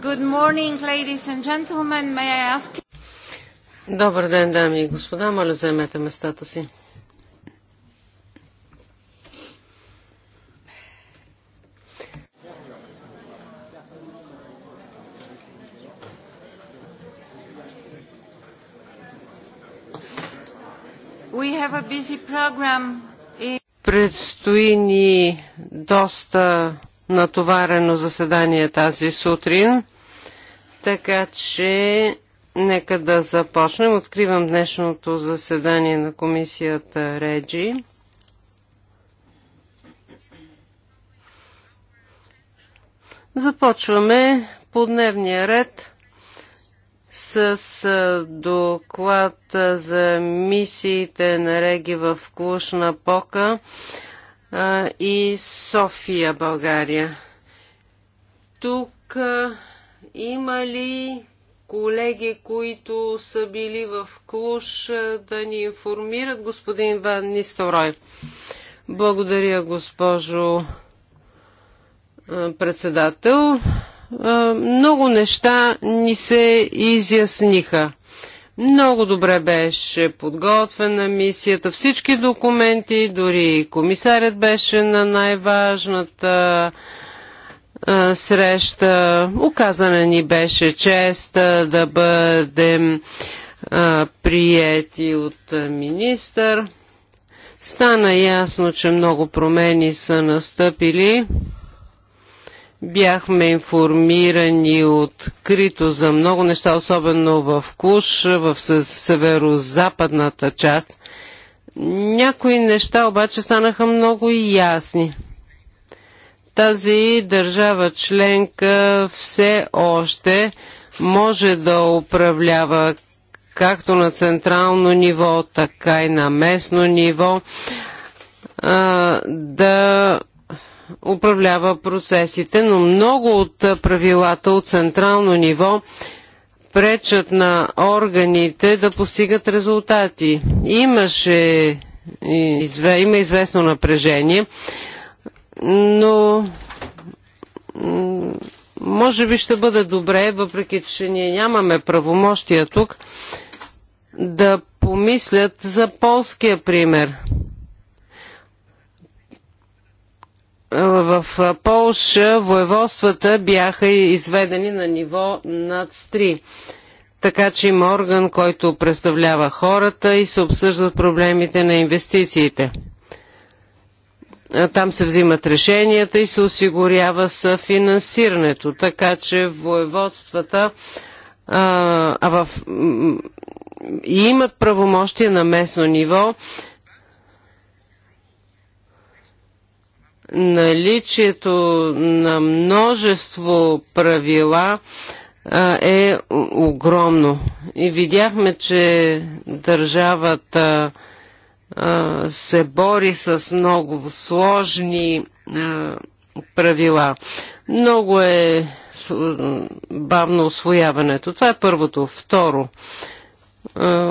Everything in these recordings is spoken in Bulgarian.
Good morning, ladies and gentlemen. May I ask Добър ден, дами и господа. Моля, заемете местата си. We have a busy program. Предстои ни доста натоварено заседание тази сутрин. Така че нека да започнем. Откривам днешното заседание на комисията Реджи. Започваме по дневния ред с доклад за мисиите на Реги в Клушна Пока и София, България. Тук има ли колеги, които са били в Клуш, да ни информират господин Ван Нисторой? Благодаря, госпожо председател. Много неща ни се изясниха. Много добре беше подготвена мисията, всички документи, дори комисарят беше на най-важната среща. Оказана ни беше чест да бъдем приети от министър. Стана ясно, че много промени са настъпили. Бяхме информирани открито за много неща, особено в Куш, в северо-западната част. Някои неща обаче станаха много ясни – тази държава членка все още може да управлява както на централно ниво, така и на местно ниво, а, да управлява процесите, но много от правилата от централно ниво пречат на органите да постигат резултати. Имаше, има известно напрежение но може би ще бъде добре, въпреки че ние нямаме правомощия тук, да помислят за полския пример. В Полша воеводствата бяха изведени на ниво над 3 така че има орган, който представлява хората и се обсъждат проблемите на инвестициите. Там се взимат решенията и се осигурява съфинансирането, така че воеводствата а, а в, и имат правомощия на местно ниво. Наличието на множество правила а, е огромно. И видяхме, че държавата а, се бори с много сложни правила. Много е бавно освояването. Това е първото. Второ,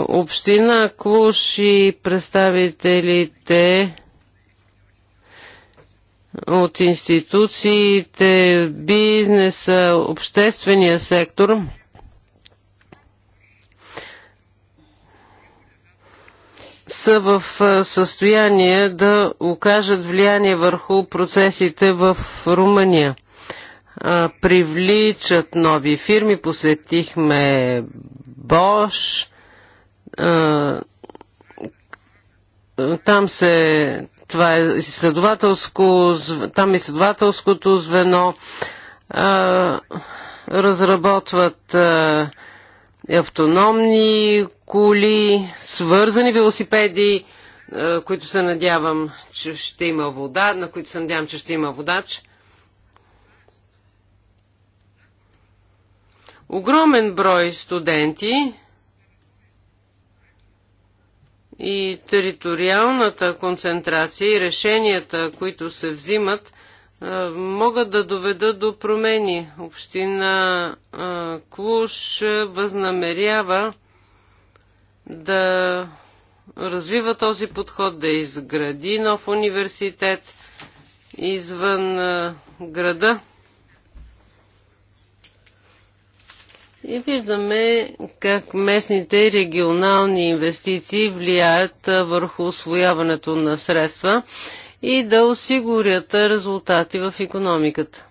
община Клуш и представителите от институциите, бизнеса, обществения сектор – са в състояние да окажат влияние върху процесите в Румъния. Привличат нови фирми, посетихме Bosch, там се това е изследователско, там изследователското звено а, разработват а, автономни коли, свързани велосипеди, е, които се надявам, че ще има вода, на които се надявам, че ще има водач. Огромен брой студенти и териториалната концентрация и решенията, които се взимат, е, могат да доведат до промени. Община е, Клуш е, възнамерява да развива този подход, да изгради нов университет извън града. И виждаме как местните регионални инвестиции влияят върху освояването на средства и да осигурят резултати в економиката.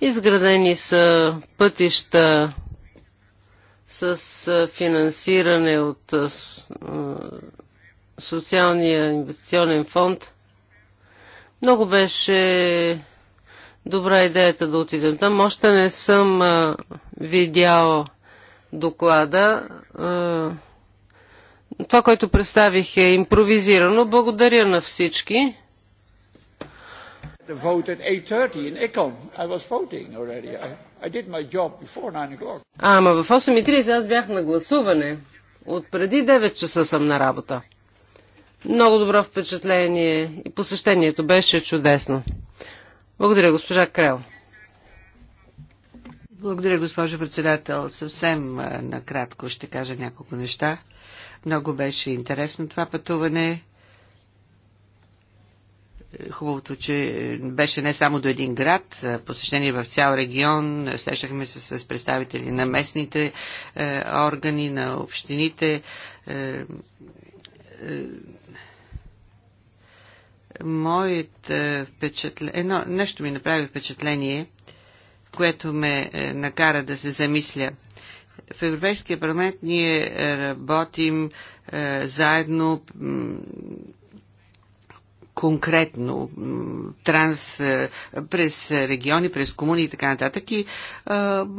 Изградени са пътища с финансиране от Социалния инвестиционен фонд. Много беше добра идеята да отидем там. Още не съм видял доклада. Това, което представих е импровизирано. Благодаря на всички. Ама в 8.30 аз бях на гласуване. От преди 9 часа съм на работа. Много добро впечатление и посещението беше чудесно. Благодаря, госпожа Крел. Благодаря, госпожо председател. Съвсем накратко ще кажа няколко неща. Много беше интересно това пътуване. Хубавото, че беше не само до един град, посещение в цял регион. Срещахме се с представители на местните е, органи, на общините. Е, е, моят е, впечатление... Едно нещо ми направи впечатление, което ме е, накара да се замисля – в Европейския парламент ние е, работим е, заедно конкретно транс, е, през региони, през комуни и така нататък. И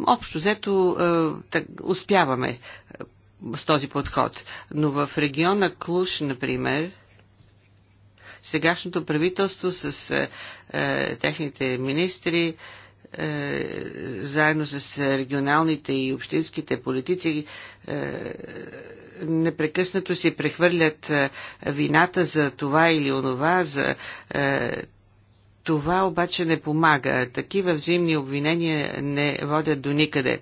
общо взето успяваме с този подход. Но в региона Клуш, например, сегашното правителство с е, техните министри е, заедно с регионалните и общинските политици е, непрекъснато си прехвърлят е, вината за това или онова, за това обаче не помага. Такива взаимни обвинения не водят до никъде.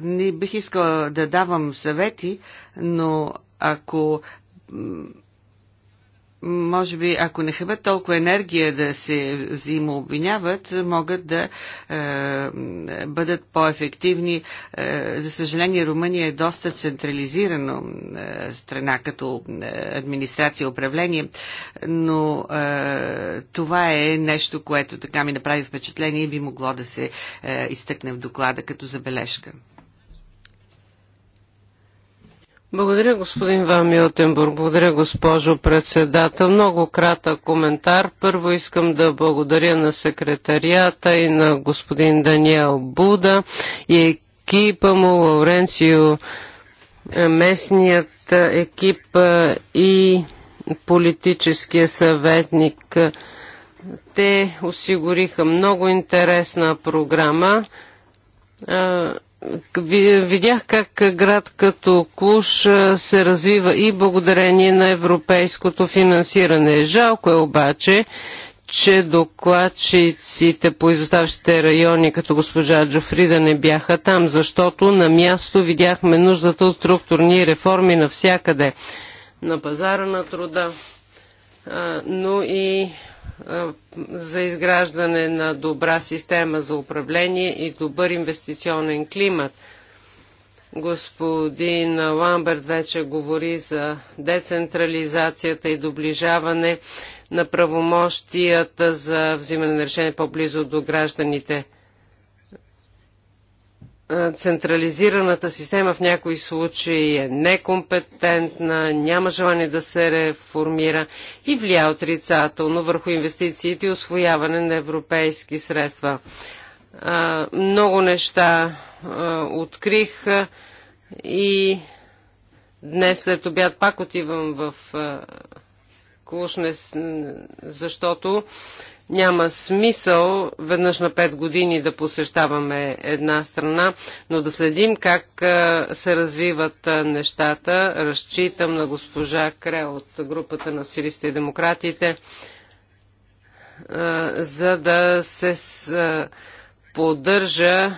Не бих искала да давам съвети, но ако може би, ако не хабят толкова енергия да се взаимообвиняват, могат да е, бъдат по-ефективни. Е, за съжаление, Румъния е доста централизирана е, страна като е, администрация и управление, но е, това е нещо, което така ми направи впечатление и би могло да се е, изтъкне в доклада като забележка. Благодаря, господин Ван Милтенбург. Благодаря, госпожо председател. Много кратък коментар. Първо искам да благодаря на секретарията и на господин Даниел Буда и екипа му, Лауренцио, е, местният е, екип е, и политическия съветник. Те осигуриха много интересна програма. Видях как град като Клуш се развива и благодарение на европейското финансиране. Жалко е обаче, че докладчиците по изоставащите райони, като госпожа Джофрида, не бяха там, защото на място видяхме нуждата от структурни реформи навсякъде. На пазара на труда, но и е, за изграждане на добра система за управление и добър инвестиционен климат. Господин Ламберт вече говори за децентрализацията и доближаване на правомощията за взимане на решение по-близо до гражданите – е, централизираната система в някои случаи е некомпетентна, няма желание да се реформира и влия отрицателно върху инвестициите и освояване на европейски средства. Е, много неща е, открих и днес след обяд пак отивам в Клушне, защото няма смисъл веднъж на 5 години да посещаваме една страна, но да следим как се развиват нещата. Разчитам на госпожа Кре от групата на социалистите и демократите, за да се поддържа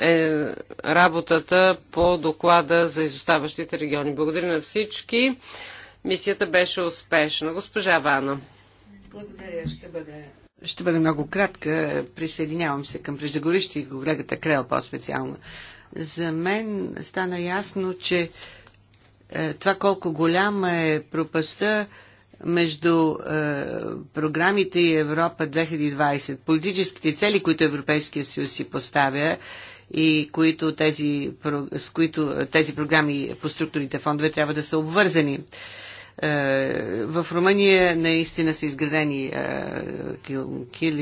е работата по доклада за изоставащите региони. Благодаря на всички. Мисията беше успешна. Госпожа Вана. Благодаря, ще бъде. Ще бъде много кратка. Присъединявам се към преждегорище и колегата Крел по-специално. За мен стана ясно, че е, това колко голяма е пропаста между е, програмите и Европа 2020, политическите цели, които Европейския съюз си поставя и които тези, с които е, тези програми по структурните фондове трябва да са обвързани. Е, е, в Румъния наистина са изградени е,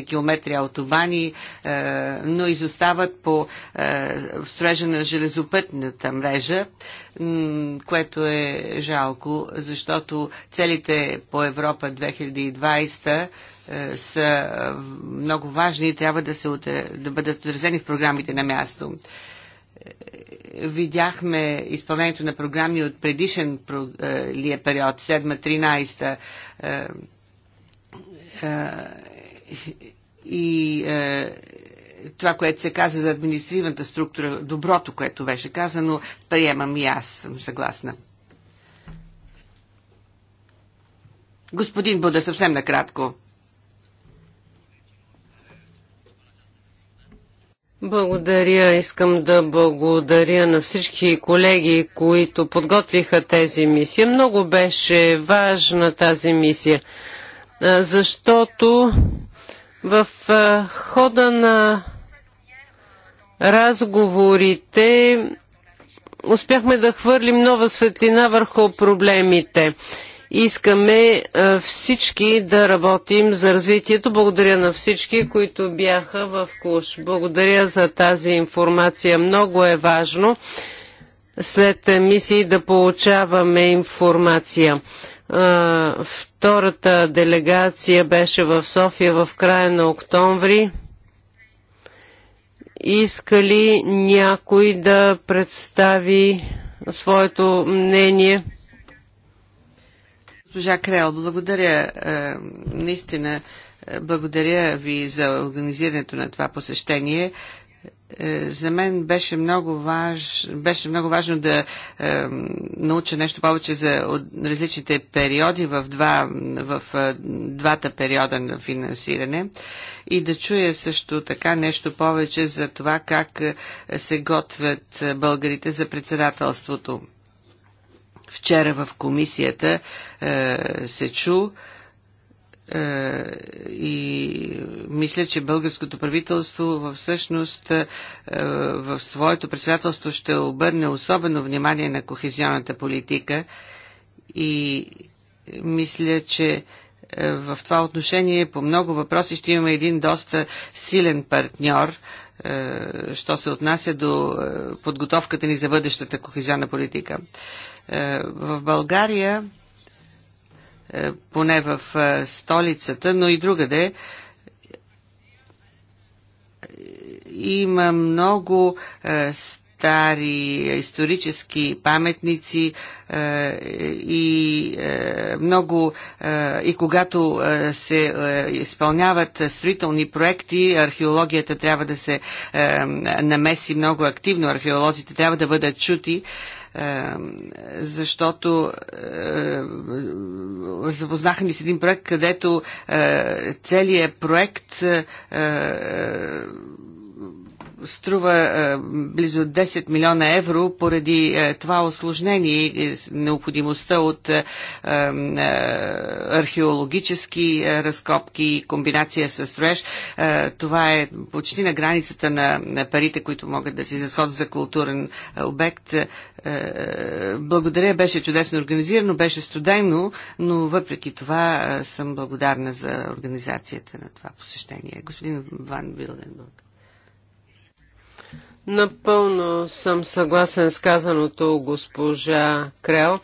километри автобани, е, но изостават по строежа на железопътната мрежа, което е жалко, защото целите по Европа 2020 са много важни и трябва да, се, да бъдат отразени в програмите на място видяхме изпълнението на програми от предишен е, е период, 7-13 е, е, и е, това, което се каза за административната структура, доброто, което беше казано, приемам и аз съм съгласна. Господин Буда, съвсем накратко. Благодаря. Искам да благодаря на всички колеги, които подготвиха тези мисия. Много беше важна тази мисия, защото в хода на разговорите успяхме да хвърлим нова светлина върху проблемите. Искаме всички да работим за развитието. Благодаря на всички, които бяха в Куш. Благодаря за тази информация. Много е важно след мисии да получаваме информация. Втората делегация беше в София в края на октомври иска ли някой да представи своето мнение? Госпожа Крел, благодаря. Е, наистина, е, благодаря ви за организирането на това посещение е, за мен беше много, важ, беше много важно да е, науча нещо повече за от, различните периоди в, два, в е, двата периода на финансиране и да чуя също така нещо повече за това как се готвят българите за председателството. Вчера в комисията е, се чу е, и мисля, че българското правителство всъщност е, в своето председателство ще обърне особено внимание на кохезионната политика и мисля, че е, в това отношение по много въпроси ще имаме един доста силен партньор, е, що се отнася до е, подготовката ни за бъдещата кохезионна политика. Е, в България, е, поне в е, столицата, но и другаде, има много стари исторически паметници и много и когато се изпълняват строителни проекти, археологията трябва да се намеси много активно, археолозите трябва да бъдат чути защото запознаха ми с един проект, където е, целият проект е, е, струва е, близо 10 милиона евро поради е, това осложнение и необходимостта от е, археологически разкопки и комбинация с строеж. Това е почти на границата на парите, които могат да се изразходят за културен обект. Благодаря, беше чудесно организирано, беше студено, но въпреки това съм благодарна за организацията на това посещение. Господин Ван Билденбург. Напълно съм съгласен с казаното госпожа Крел,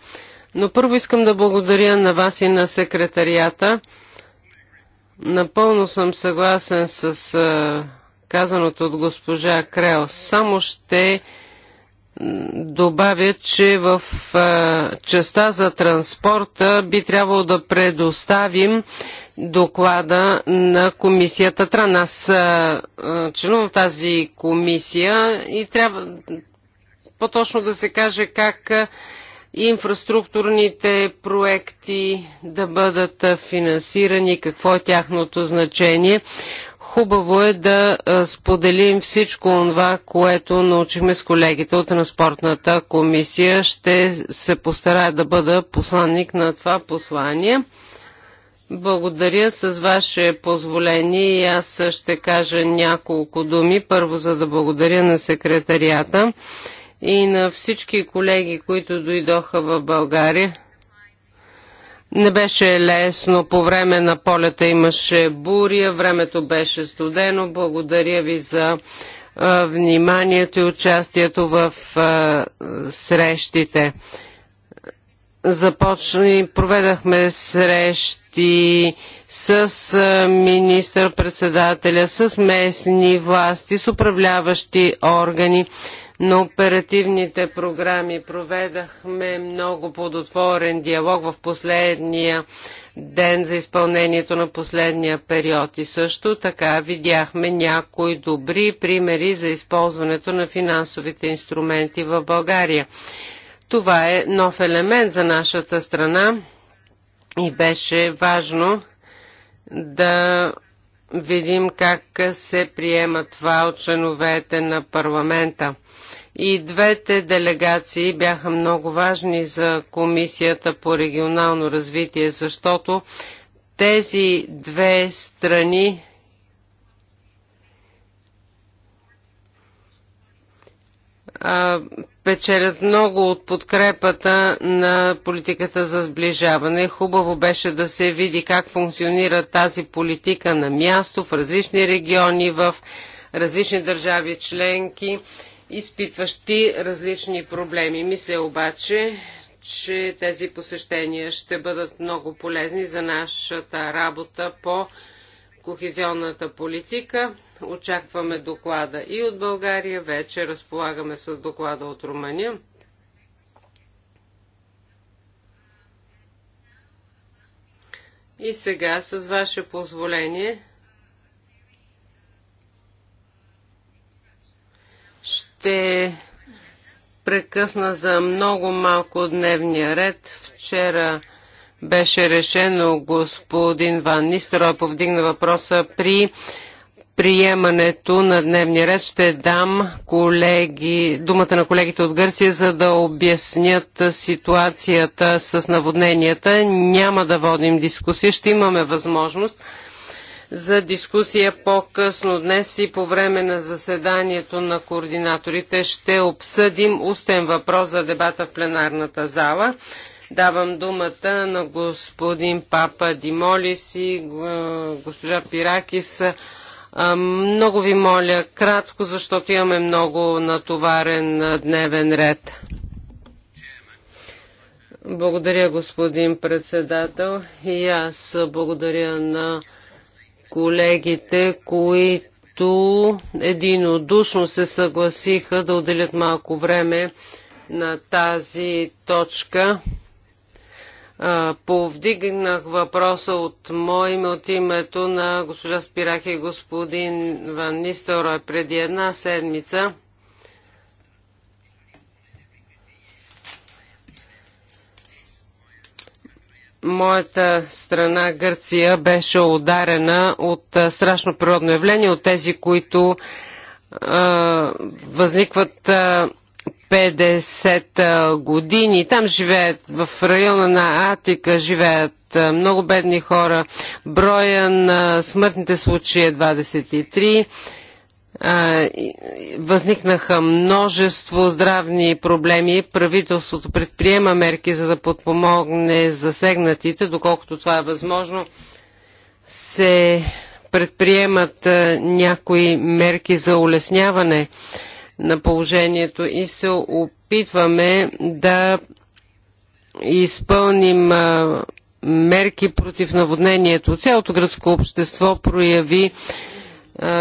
но първо искам да благодаря на вас и на секретарията. Напълно съм съгласен с казаното от госпожа Крел. Само ще добавя, че в частта за транспорта би трябвало да предоставим доклада на комисията Тран. Аз членувам в тази комисия и трябва по-точно да се каже как инфраструктурните проекти да бъдат финансирани, какво е тяхното значение. Хубаво е да споделим всичко това, което научихме с колегите от Транспортната комисия. Ще се постарая да бъда посланник на това послание. Благодаря с ваше позволение и аз ще кажа няколко думи. Първо, за да благодаря на секретарията и на всички колеги, които дойдоха в България. Не беше лесно. По време на полета имаше буря, времето беше студено. Благодаря ви за вниманието и участието в а, срещите започна, проведахме срещи с министър-председателя, с местни власти, с управляващи органи на оперативните програми. Проведахме много плодотворен диалог в последния ден за изпълнението на последния период. И също така видяхме някои добри примери за използването на финансовите инструменти в България. Това е нов елемент за нашата страна и беше важно да видим как се приема това от членовете на парламента. И двете делегации бяха много важни за Комисията по регионално развитие, защото тези две страни а, печелят много от подкрепата на политиката за сближаване. Хубаво беше да се види как функционира тази политика на място в различни региони, в различни държави членки, изпитващи различни проблеми. Мисля обаче, че тези посещения ще бъдат много полезни за нашата работа по кохезионната политика. Очакваме доклада и от България, вече разполагаме с доклада от Румъния. И сега, с ваше позволение, ще прекъсна за много малко дневния ред. Вчера беше решено господин Ван Нистерой повдигна въпроса при приемането на дневния ред ще дам колеги, думата на колегите от Гърция, за да обяснят ситуацията с наводненията. Няма да водим дискусия, ще имаме възможност за дискусия по-късно днес и по време на заседанието на координаторите ще обсъдим устен въпрос за дебата в пленарната зала. Давам думата на господин Папа Димолис и е, госпожа Пиракис много ви моля, кратко, защото имаме много натоварен дневен ред. Благодаря, господин председател. И аз благодаря на колегите, които единодушно се съгласиха да отделят малко време на тази точка повдигнах въпроса от мое име, от името на госпожа Спирах и господин Ван Нистелрой преди една седмица. моята страна Гърция беше ударена от страшно природно явление, от тези, които а, възникват а, 50 години. Там живеят в района на Атика, живеят много бедни хора. Броя на смъртните случаи е 23. Възникнаха множество здравни проблеми. Правителството предприема мерки, за да подпомогне засегнатите, доколкото това е възможно. Се предприемат някои мерки за улесняване на положението и се опитваме да изпълним мерки против наводнението. Цялото гръцко общество прояви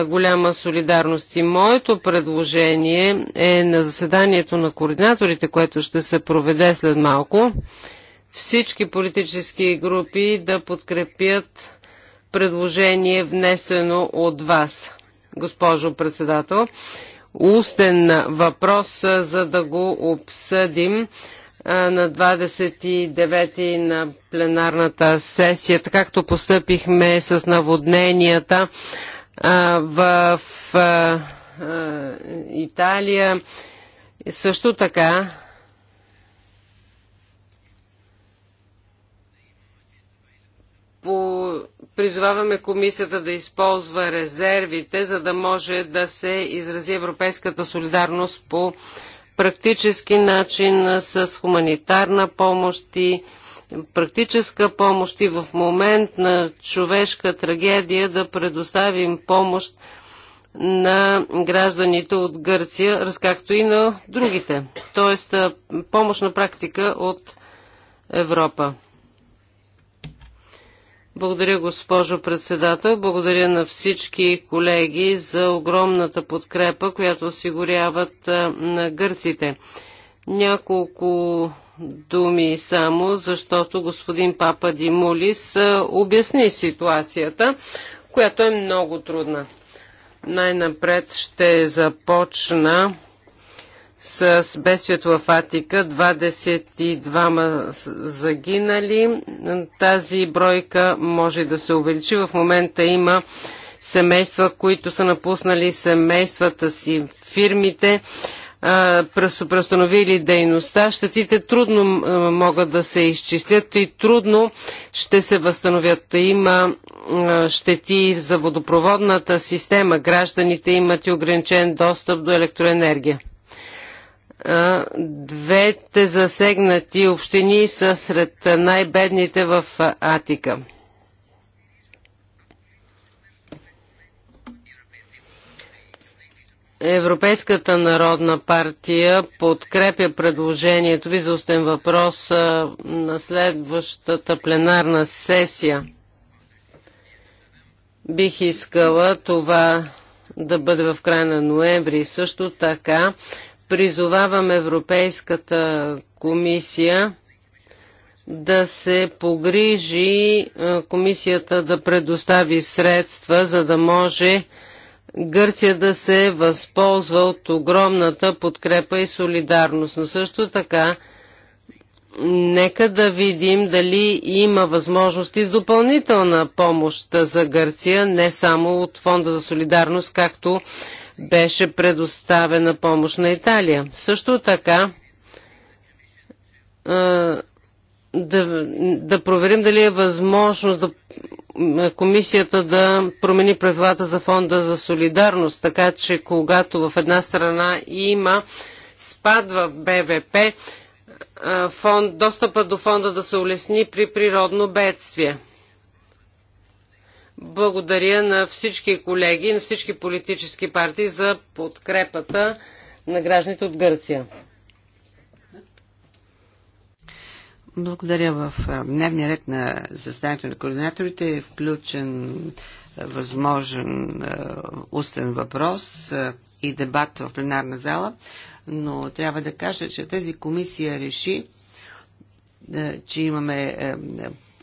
голяма солидарност. И моето предложение е на заседанието на координаторите, което ще се проведе след малко, всички политически групи да подкрепят предложение внесено от вас, госпожо председател устен въпрос, за да го обсъдим на 29 ти на пленарната сесия, така както постъпихме с наводненията в Италия. Също така по... призоваваме комисията да използва резервите, за да може да се изрази европейската солидарност по практически начин с хуманитарна помощ и практическа помощ и в момент на човешка трагедия да предоставим помощ на гражданите от Гърция, разкакто и на другите. Тоест помощ на практика от Европа. Благодаря, госпожо председател. Благодаря на всички колеги за огромната подкрепа, която осигуряват на гърците. Няколко думи само, защото господин Папа Димулис обясни ситуацията, която е много трудна. Най-напред ще започна с бедствието в Атика. 22 загинали. Тази бройка може да се увеличи. В момента има семейства, които са напуснали семействата си, фирмите, престановили дейността. Щетите трудно могат да се изчислят и трудно ще се възстановят. Има щети за водопроводната система. Гражданите имат и ограничен достъп до електроенергия. Двете засегнати общини са сред най-бедните в Атика. Европейската народна партия подкрепя предложението ви за устен въпрос на следващата пленарна сесия. Бих искала това да бъде в края на ноември. Също така Призовавам Европейската комисия да се погрижи комисията да предостави средства, за да може Гърция да се възползва от огромната подкрепа и солидарност. Но също така, нека да видим дали има възможности допълнителна помощ за Гърция, не само от Фонда за солидарност, както беше предоставена помощ на Италия. Също така да, да проверим дали е възможно да, комисията да промени правилата за фонда за солидарност, така че когато в една страна има спад в БВП, фонд, достъпа до фонда да се улесни при природно бедствие. Благодаря на всички колеги, на всички политически партии за подкрепата на гражданите от Гърция. Благодаря. В дневния ред на заседанието на координаторите е включен възможен устен въпрос и дебат в пленарна зала, но трябва да кажа, че тази комисия реши, че имаме,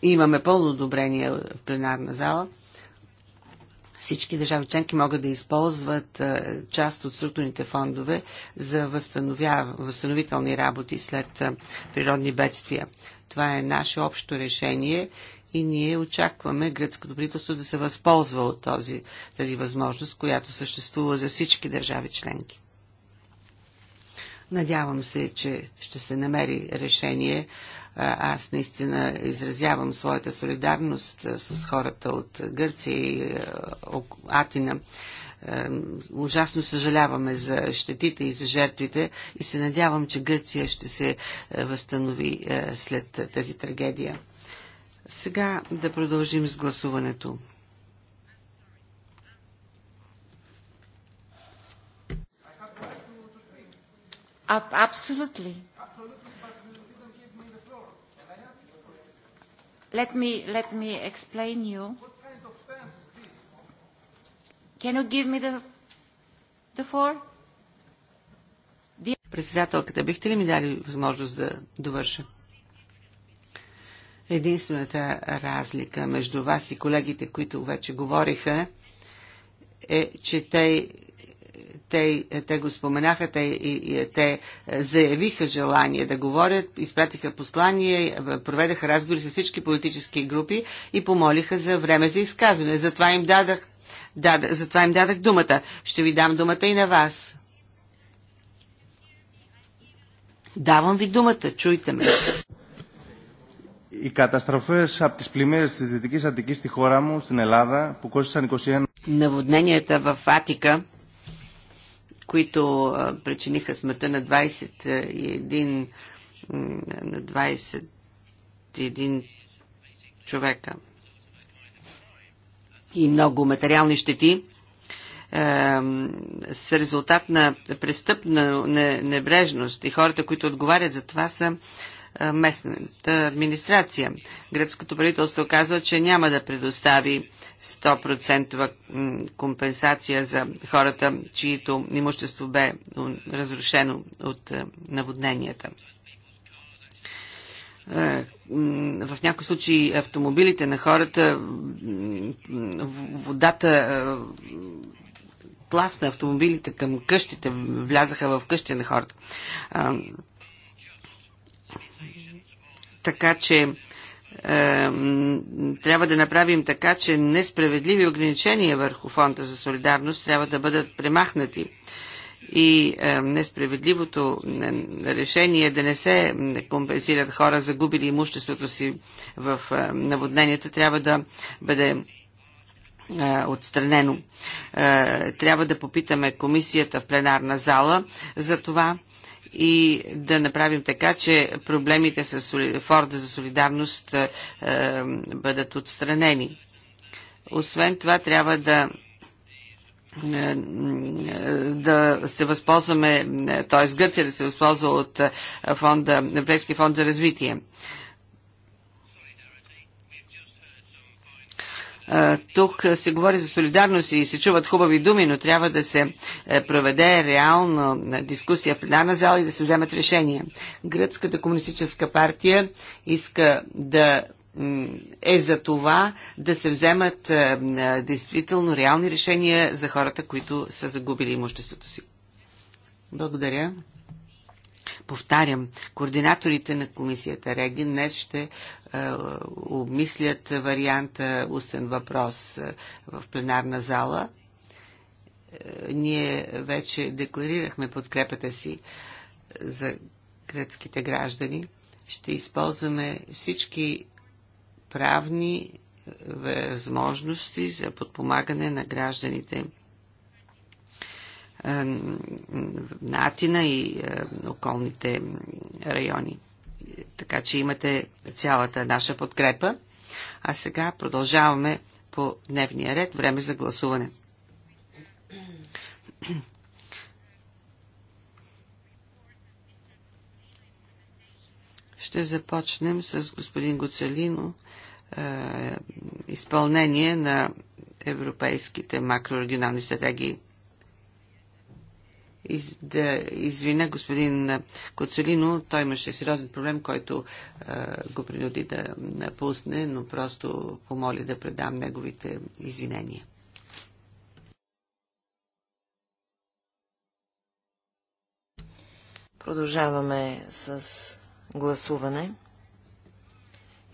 имаме пълно одобрение в пленарна зала. Всички държави членки могат да използват е, част от структурните фондове за възстановителни работи след е, природни бедствия. Това е наше общо решение и ние очакваме гръцкото правителство да се възползва от този, тази възможност, която съществува за всички държави членки. Надявам се, че ще се намери решение аз наистина изразявам своята солидарност с хората от Гърция и Атина. Ужасно съжаляваме за щетите и за жертвите и се надявам, че Гърция ще се възстанови след тази трагедия. Сега да продължим с гласуването. Абсолютно. Let me, let me explain you. Can you give me the, the floor? Председателката, бихте ли ми дали възможност да довърша? Единствената разлика между вас и колегите, които вече говориха, е, че те те, те го споменаха, те, и, те заявиха желание да говорят, изпратиха послание, проведаха разговори с всички политически групи и помолиха за време за изказване. Затова им дадах, дад, затова им дадах думата. Ще ви дам думата и на вас. Давам ви думата, чуйте ме. Οι από στη χώρα μου, στην Ελλάδα, που κόστησαν 21... Наводненията в Атика които причиниха смъртта на 21 на 21 човека и много материални щети с резултат на престъпна небрежност и хората, които отговарят за това са местната администрация. Гръцкото правителство казва, че няма да предостави 100% компенсация за хората, чието имущество бе разрушено от наводненията. В някои случаи автомобилите на хората, водата тласна автомобилите към къщите, влязаха в къщите на хората така че е, трябва да направим така, че несправедливи ограничения върху фонда за солидарност трябва да бъдат премахнати и е, несправедливото решение да не се компенсират хора, загубили имуществото си в е, наводненията, трябва да бъде е, отстранено. Е, трябва да попитаме комисията в пленарна зала за това и да направим така, че проблемите с Форда за солидарност е, е, бъдат отстранени. Освен това, трябва да е, да се възползваме, т.е. Гърция да се възползва от фонда, Европейския фонд за развитие. Тук се говори за солидарност и се чуват хубави думи, но трябва да се е, проведе реална е, дискусия в пленарна зала и да се вземат решения. Гръцката комунистическа партия иска да е за това да се вземат е, действително реални решения за хората, които са загубили имуществото си. Благодаря. Повтарям, координаторите на комисията Реги днес ще е, обмислят варианта устен въпрос е, в пленарна зала. Е, ние вече декларирахме подкрепата си за гръцките граждани. Ще използваме всички правни възможности за подпомагане на гражданите на Атина и околните райони така че имате цялата наша подкрепа. А сега продължаваме по дневния ред. Време за гласуване. Ще започнем с господин Гоцелино е, изпълнение на европейските макрорегионални стратегии из, да извиня господин Коцелино. Той имаше сериозен проблем, който а, го принуди да напусне, но просто помоли да предам неговите извинения. Продължаваме с гласуване.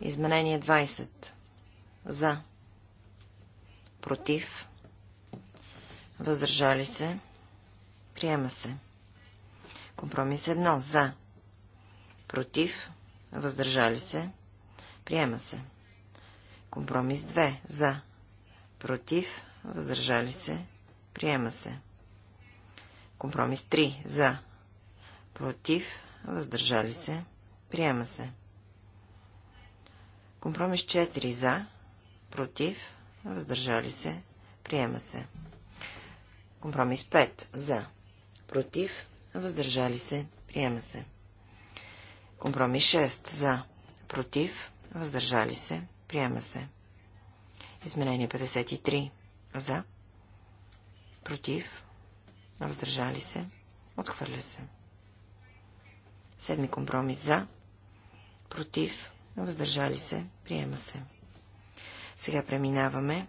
Изменение 20. За. Против. Въздържали се. Приема се. Компромис 1. За. Против. Въздържали се. Приема се. Компромис 2. За. Против. Въздържали се. Приема се. Компромис 3. За. Против. Въздържали се. Приема се. Компромис 4. За. Против. Въздържали се. Приема се. Компромис 5. За против, въздържали се, приема се. Компромис 6 за, против, въздържали се, приема се. Изменение 53 за, против, въздържали се, отхвърля се. Седми компромис за, против, въздържали се, приема се. Сега преминаваме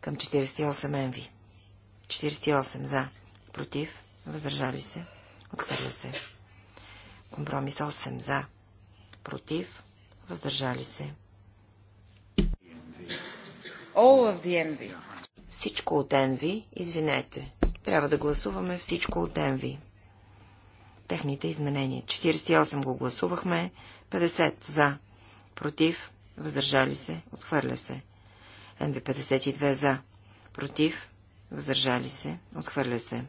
към 48 Енви. 48 за, против, въздържали се, отхвърля се. Компромис 8 за, против, въздържали се. All of the envy. Всичко от Енви, извинете. Трябва да гласуваме всичко от Енви. Техните изменения. 48 го гласувахме, 50 за, против, въздържали се, отхвърля се. НВ-52 за. Против. Въздържали се. Отхвърля се.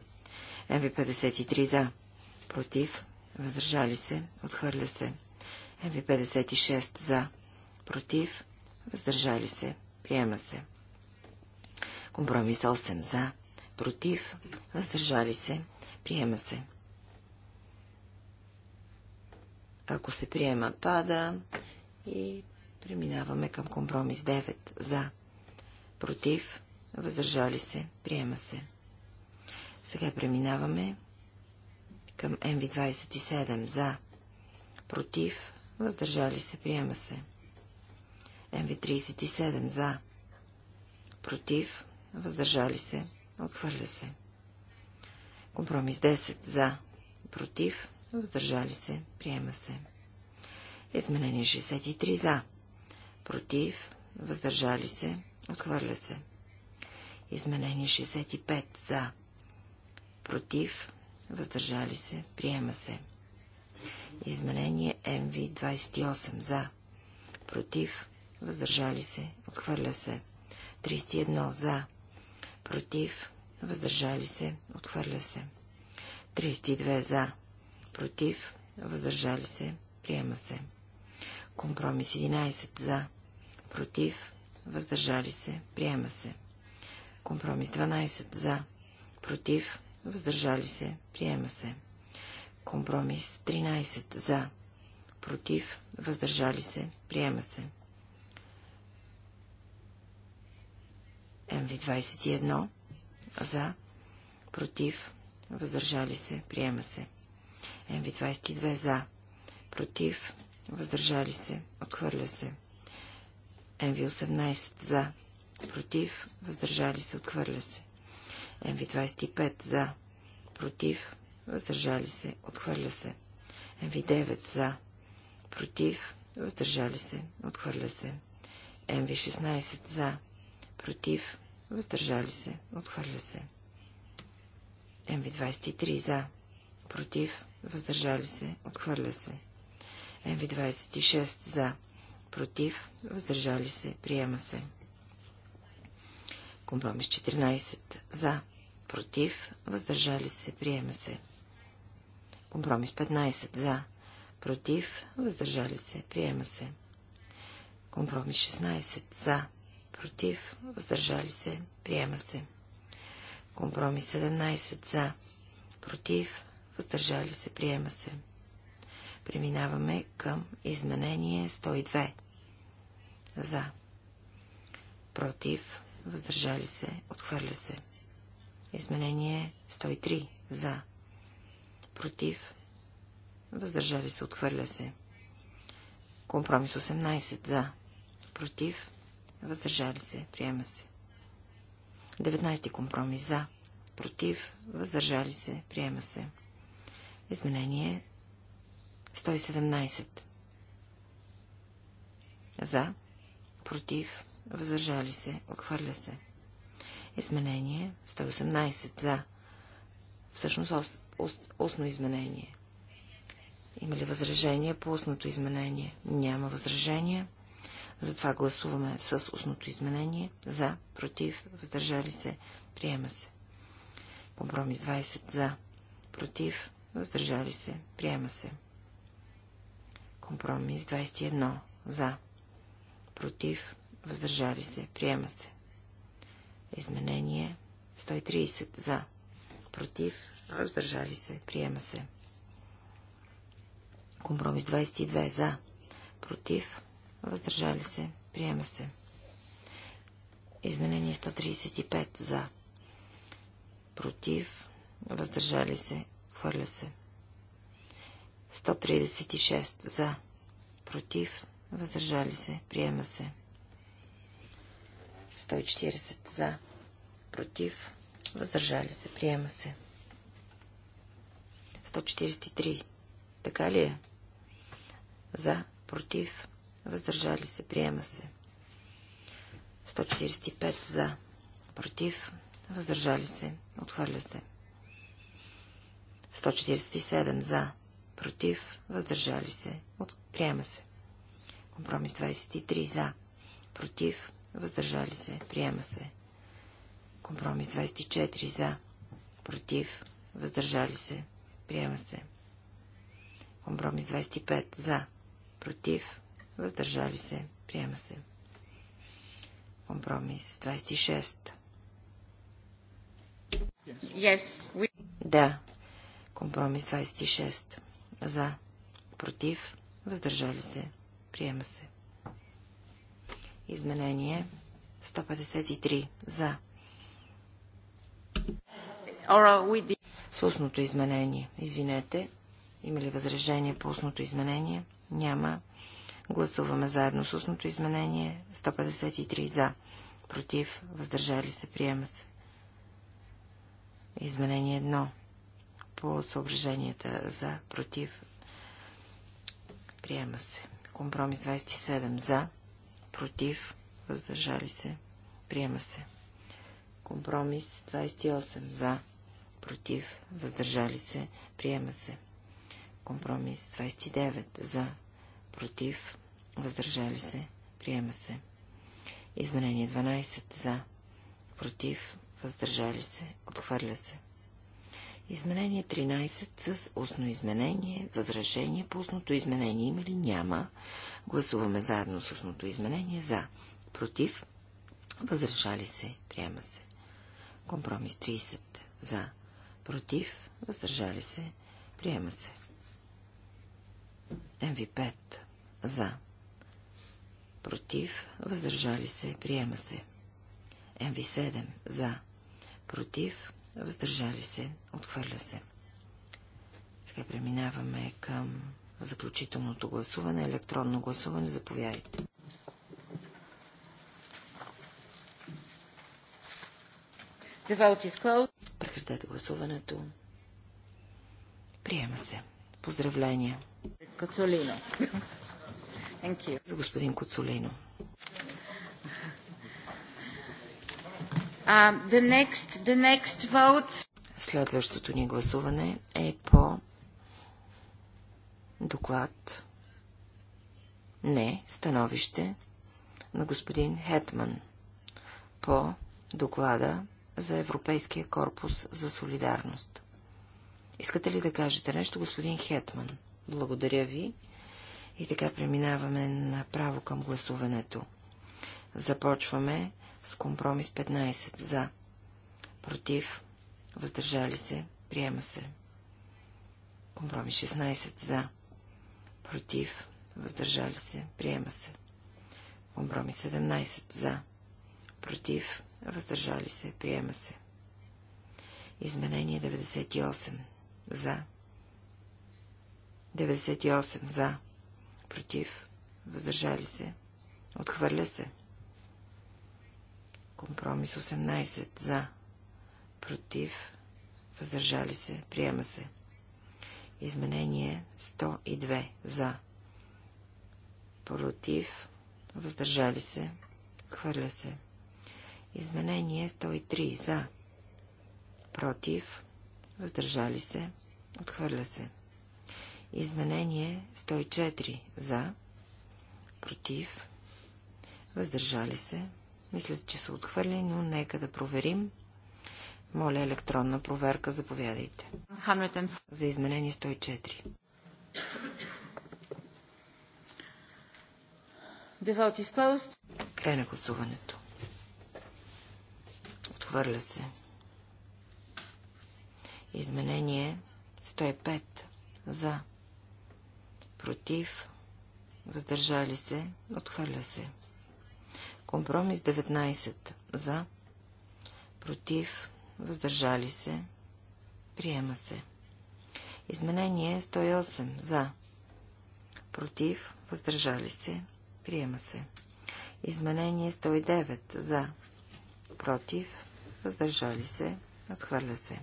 НВ-53 за. Против. Въздържали се. Отхвърля се. НВ-56 за. Против. Въздържали се. Приема се. Компромис 8 за. Против. Въздържали се. Приема се. Ако се приема, пада и преминаваме към компромис 9 за против, въздържали се, приема се. Сега преминаваме към МВ-27 за, против, въздържали се, приема се. МВ-37 за, против, въздържали се, отхвърля се. Компромис 10 за, против, въздържали се, приема се. Изменение 63 за, против, въздържали се, Отхвърля се. Изменение 65 за. Против. Въздържали се. Приема се. Изменение МВ-28 за. Против. Въздържали се. Отхвърля се. 31 за. Против. Въздържали се. Отхвърля се. 32 за. Против. Въздържали се. Приема се. Компромис 11 за. Против въздържали се, приема се. Компромис 12 за, против, въздържали се, приема се. Компромис 13 за, против, въздържали се, приема се. МВ-21 за, против, въздържали се, приема се. МВ-22 за, против, въздържали се, отхвърля се. МВ-18 за. Против. Въздържали се. Отхвърля се. МВ-25 за. Против. Въздържали се. Отхвърля се. МВ-9 за. Против. Въздържали се. Отхвърля се. МВ-16 за. Против. Въздържали се. Отхвърля се. МВ-23 за. Против. Въздържали се. Отхвърля се. МВ-26 за против, въздържали се, приема се. Компромис 14 за, против, въздържали се, приема се. Компромис 15 за, против, въздържали се, приема се. Компромис 16 за, против, въздържали се, приема се. Компромис 17 за, против, въздържали се, приема се. Преминаваме към изменение 102. За. Против. Въздържали се. Отхвърля се. Изменение 103. За. Против. Въздържали се. Отхвърля се. Компромис 18. За. Против. Въздържали се. Приема се. 19. Компромис. За. Против. Въздържали се. Приема се. Изменение 117. За. Против. Въздържали се. Отхвърля се. Изменение 118. За. Всъщност ост, ос, устно изменение. Има ли възражение по устното изменение? Няма възражение. Затова гласуваме с устното изменение. За, против, въздържали се, приема се. Компромис 20. За, против, въздържали се, приема се. Компромис 21. За. Против. Въздържали се. Приема се. Изменение 130. За. Против. Въздържали се. Приема се. Компромис 22. За. Против. Въздържали се. Приема се. Изменение 135. За. Против. Въздържали се. Хвърля се. 136 за. Против. Въздържали се. Приема се. 140 за. Против. Въздържали се. Приема се. 143. Така ли е? За. Против. Въздържали се. Приема се. 145 за. Против. Въздържали се. Отхвърля се. 147 за против, въздържали се, от... приема се. Компромис 23 за, против, въздържали се, приема се. Компромис 24 за, против, въздържали се, приема се. Компромис 25 за, против, въздържали се, приема се. Компромис 26. Yes, we... Да, компромис 26. За. Против. Въздържали се. Приема се. Изменение 153. За. С устното изменение. Извинете. Има ли възражение по устното изменение? Няма. Гласуваме заедно с устното изменение. 153 за. Против. Въздържали се. Приема се. Изменение 1 по съображенията за, против. Приема се. Компромис 27 за, против, въздържали се. Приема се. Компромис 28 за, против, въздържали се. Приема се. Компромис 29 за, против, въздържали се. Приема се. Изменение 12 за, против, въздържали се. Отхвърля се. Изменение 13 с устно изменение, възражение по устното изменение има ли? Няма. Гласуваме заедно с устното изменение за. Против. Възражали се. Приема се. Компромис 30. За. Против. Въздържали се. Приема се. МВ5. За. Против. Въздържали се. Приема се. МВ7. За. Против въздържали се, отхвърля се. Сега преминаваме към заключителното гласуване, електронно гласуване. Заповядайте. Прекратете гласуването. Приема се. Поздравления. Коцолино. За господин Коцолино. the next, the next vote... Следващото ни гласуване е по доклад, не становище, на господин Хетман по доклада за Европейския корпус за солидарност. Искате ли да кажете нещо, господин Хетман? Благодаря ви. И така преминаваме направо към гласуването. Започваме с компромис 15 за, против, въздържали се, приема се. Компромис 16 за, против, въздържали се, приема се. Компромис 17 за, против, въздържали се, приема се. Изменение 98 за, 98 за, против, въздържали се, отхвърля се. Компромис 18 за. Против. Въздържали се. Приема се. Изменение 102 за. Против. Въздържали се. Хвърля се. Изменение 103 за. Против. Въздържали се. Отхвърля се. Изменение 104 за. Против. Въздържали се. Мисля, че са отхвърли, но нека да проверим. Моля електронна проверка, заповядайте. За изменение 104. Девалт изклауст. Край на гласуването. Отхвърля се. Изменение 105. За. Против. Въздържали се. Отхвърля се. Компромис 19. За. Против. Въздържали се. Приема се. Изменение 108. За. Против. Въздържали се. Приема се. Изменение 109. За. Против. Въздържали се. Отхвърля се.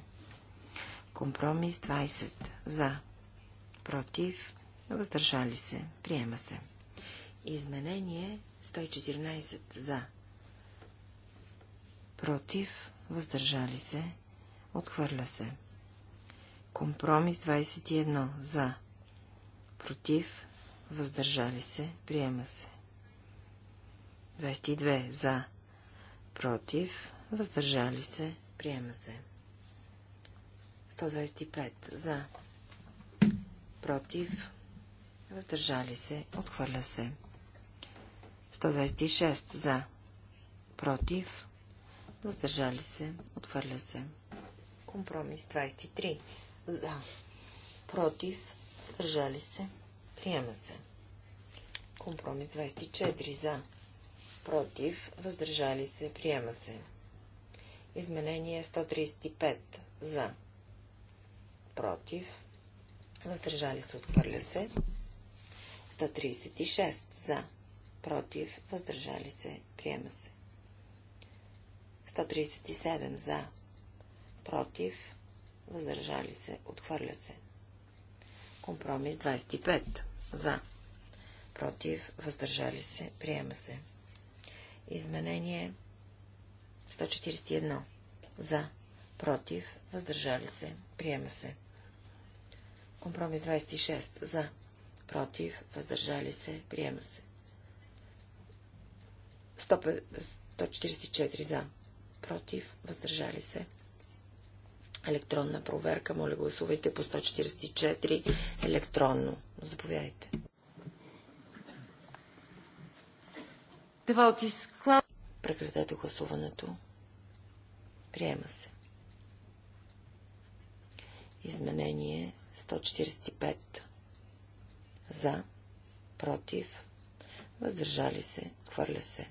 Компромис 20. За. Против. Въздържали се. Приема се. Изменение 114 за. Против, въздържали се, отхвърля се. Компромис 21 за. Против, въздържали се, приема се. 22 за. Против, въздържали се, приема се. 125 за. Против, въздържали се, отхвърля се. 126 за. Против. Въздържали се. Отвърля се. Компромис 23 за. Против. Въздържали се. Приема се. Компромис 24 за. Против. Въздържали се. Приема се. Изменение 135 за. Против. Въздържали се. Отхвърля се. 136 за против, въздържали се, приема се. 137 за, против, въздържали се, отхвърля се. Компромис 25 за, против, въздържали се, приема се. Изменение 141 за, против, въздържали се, приема се. Компромис 26 за, против, въздържали се, приема се. 144 за. Против. Въздържали се. Електронна проверка. Моля, гласувайте по 144 електронно. Заповядайте. Прекратете гласуването. Приема се. Изменение 145. За. Против. Въздържали се. Хвърля се.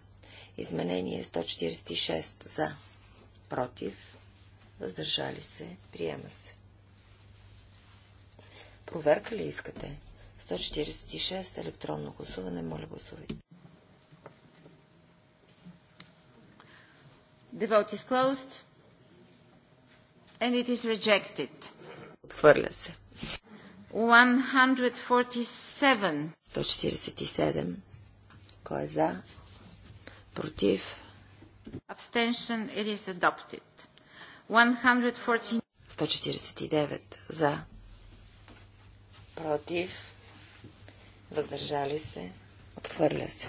Изменение 146 за. Против. Въздържали се. Приема се. Проверка ли искате? 146 електронно гласуване. Моля гласувайте. The vote is closed. And it is rejected. Отхвърля се. 147. 147. Кой е за? Против. Abstention it is adopted. 149 за. Против. Въздържали се. Отхвърля се.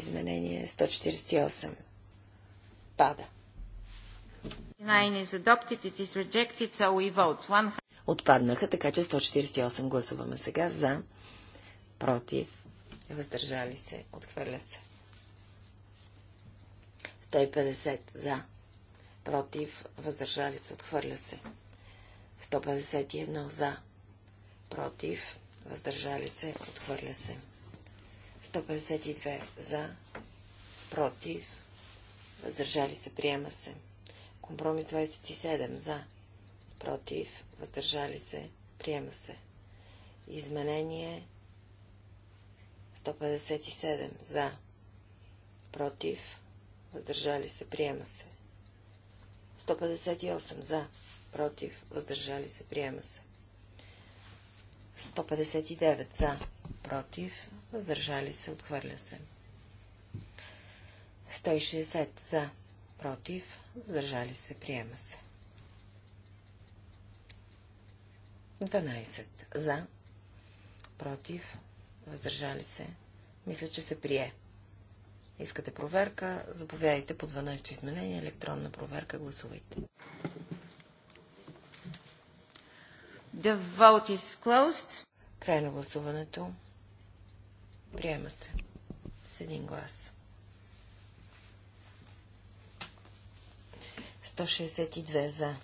Изменение 148. Пада. Отпаднаха, така че 148 гласуваме сега за, против, въздържали се, отхвърля се. 150 за. Против. Въздържали се. Отхвърля се. 151 за. Против. Въздържали се. Отхвърля се. 152 за. Против. Въздържали се. Приема се. Компромис 27 за. Против. Въздържали се. Приема се. Изменение 157 за. Против въздържали се, приема се. 158 за, против, въздържали се, приема се. 159 за, против, въздържали се, отхвърля се. 160 за, против, въздържали се, приема се. 12 за, против, въздържали се. Мисля, че се прие. 13 Искате проверка? Заповядайте по 12-то изменение. Електронна проверка. Гласувайте. The vote is closed. Край на гласуването. Приема се. С един глас. 162 за.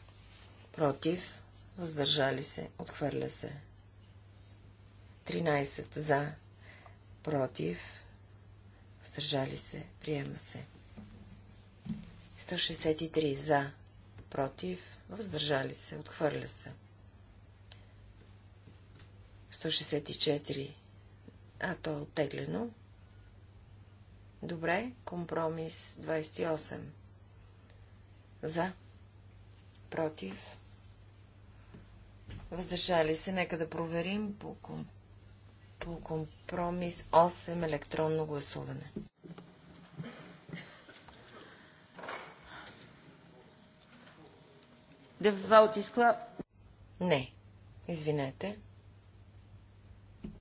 Против. Въздържали се. Отхвърля се. 13 за. Против Сържали се. Приема се. 163 за. Против. Въздържали се. Отхвърля се. 164. А, то е оттеглено. Добре. Компромис 28. За. Против. Въздържали се. Нека да проверим по компромис по компромис 8 електронно гласуване. The vote is Не. Извинете.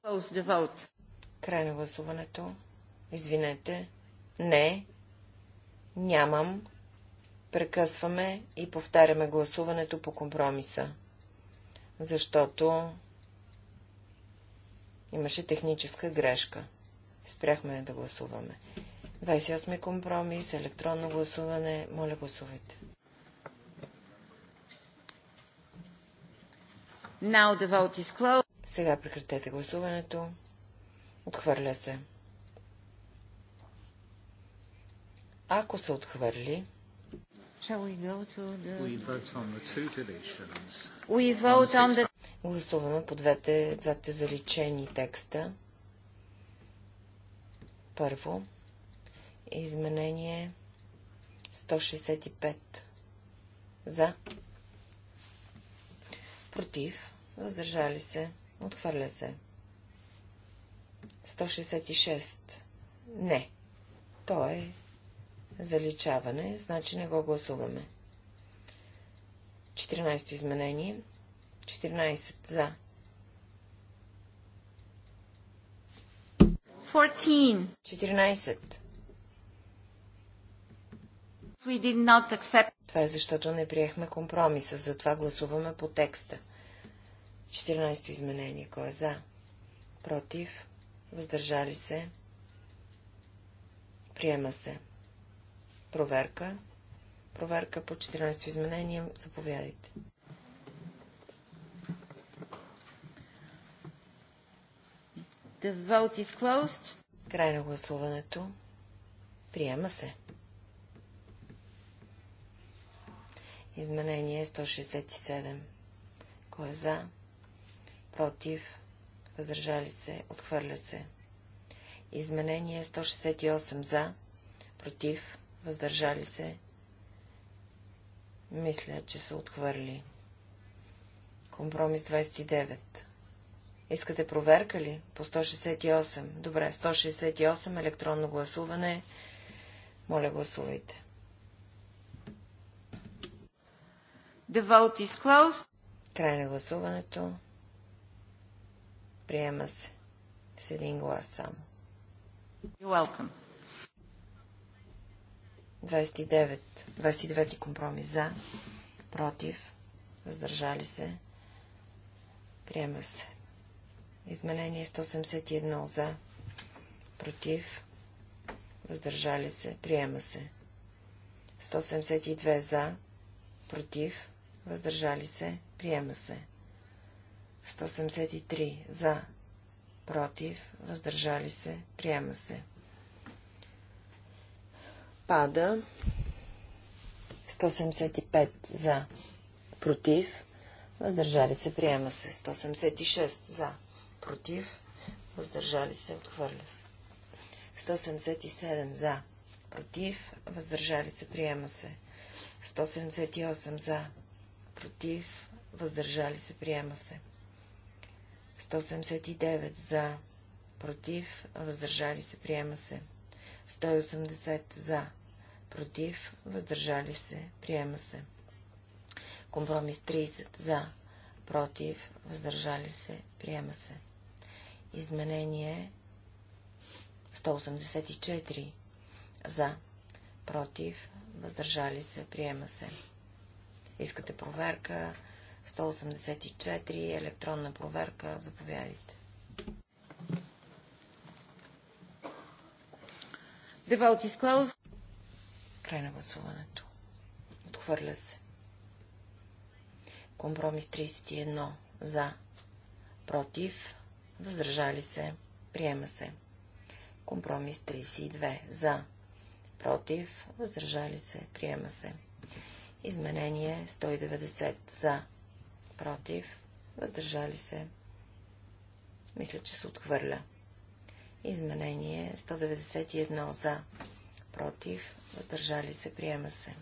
Close the vote. Край на гласуването. Извинете. Не. Нямам. Прекъсваме и повтаряме гласуването по компромиса. Защото Имаше техническа грешка. Спряхме да гласуваме. 28 ми компромис, електронно гласуване. Моля, гласувайте. Now the vote is closed. Сега прекратете гласуването. Отхвърля се. Ако се отхвърли, Shall we go to the... We vote on the two deletions. We vote on the Гласуваме по двете, двете заличени текста. Първо, изменение 165 за, против, въздържали се, отхвърля се. 166 не. То е заличаване, значи не го гласуваме. 14 изменение 14 за. 14. We did not accept. Това е защото не приехме компромиса, затова гласуваме по текста. 14 изменение. Кой е за? Против? Въздържали се? Приема се. Проверка. Проверка по 14 изменение. Заповядайте. The vote is closed. Край на гласуването. Приема се. Изменение 167. Кой е за? Против? Въздържали се? Отхвърля се. Изменение 168 за, против, въздържали се. Мисля, че са отхвърли. Компромис 29. Искате проверка ли? По 168. Добре, 168 електронно гласуване. Моля, гласувайте. The vote is closed. Край на гласуването. Приема се. С един глас само. You're welcome. 29. 29 компромис за. Против. Въздържали се. Приема се. Изменение 181 за. Против. Въздържали се. Приема се. 172 за. Против. Въздържали се. Приема се. 173 за. Против. Въздържали се. Приема се. Пада. 175 за. Против. Въздържали се. Приема се. 176 за против, въздържали се, отхвърля се. 177 за, против, въздържали се, приема се. 178 за, против, въздържали се, приема се. 179 за, против, въздържали се, приема се. 180 за, против, въздържали се, приема се. Компромис 30 за, против, въздържали се, приема се. Изменение 184 за, против, въздържали се, приема се. Искате проверка 184, електронна проверка, заповядайте. Девалт изклаус. Край на гласуването. Отхвърля се. Компромис 31. За. Против въздържали се, приема се. Компромис 32. За, против, въздържали се, приема се. Изменение 190. За, против, въздържали се. Мисля, че се отхвърля. Изменение 191. За, против, въздържали се, приема се.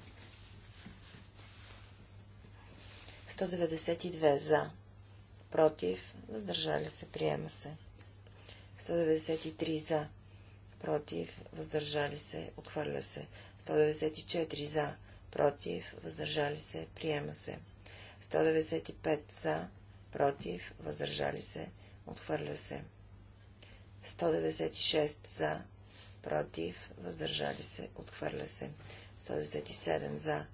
192 за, против, въздържали се, приема се. 193 за, против, въздържали се, отхвърля се. 194 за, против, въздържали се, приема се. 195 за, против, въздържали се, отхвърля се. 196 за, против, въздържали се, отхвърля се. 197 за,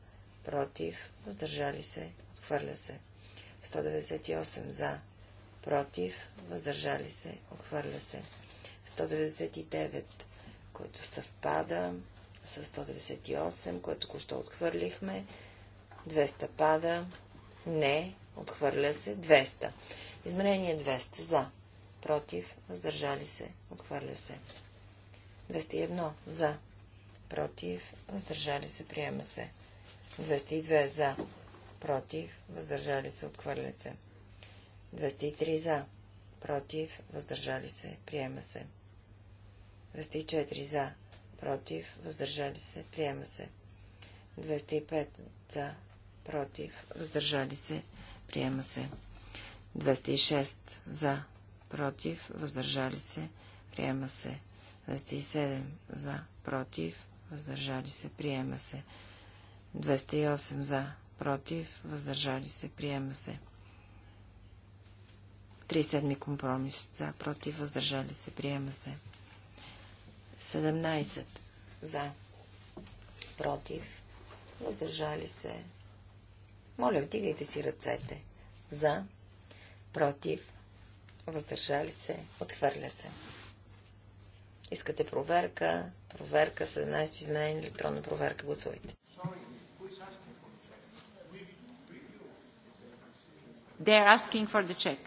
против, въздържали се, отхвърля се. 198 за, против, въздържали се, отхвърля се. 199, който съвпада с 198, което кощо отхвърлихме. 200 пада. Не, отхвърля се. 200. Изменение 200. За. Против. Въздържали се. Отхвърля се. 201. За. Против. Въздържали се. Приема се. 202. За против, въздържали се, отхвърля се. 203 за, против, въздържали се, приема се. 204 за, против, въздържали се, приема се. 205 за, против, въздържали се, приема се. 206 за, против, въздържали се, приема се. 207 за, против, въздържали се, приема се. 208 за, против, въздържали се, приема се. 37 компромис за, против, въздържали се, приема се. 17 за, против, въздържали се. Моля, вдигайте си ръцете. За, против, въздържали се, отхвърля се. Искате проверка, проверка, 17 изменение, електронна проверка, гласувайте. They are asking for the check.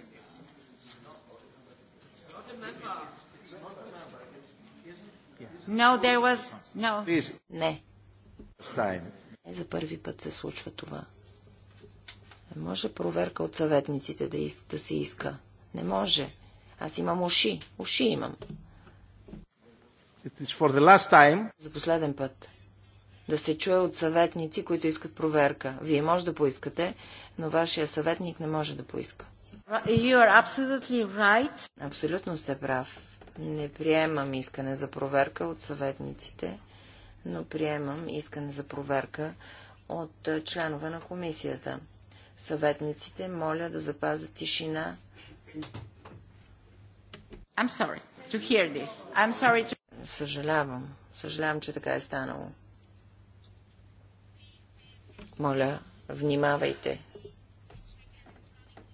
No, there was... no. Не. Не за първи път се случва това. Не може проверка от съветниците да, иска, да се иска. Не може. Аз имам уши. Уши имам. It is for the last time. За последен път да се чуе от съветници, които искат проверка. Вие може да поискате, но вашия съветник не може да поиска. You are absolutely right. Абсолютно сте прав. Не приемам искане за проверка от съветниците, но приемам искане за проверка от членове на комисията. Съветниците моля да запазят тишина. I'm sorry to hear this. I'm sorry to... Съжалявам. Съжалявам, че така е станало. Моля, внимавайте.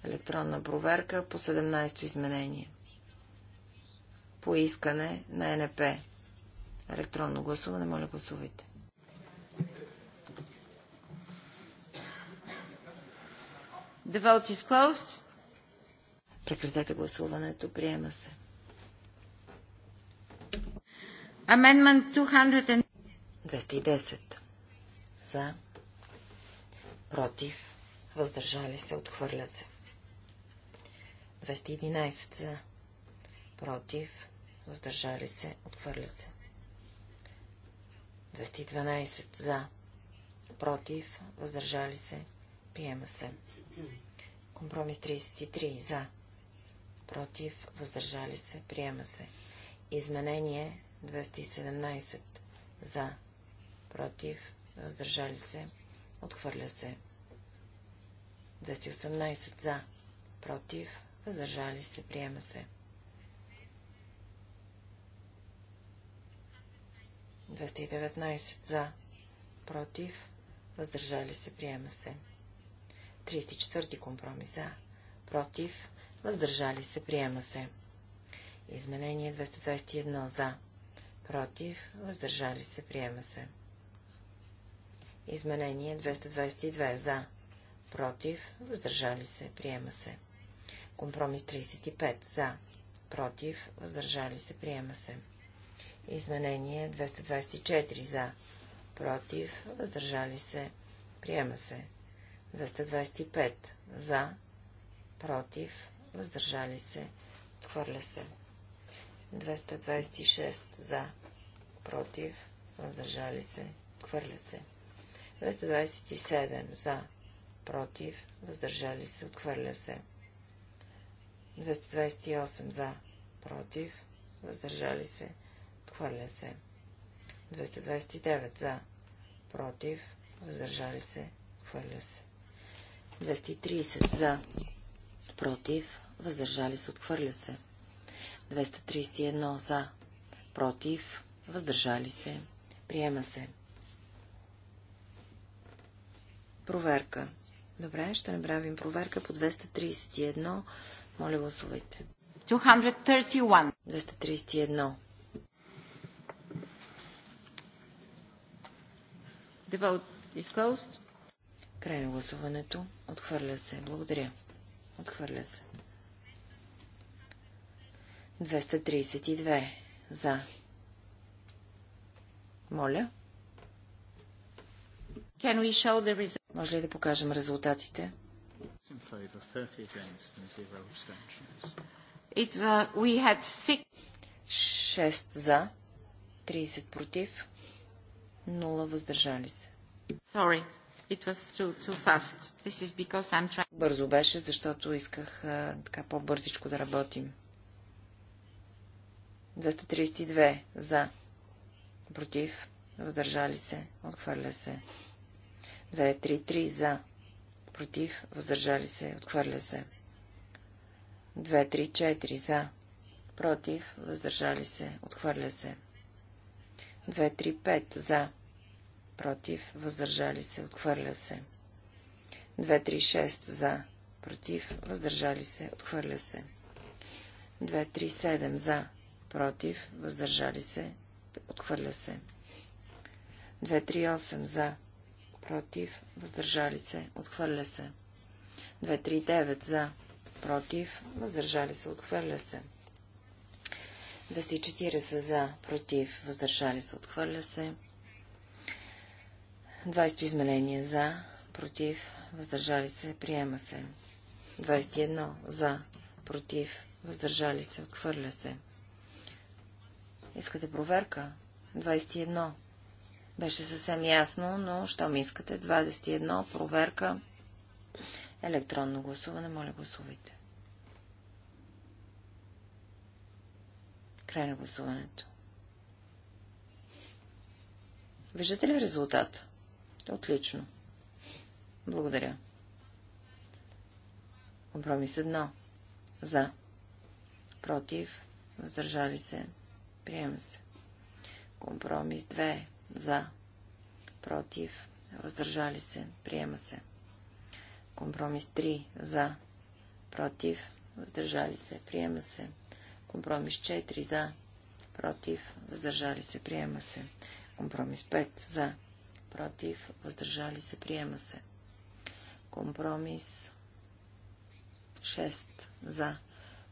Електронна проверка по 17-то изменение. По искане на НП. Електронно гласуване, моля гласувайте. The vote is closed. Прекратете гласуването. Приема се. Amendment 210. За против, въздържали се, отхвърля се. 211 за, против, въздържали се, отхвърля се. 212 за, против, въздържали се, приема се. Компромис 33 за, против, въздържали се, приема се. Изменение 217 за, против, въздържали се, Отхвърля се. 218 за. Против. Въздържали се. Приема се. 219 за. Против. Въздържали се. Приема се. 34 компромис за. Против. Въздържали се. Приема се. Изменение 221 за. Против. Въздържали се. Приема се. Изменение 222 за, против, въздържали се, приема се. Компромис 35 за, против, въздържали се, приема се. Изменение 224 за, против, въздържали се, приема се. 225 за, против, въздържали се, отхвърля се. 226 за, против, въздържали се, отхвърля се. 227 за, против, въздържали се, отхвърля се. 228 за, против, въздържали се, отхвърля се. 229 за, против, въздържали се, отхвърля се. 230 за, против, въздържали се, отхвърля се. 231 за, против, въздържали се, приема се. 232 Проверка. Добре, ще направим проверка по 231. Моля, гласувайте. 231. 231. The vote is closed. Край на гласуването. Отхвърля се. Благодаря. Отхвърля се. 232. За. Моля. Can we show the result? Може ли да покажем резултатите? Uh, Шест 6 за, 30 против, 0 въздържали се. Sorry. It was too, too fast. This is because I'm trying... Бързо беше, защото исках а, така по-бързичко да работим. 232 за, против, въздържали се, отхвърля се. 233 за. Против. Въздържали се. Отхвърля се. 4 за. Против. Въздържали се. Отхвърля се. 235 за. Против. Въздържали се. Отхвърля се. 236 за. Против. Въздържали се. Отхвърля се. 237 за. Против. Въздържали се. Отхвърля се. 238 за против, въздържали се, отхвърля се. 239 за, против, въздържали се, отхвърля се. 240 за, против, въздържали се, отхвърля се. 20 изменение за, против, въздържали се, приема се. 21 за, против, въздържали се, отхвърля се. Искате проверка? 21 беше съвсем ясно, но що ми искате, 21, проверка, електронно гласуване, моля гласувайте. Край на гласуването. Виждате ли резултата? Отлично. Благодаря. Компромис едно. За. Против. Въздържали се. Приема се. Компромис 2. За. Против. Въздържали се. Приема се. Компромис 3. За. Против. Въздържали се. Приема се. Компромис 4. За. Против. Въздържали се. Приема се. Компромис 5. За. Против. Въздържали се. Приема се. Компромис 6. За.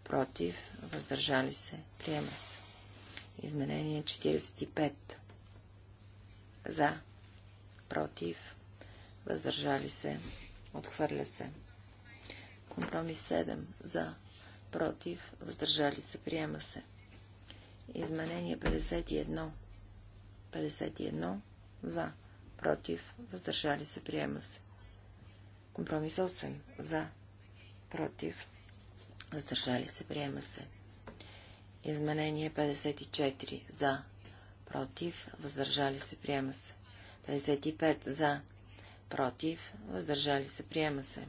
Против. Въздържали се. Приема се. Изменение 45. За. Против. Въздържали се. Отхвърля се. Компромис 7. За. Против. Въздържали се. Приема се. Изменение 51. 51. За. Против. Въздържали се. Приема се. Компромис 8. За. Против. Въздържали се. Приема се. Изменение 54. За против, въздържали се, приема се. 55 за, против, въздържали се, приема се.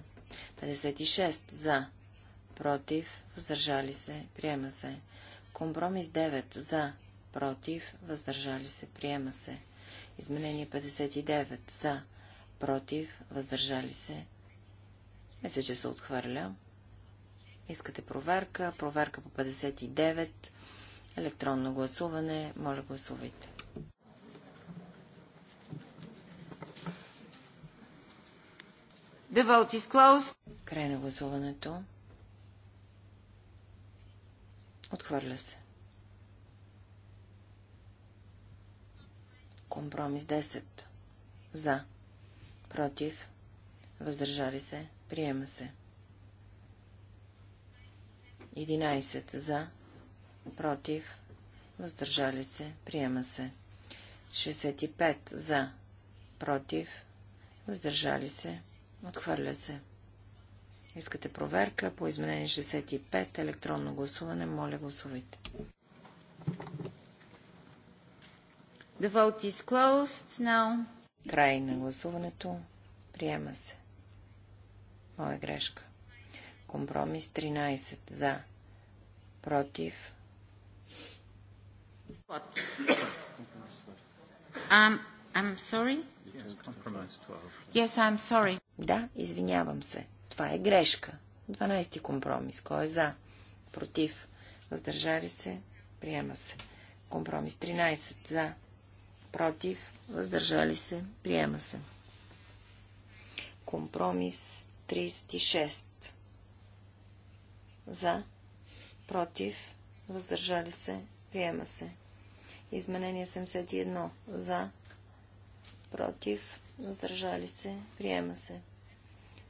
56 за, против, въздържали се, приема се. Компромис 9 за, против, въздържали се, приема се. Изменение 59 за, против, въздържали се. Мисля, че се отхвърля. Искате проверка. Проверка по 59. Електронно гласуване. Моля, гласувайте. The vote is closed. Край на гласуването. Отхвърля се. Компромис 10. За. Против. Въздържали се. Приема се. 11. За против, въздържали се, приема се. 65 за, против, въздържали се, отхвърля се. Искате проверка по изменение 65, електронно гласуване, моля гласувайте. The vote is closed now. Край на гласуването. Приема се. Моя грешка. Компромис 13 за. Против. I'm, um, I'm sorry? Yes, I'm sorry. Да, извинявам се. Това е грешка. 12 компромис. Кой е за? Против. Въздържали се? Приема се. Компромис 13. За. Против. Въздържали се? Приема се. Компромис 36. За. Против. Въздържали се? Приема се. Изменение 71 за, против, въздържали се, приема се.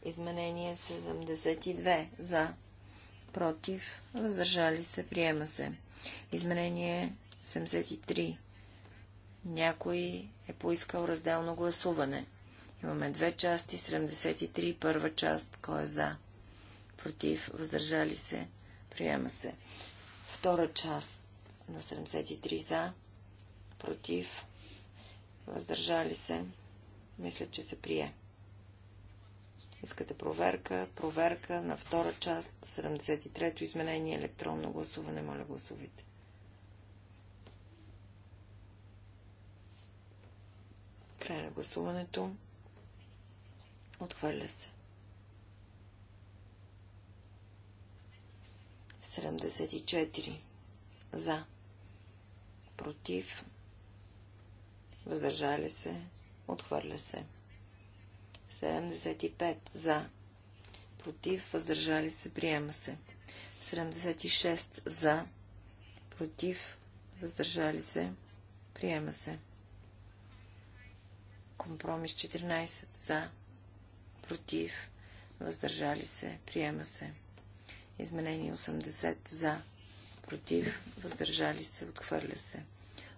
Изменение 72 за, против, въздържали се, приема се. Изменение 73. Някой е поискал разделно гласуване. Имаме две части, 73, първа част, кой е за, против, въздържали се, приема се. Втора част на 73 за, против, въздържали се, мисля, че се прие. Искате проверка, проверка на втора част, 73-то изменение, електронно гласуване, моля гласувайте. Край на гласуването. Отхвърля се. 74. За. Против въздържали се, отхвърля се. 75 за, против, въздържали се, приема се. 76 за, против, въздържали се, приема се. Компромис 14 за, против, въздържали се, приема се. Изменение 80 за, против, въздържали се, отхвърля се.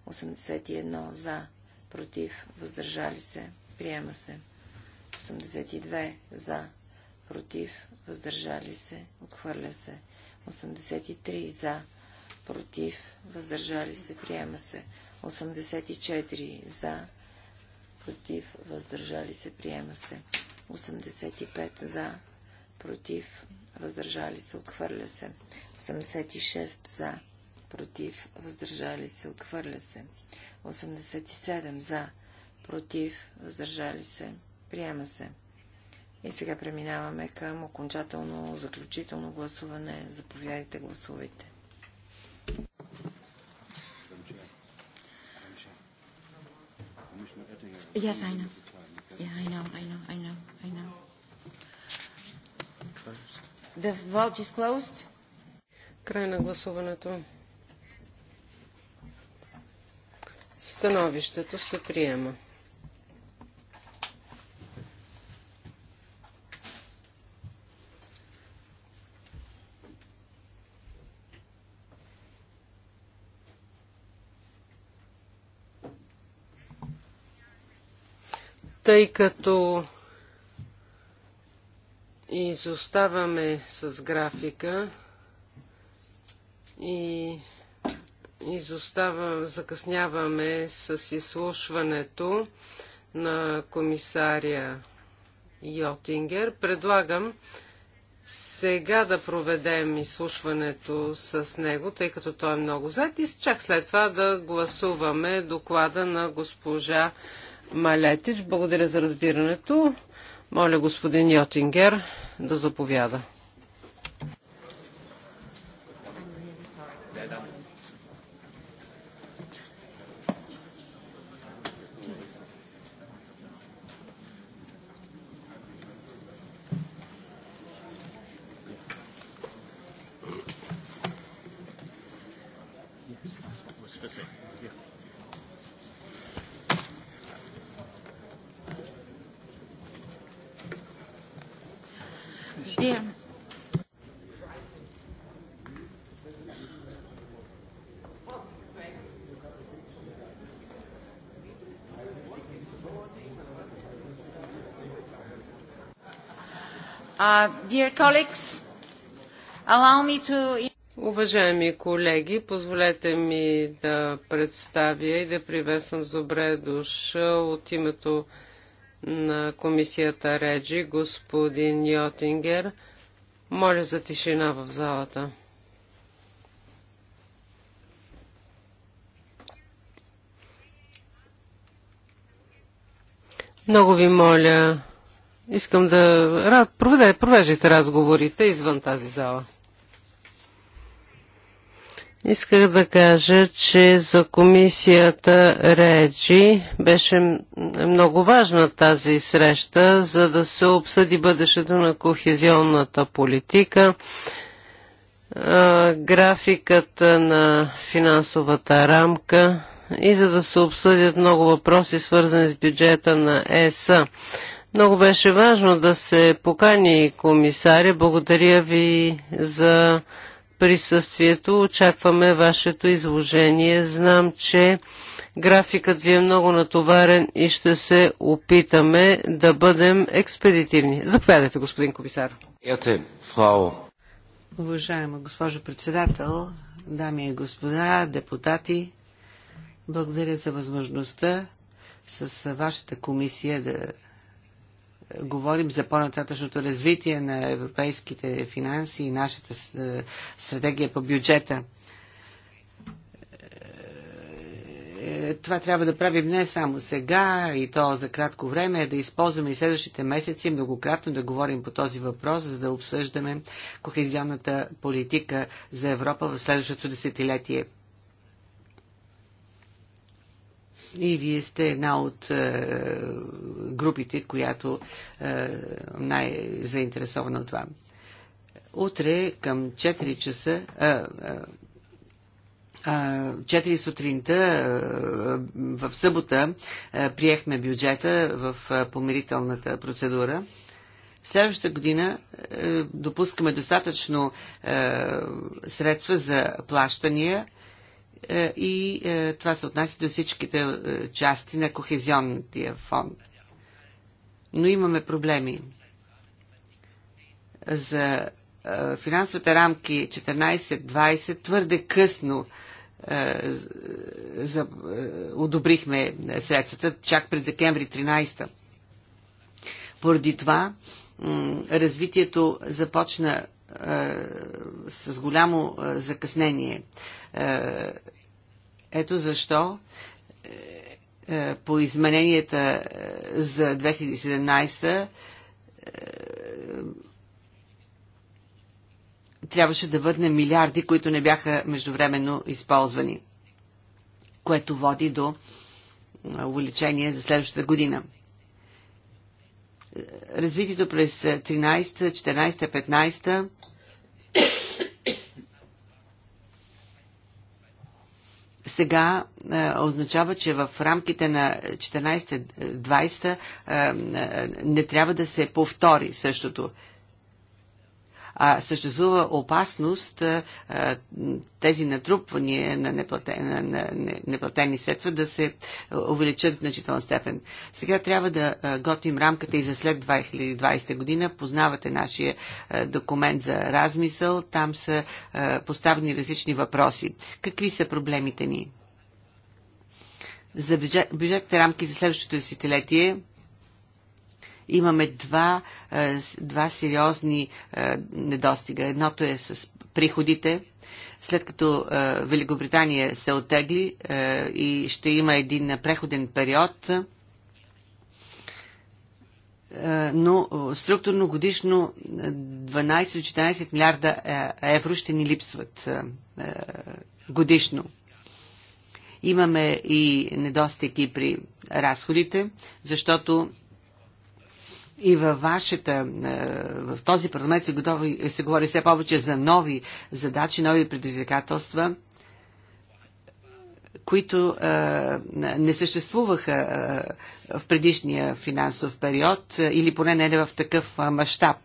81 за, против, въздържали се, приема се. 82 за, против, въздържали се, отхвърля се. 83 за, против, въздържали се, приема се. 84 за, против, въздържали се, приема се. 85 за, против, въздържали се, отхвърля се. 86 за, против, въздържали се, отхвърля се. 87 за, против, въздържали се, приема се. И сега преминаваме към окончателно заключително гласуване. Заповядайте, гласувайте. Yes, I know. Yeah, I know, I know, I know, I know. The vote is closed. Край на гласуването. Становището се приема. Тъй като изоставаме с графика и изостава, закъсняваме с изслушването на комисаря Йотингер. Предлагам сега да проведем изслушването с него, тъй като той е много зад и чак след това да гласуваме доклада на госпожа Малетич. Благодаря за разбирането. Моля господин Йотингер да заповяда. Уважаеми колеги, позволете ми да представя и да приветствам с добре дошъл от името на комисията Реджи, господин Йотингер. Моля за тишина в залата. Много ви моля Искам да проведе, провеждайте разговорите извън тази зала. Исках да кажа, че за комисията Реджи беше много важна тази среща, за да се обсъди бъдещето на кохезионната политика, графиката на финансовата рамка и за да се обсъдят много въпроси, свързани с бюджета на ЕСА. Много беше важно да се покани комисаря. Благодаря ви за присъствието. Очакваме вашето изложение. Знам, че графикът ви е много натоварен и ще се опитаме да бъдем експедитивни. Заповядайте, господин комисар. Ете, фрау. Уважаема госпожо председател, дами и господа, депутати, благодаря за възможността с вашата комисия да говорим за по-нататъчното развитие на европейските финанси и нашата е, стратегия по бюджета. Е, това трябва да правим не само сега и то за кратко време, а да използваме и следващите месеци многократно да говорим по този въпрос, за да обсъждаме кохезионната политика за Европа в следващото десетилетие. И вие сте една от е, групите, която е, най-заинтересована от това. Утре към 4 часа. Е, е, 4 е, сутринта е, в събота е, приехме бюджета в помирителната процедура. Следващата година допускаме достатъчно средства за плащания е, и е, това се отнася до всичките е, части на кохезионния фонд. Но имаме проблеми. За финансовите рамки 14-20 твърде късно за, одобрихме средствата, чак през декември 13-та. Поради това развитието започна с голямо закъснение. Е, ето защо е, е, по измененията за 2017 трябваше да върне милиарди, които не бяха междувременно използвани, което води до увеличение за следващата година. Развитието през 13, 14, 15 сега а, е, означава, че в рамките на 14-20 е, е, не трябва да се повтори същото а съществува опасност а, тези натрупвания на, неплатен, на, на, неплатени средства да се увеличат в значителна степен. Сега трябва да готвим рамката и за след 2020 година. Познавате нашия документ за размисъл. Там са поставени различни въпроси. Какви са проблемите ни? За бюджет, бюджетните рамки за следващото десетилетие имаме два, е, два сериозни е, недостига. Едното е с приходите, след като е, Великобритания се отегли и ще има един преходен период, но структурно годишно 12-14 милиарда евро ще ни липсват годишно. Имаме и недостиг и при разходите, защото и във вашата, е, в този парламент се, готови, се говори все повече за нови задачи, нови предизвикателства, които е, не съществуваха е, в предишния финансов период или поне не в такъв мащаб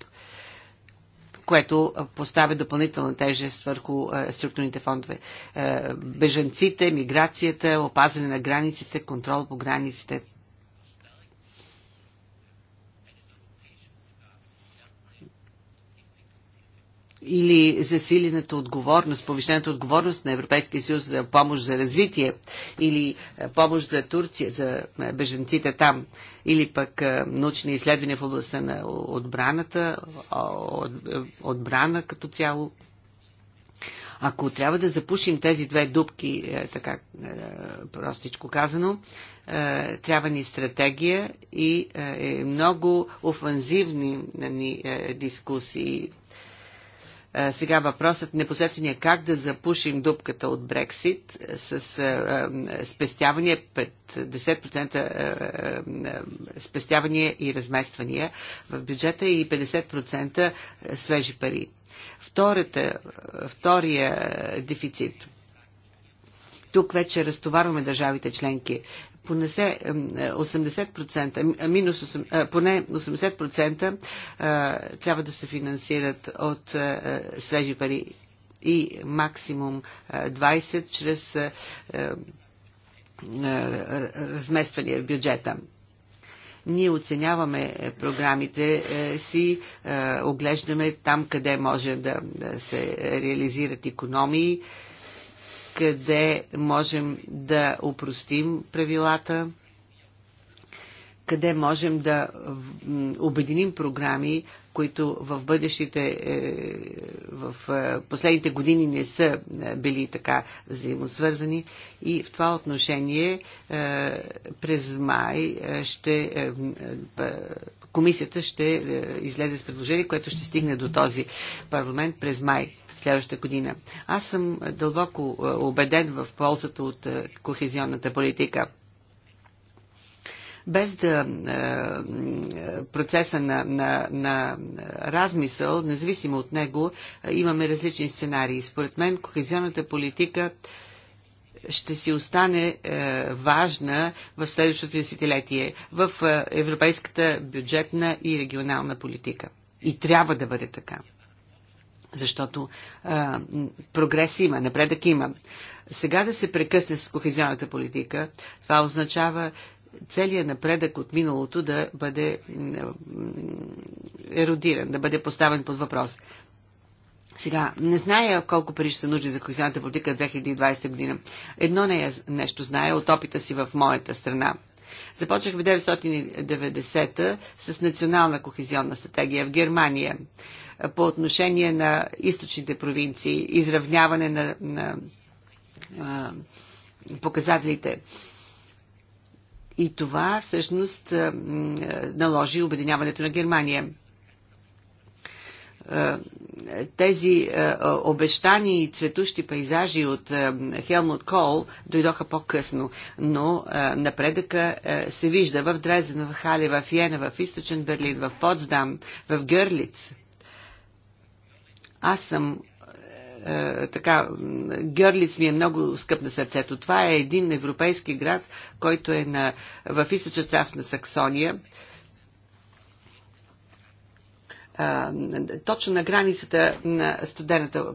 което поставя допълнителна тежест върху структурните фондове. Бежанците, миграцията, опазване на границите, контрол по границите, или засилената отговорност, повишената отговорност на Европейския съюз за помощ за развитие или е, помощ за Турция, за е, беженците там, или пък е, научни изследвания в областта на отбраната, отбрана като цяло. Ако трябва да запушим тези две дубки, така простичко казано, трябва ни стратегия и много офанзивни ни дискусии сега въпросът непосредствения е как да запушим дупката от Брексит с спестявания 50% спестявания и размествания в бюджета и 50% свежи пари. Втората, втория дефицит – тук вече разтоварваме държавите членки понесе 80%, е, ами, минус 8, поне 80% трябва да се финансират от е, е, свежи пари и максимум 20% чрез размествания в бюджета ние оценяваме програмите си, оглеждаме там къде може да се реализират економии къде можем да упростим правилата, къде можем да обединим програми, които в бъдещите, е, в е, последните години не са е, били така взаимосвързани. И в това отношение през май ще, комисията ще излезе с предложение, което ще стигне до този парламент през май следващата година. Аз съм дълбоко е, убеден в ползата от е, кохезионната политика без да е, процеса на, на, на размисъл, независимо от него, имаме различни сценарии. Според мен, кохезионната политика ще си остане е, важна в следващото десетилетие в е, европейската бюджетна и регионална политика. И трябва да бъде така защото а, прогрес има, напредък има. Сега да се прекъсне с кохезионната политика, това означава целият напредък от миналото да бъде еродиран, да бъде поставен под въпрос. Сега, не зная колко пари ще са нужни за кохезионната политика 2020 година. Едно не е нещо зная от опита си в моята страна. Започнахме 1990 с национална кохезионна стратегия в Германия по отношение на източните провинции, изравняване на, на а, показателите. И това всъщност наложи обединяването на Германия тези обещани и цветущи пейзажи от Хелмут Кол дойдоха по-късно, но напредъка се вижда в Дрезен, в Хали, в Йена, в Източен Берлин, в Потсдам, в Гърлиц – аз съм е, е, така, Гърлиц ми е много скъп на сърцето. Това е един европейски град, който е на, в източна част на Саксония. Е, точно на границата на студената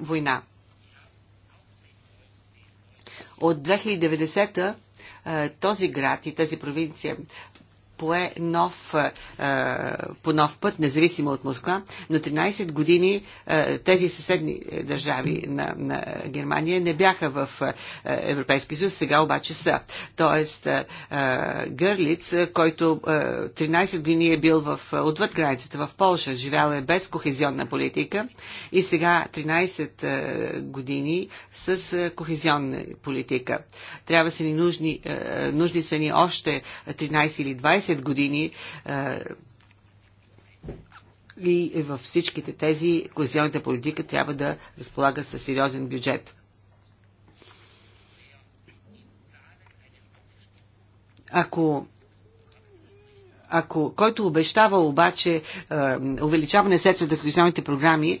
война. От 2090-та е, този град и тази провинция пое нов, е, е, по нов път, независимо от Москва, но 13 години е, тези съседни държави на, на Германия не бяха в Европейски съюз, сега обаче са. Тоест, Гърлиц, който 13 години е бил в, отвъд границата в Польша, живял е без кохезионна политика и сега 13 години с кохезионна политика. Трябва са ни нужни, нужни са ни още 13 или 20 10 години и във всичките тези козионната политика трябва да разполага със сериозен бюджет. Ако ако, който обещава обаче е, увеличаване средствата в телевизионните програми, е,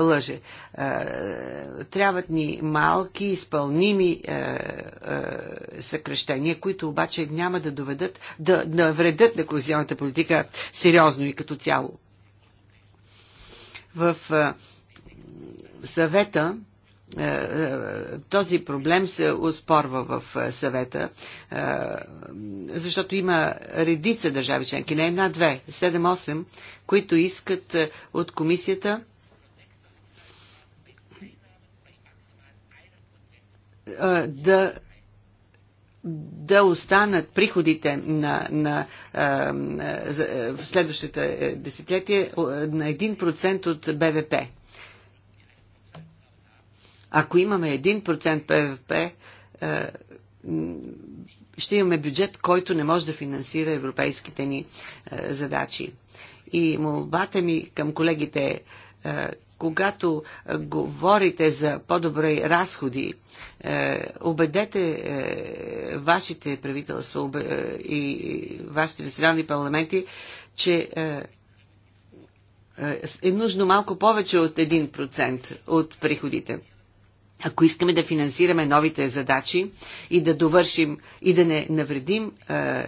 лъже. Е, трябват ни малки, изпълними е, е, съкрещения, които обаче няма да доведат, да навредят на телевизионната политика сериозно и като цяло. В е, съвета е, е, този проблем се успорва в е, съвета, защото има редица държави членки, не една-две, седем-осем, които искат от комисията да да останат приходите на, на, на, на следващите десетилетия на 1% от БВП. Ако имаме 1% ПВП, е, ще имаме бюджет, който не може да финансира европейските ни е, задачи. И молбата ми към колегите е, когато говорите за по-добри разходи, убедете вашите правителства и вашите национални парламенти, че е нужно малко повече от 1% от приходите ако искаме да финансираме новите задачи и да довършим и да не навредим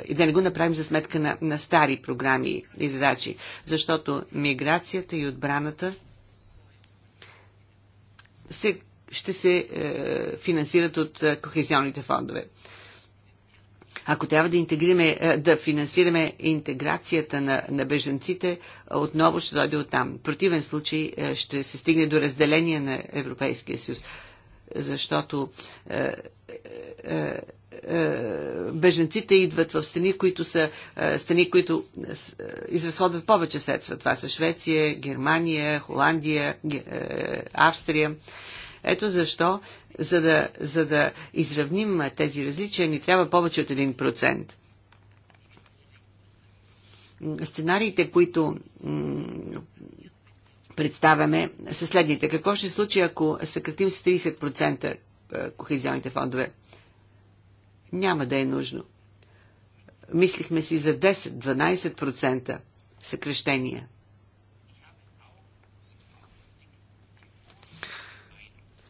и да не го направим за сметка на, на стари програми и задачи, защото миграцията и отбраната се, ще се е, финансират от е, кохезионните фондове. Ако трябва да, интегрираме, е, да финансираме интеграцията на, на беженците, отново ще дойде от там. В противен случай е, ще се стигне до разделение на Европейския съюз защото е, е, е, беженците идват в страни, които са е, страни, които е, изразходват повече средства. Това са Швеция, Германия, Холандия, Австрия. Ето защо, за да, за да изравним тези различия, ни трябва повече от 1%. Сценариите, които представяме със следните. Какво ще случи, ако съкратим с 30% кохезионните фондове? Няма да е нужно. Мислихме си за 10-12% съкрещения.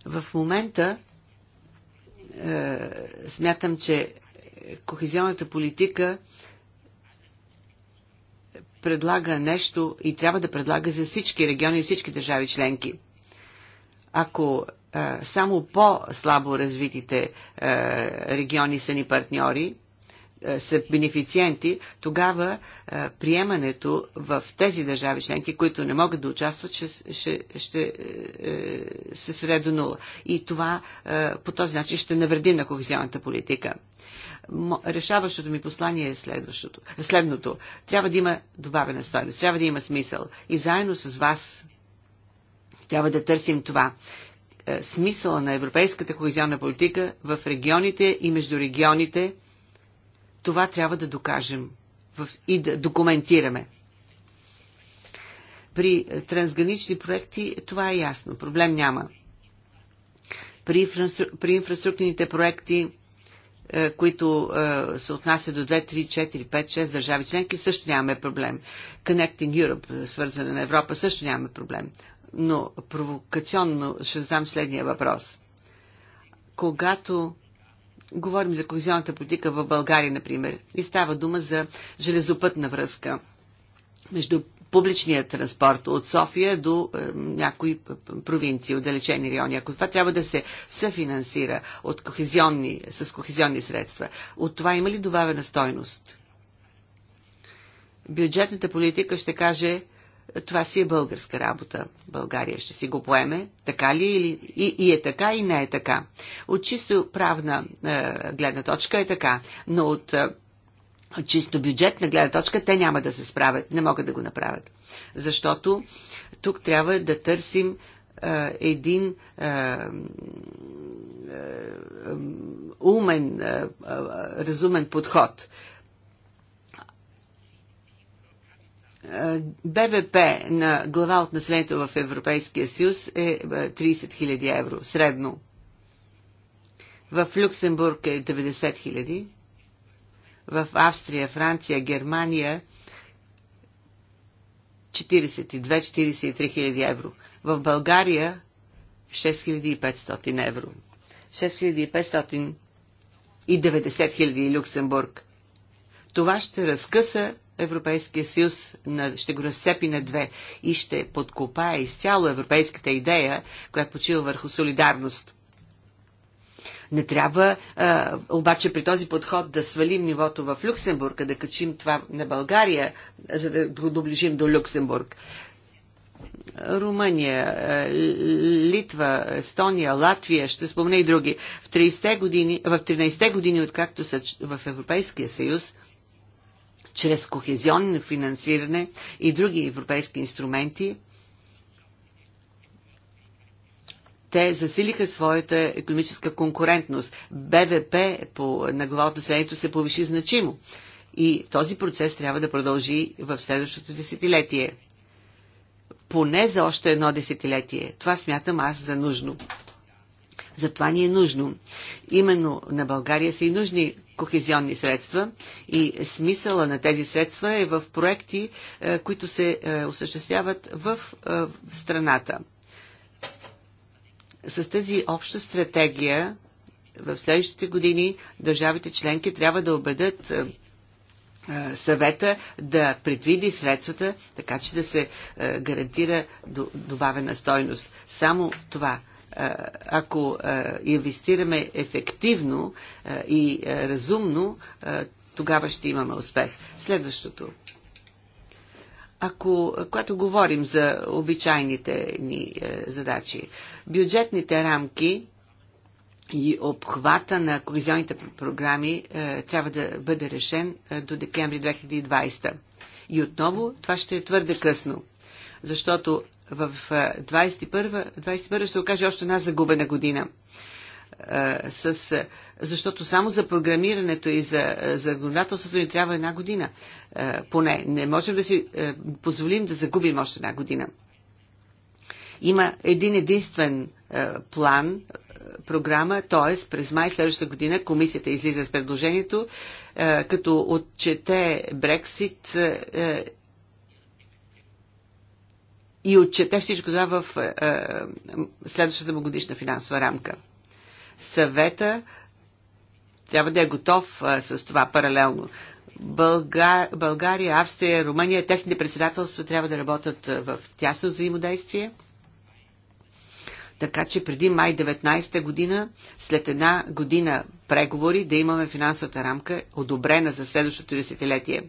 В момента е, смятам, че кохезионната политика е, предлага нещо и трябва да предлага за всички региони и всички държави членки. Ако а, само по-слабо развитите а, региони са ни партньори, а, са бенефициенти, тогава а, приемането в тези държави членки, които не могат да участват, ще, ще, ще е, се сведе до нула. И това а, по този начин ще навреди на кохезионната политика решаващото ми послание е следващото, е следното. Трябва да има добавена стойност, трябва да има смисъл. И заедно с вас трябва да търсим това. Е, смисъла на европейската кохезионна политика в регионите и между регионите, това трябва да докажем и да документираме. При е, трансгранични проекти това е ясно, проблем няма. При, при инфраструктурните проекти е, които е, се отнася до 2, 3, 4, 5, 6 държави членки, също нямаме проблем. Connecting Europe, свързване на Европа, също нямаме проблем. Но провокационно ще задам следния въпрос. Когато говорим за кохезионната политика в България, например, и става дума за железопътна връзка между публичния транспорт от София до е, някои провинции, отдалечени райони. Ако това трябва да се съфинансира от кохезионни, с кохезионни средства, от това има ли добавена стойност? Бюджетната политика ще каже, това си е българска работа. България ще си го поеме. Така ли е или и, и е така, и не е така. От чисто правна е, гледна точка е така, но от е, чисто бюджет на гледна точка, те няма да се справят, не могат да го направят. Защото тук трябва да търсим а, е, един а, е, а, е, умен, а, разумен подход. БВП на глава от населението в Европейския съюз е 30 000 евро, средно. В Люксембург е 90 000 в Австрия, Франция, Германия 42-43 хиляди евро. В България 6500 евро. 6500 и 90 хиляди Люксембург. Това ще разкъса Европейския съюз, ще го разцепи на две и ще подкопае изцяло европейската идея, която почива върху солидарност. Не трябва а, обаче при този подход да свалим нивото в Люксембург, да качим това на България, за да го доближим до Люксембург. Румъния, Литва, Естония, Латвия, ще спомня и други. В 13-те години, в 13 години откакто са в Европейския съюз, чрез кохезионно финансиране и други европейски инструменти, те засилиха своята економическа конкурентност. БВП по, на глава населението се повиши значимо. И този процес трябва да продължи в следващото десетилетие. Поне за още едно десетилетие. Това смятам аз за нужно. Затова ни е нужно. Именно на България са и нужни кохезионни средства и смисъла на тези средства е в проекти, е, които се е, осъществяват в е, страната. С тази обща стратегия в следващите години държавите членки трябва да убедят е, е, съвета да предвиди средствата, така че да се е, гарантира добавена стойност. Само това ако инвестираме ефективно и разумно, тогава ще имаме успех. Следващото. Ако, когато говорим за обичайните ни задачи, Бюджетните рамки и обхвата на кохезионните програми е, трябва да бъде решен е, до декември 2020. И отново това ще е твърде късно, защото в 2021 е, ще се окаже още една загубена година. Е, с, е, защото само за програмирането и за е, законодателството ни трябва една година. Поне не можем да си позволим да загубим още една година. Има един единствен е, план, е, програма, т.е. през май следващата година комисията излиза с предложението, е, като отчете Брексит и отчете всичко това в следващата му годишна финансова рамка. Съвета трябва да е готов с това паралелно. Българ, България, Австрия, Румъния, техните председателства трябва да работят в тясно взаимодействие – така че преди май 19 година, след една година преговори, да имаме финансовата рамка, одобрена за следващото десетилетие.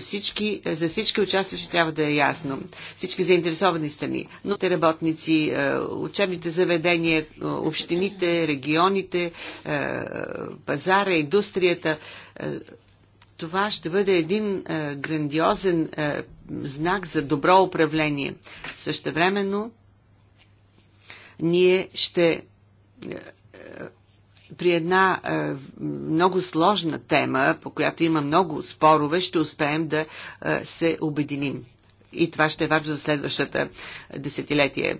Всички, за всички участващи трябва да е ясно. Всички заинтересовани страни, но те работници, учебните заведения, общините, регионите, пазара, индустрията, това ще бъде един грандиозен знак за добро управление. Същевременно, ние ще е, при една е, много сложна тема, по която има много спорове, ще успеем да е, се обединим. И това ще е важно за следващата десетилетие.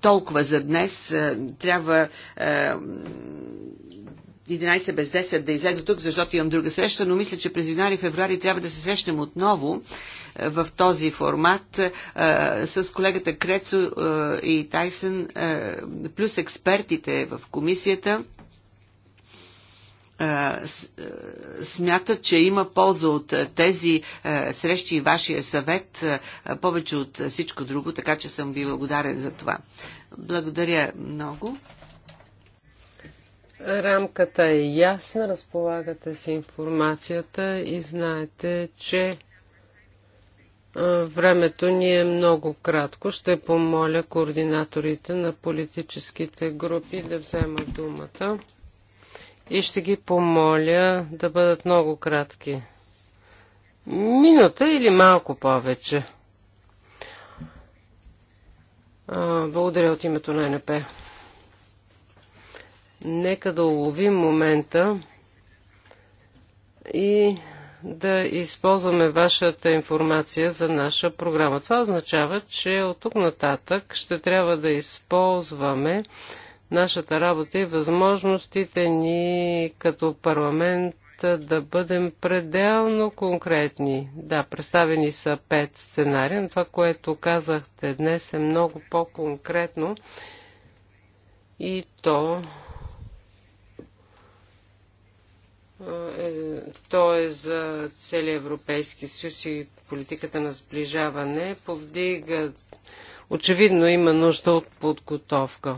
толкова за днес. трябва 11 без 10 да излезе тук, защото имам друга среща, но мисля, че през януари февруари трябва да се срещнем отново е, в този формат е, с колегата Крецо е, и Тайсън, плюс експертите в комисията смятат, че има полза от тези срещи и вашия съвет повече от всичко друго, така че съм ви благодарен за това. Благодаря много. Рамката е ясна, разполагате с информацията и знаете, че времето ни е много кратко. Ще помоля координаторите на политическите групи да вземат думата и ще ги помоля да бъдат много кратки. Минута или малко повече. Благодаря от името на НП. Нека да уловим момента и да използваме вашата информация за наша програма. Това означава, че от тук нататък ще трябва да използваме нашата работа и възможностите ни като парламент да бъдем пределно конкретни. Да, представени са пет сценария, но това, което казахте днес е много по-конкретно и то Е, то е за целия Европейски съюз и политиката на сближаване, повдига очевидно има нужда от подготовка.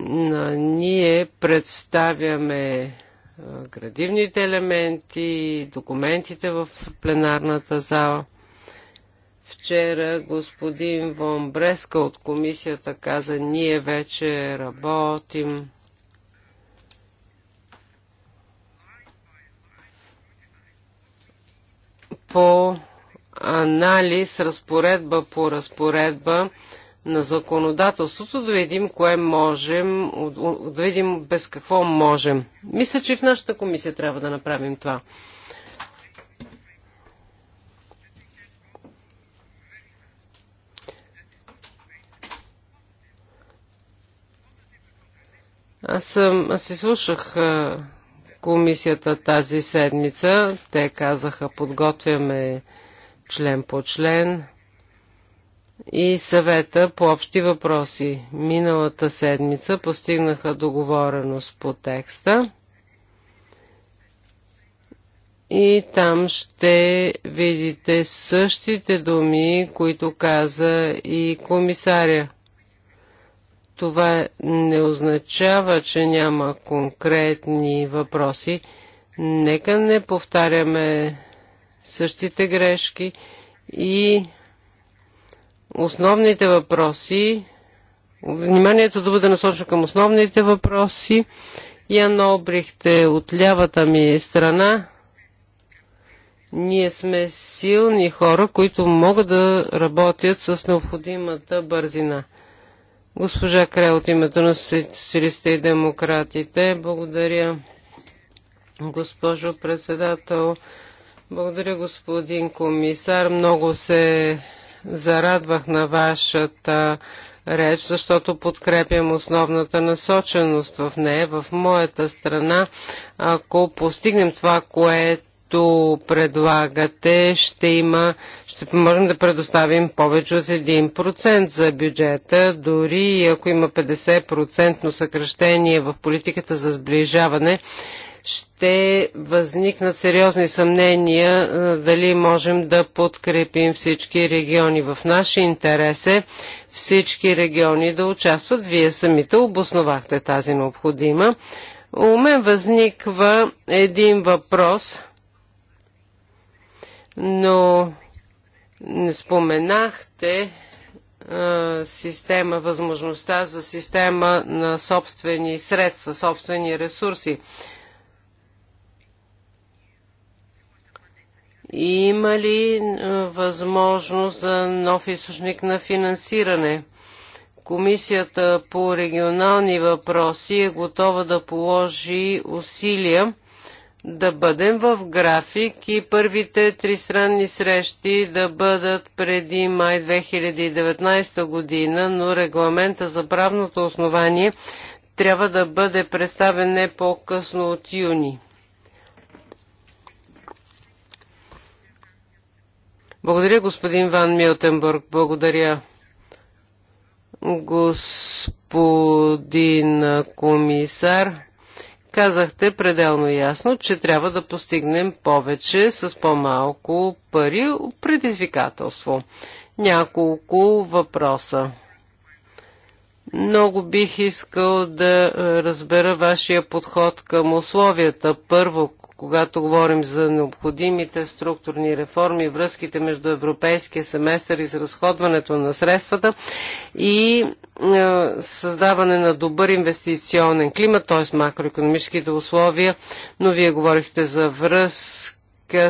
Но ние представяме е, градивните елементи, документите в пленарната зала. Вчера господин Вон Бреска от комисията каза, ние вече работим по анализ, разпоредба по разпоредба на законодателството, да видим кое можем, да видим без какво можем. Мисля, че в нашата комисия трябва да направим това. Аз, съм, аз слушах комисията тази седмица. Те казаха, подготвяме член по член и съвета по общи въпроси. Миналата седмица постигнаха договореност по текста и там ще видите същите думи, които каза и комисаря. Това не означава, че няма конкретни въпроси. Нека не повтаряме същите грешки и основните въпроси. Вниманието да бъде насочено към основните въпроси. Ян Обрихт е от лявата ми страна. Ние сме силни хора, които могат да работят с необходимата бързина. Госпожа Крел от името на социалистите и демократите. Благодаря, госпожо председател. Благодаря, господин комисар. Много се зарадвах на вашата реч, защото подкрепям основната насоченост в нея. В моята страна, ако постигнем това, което предлагате, ще има, ще можем да предоставим повече от 1% за бюджета, дори ако има 50% съкръщение в политиката за сближаване, ще възникнат сериозни съмнения дали можем да подкрепим всички региони. В наши интерес е всички региони да участват. Вие самите обосновахте тази необходима. У мен възниква един въпрос, но не споменахте система, възможността за система на собствени средства, собствени ресурси. Има ли възможност за нов източник на финансиране? Комисията по регионални въпроси е готова да положи усилия да бъдем в график и първите тристранни срещи да бъдат преди май 2019 година, но регламента за правното основание трябва да бъде представен не по-късно от юни. Благодаря, господин Ван Милтенбург. Благодаря, господин комисар. Казахте пределно ясно, че трябва да постигнем повече с по-малко пари предизвикателство. Няколко въпроса. Много бих искал да разбера вашия подход към условията. Първо, когато говорим за необходимите структурни реформи, връзките между европейския семестър и разходването на средствата и е, създаване на добър инвестиционен климат, т.е. макроекономическите условия, но вие говорихте за връзка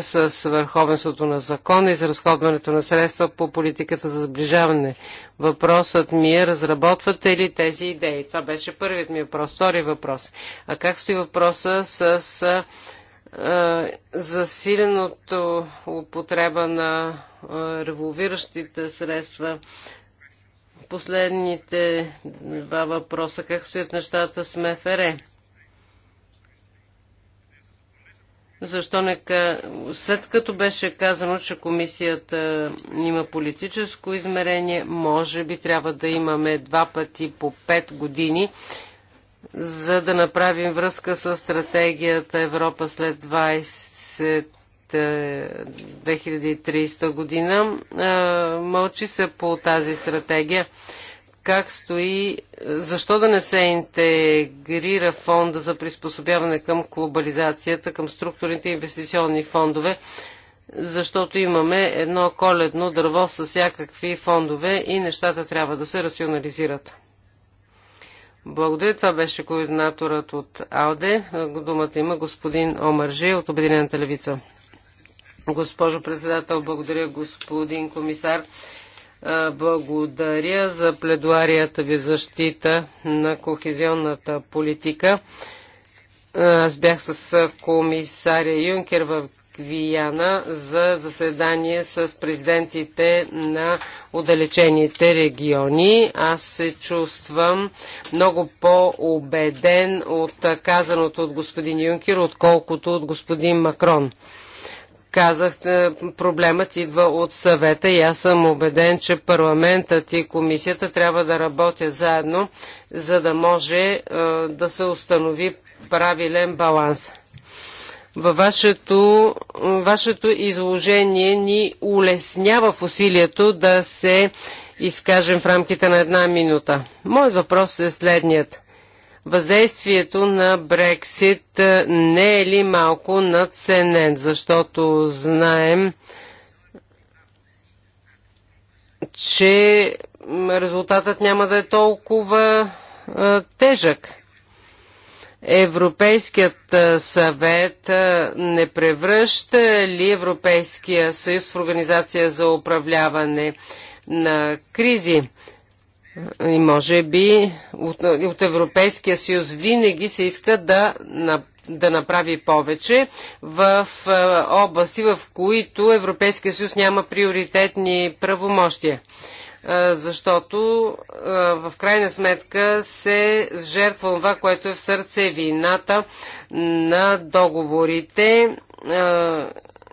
с върховенството на закона и за разходването на средства по политиката за сближаване. Въпросът ми е, разработвате ли тези идеи? Това беше първият ми въпрос. Втори въпрос. А как стои въпроса с е, е, засиленото употреба на е, револвиращите средства. Последните два въпроса. Как стоят нещата с МФР? Защо не след като беше казано, че комисията има политическо измерение, може би трябва да имаме два пъти по пет години за да направим връзка с стратегията Европа след 20, 2030 година. Мълчи се по тази стратегия. Как стои, защо да не се интегрира фонда за приспособяване към глобализацията, към структурните инвестиционни фондове, защото имаме едно коледно дърво с всякакви фондове и нещата трябва да се рационализират. Благодаря. Това беше координаторът от АЛДЕ. Думата има господин Жи от Обединената левица. Госпожо председател, благодаря господин комисар. Благодаря за пледуарията ви защита на кохезионната политика. Аз бях с комисаря Юнкер в Гвияна за заседание с президентите на отдалечените региони. Аз се чувствам много по-убеден от казаното от господин Юнкер, отколкото от господин Макрон. Казах, е, проблемът идва от съвета и аз съм убеден, че парламентът и комисията трябва да работят заедно, за да може е, да се установи правилен баланс. Във вашето, вашето изложение ни улеснява в усилието да се изкажем в рамките на една минута. Мой въпрос е следният. Въздействието на Брексит е, не е ли малко надценен, защото знаем, че резултатът няма да е толкова а, е, тежък. Европейският съвет не превръща ли Европейския съюз в организация за управляване на кризи? И може би от, от Европейския съюз винаги се иска да, да направи повече в области, в които Европейския съюз няма приоритетни правомощия защото в крайна сметка се жертва това, което е в сърце вината на договорите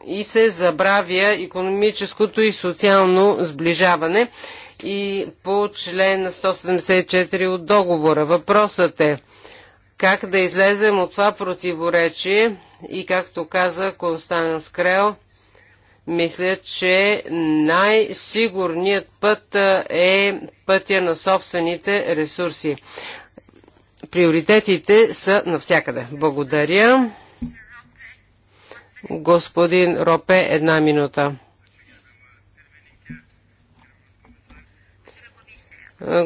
и се забравя економическото и социално сближаване и по член 174 от договора. Въпросът е как да излезем от това противоречие и както каза Констанс Крел, мисля, че най-сигурният път е пътя на собствените ресурси. Приоритетите са навсякъде. Благодаря. Господин Ропе, една минута.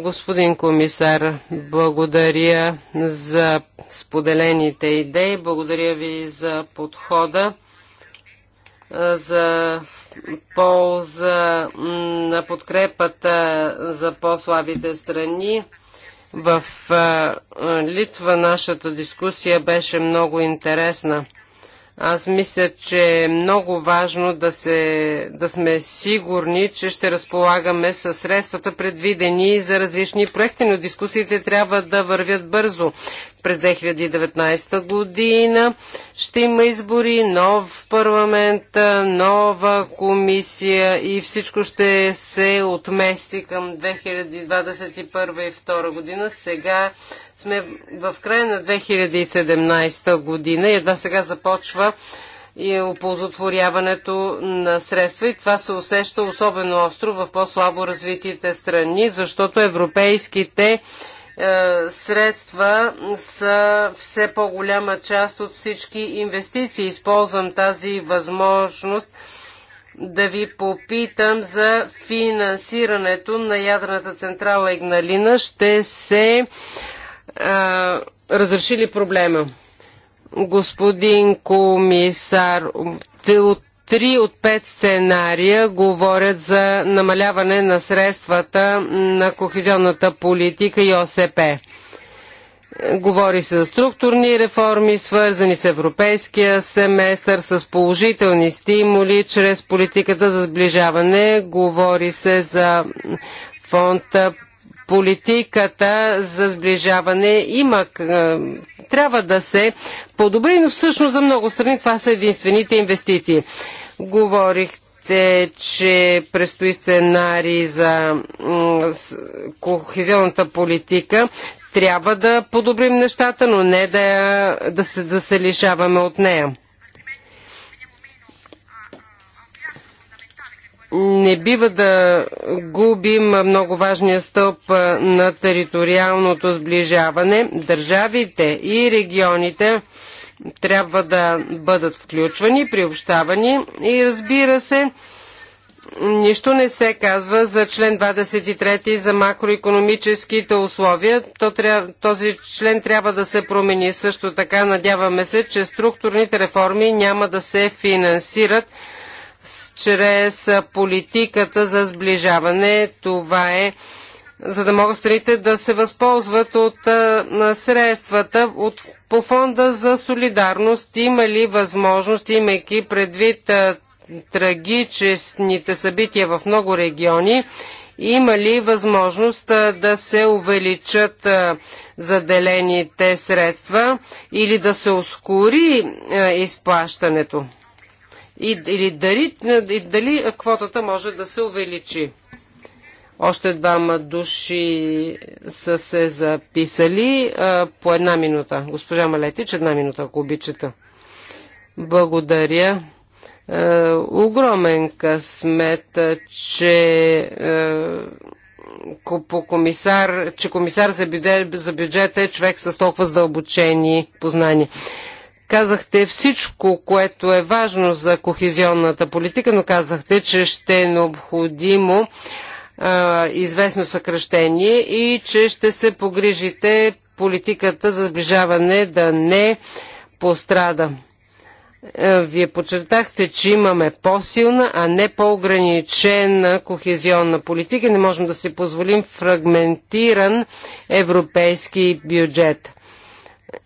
Господин комисар, благодаря за споделените идеи, благодаря ви за подхода за полза на подкрепата за по-слабите страни. В Литва нашата дискусия беше много интересна. Аз мисля, че е много важно да, се, да сме сигурни, че ще разполагаме с средствата предвидени за различни проекти, но дискусиите трябва да вървят бързо през 2019 година. Ще има избори, нов парламент, нова комисия и всичко ще се отмести към 2021 и 2022 година. Сега сме в края на 2017 година и едва сега започва и оползотворяването на средства и това се усеща особено остро в по-слабо развитите страни, защото европейските е, средства са все по-голяма част от всички инвестиции. Използвам тази възможност да ви попитам за финансирането на ядрената централа Игналина. Ще се а, е, разреши ли проблема? Господин комисар, от Три от пет сценария говорят за намаляване на средствата на кохезионната политика и ОСП. Говори се за структурни реформи, свързани с европейския семестър, с положителни стимули, чрез политиката за сближаване. Говори се за фонда политиката за сближаване има, е, трябва да се подобри, но всъщност за много страни това са единствените инвестиции. Говорихте, че предстои сценарий за кохезионната политика. Трябва да подобрим нещата, но не да, да, се, да се лишаваме от нея. не бива да губим много важния стълб на териториалното сближаване. Държавите и регионите трябва да бъдат включвани, приобщавани и разбира се, нищо не се казва за член 23 за макроекономическите условия. този член трябва да се промени също така. Надяваме се, че структурните реформи няма да се финансират чрез политиката за сближаване. Това е за да могат страните да се възползват от а, средствата от, по фонда за солидарност. Има ли възможност, имайки предвид а, трагичните събития в много региони, има ли възможност а, да се увеличат а, заделените средства или да се ускори а, изплащането? и, или дали, и дали квотата може да се увеличи. Още двама души са се записали а, по една минута. Госпожа Малетич, една минута, ако обичате. Благодаря. А, огромен късмет, че а, по комисар, че комисар за бюджет, за е човек с толкова задълбочени познания. Казахте всичко, което е важно за кохезионната политика, но казахте, че ще е необходимо а, известно съкръщение и че ще се погрижите политиката за сближаване да не пострада. Вие подчертахте, че имаме по-силна, а не по-ограничена кохезионна политика. Не можем да си позволим фрагментиран европейски бюджет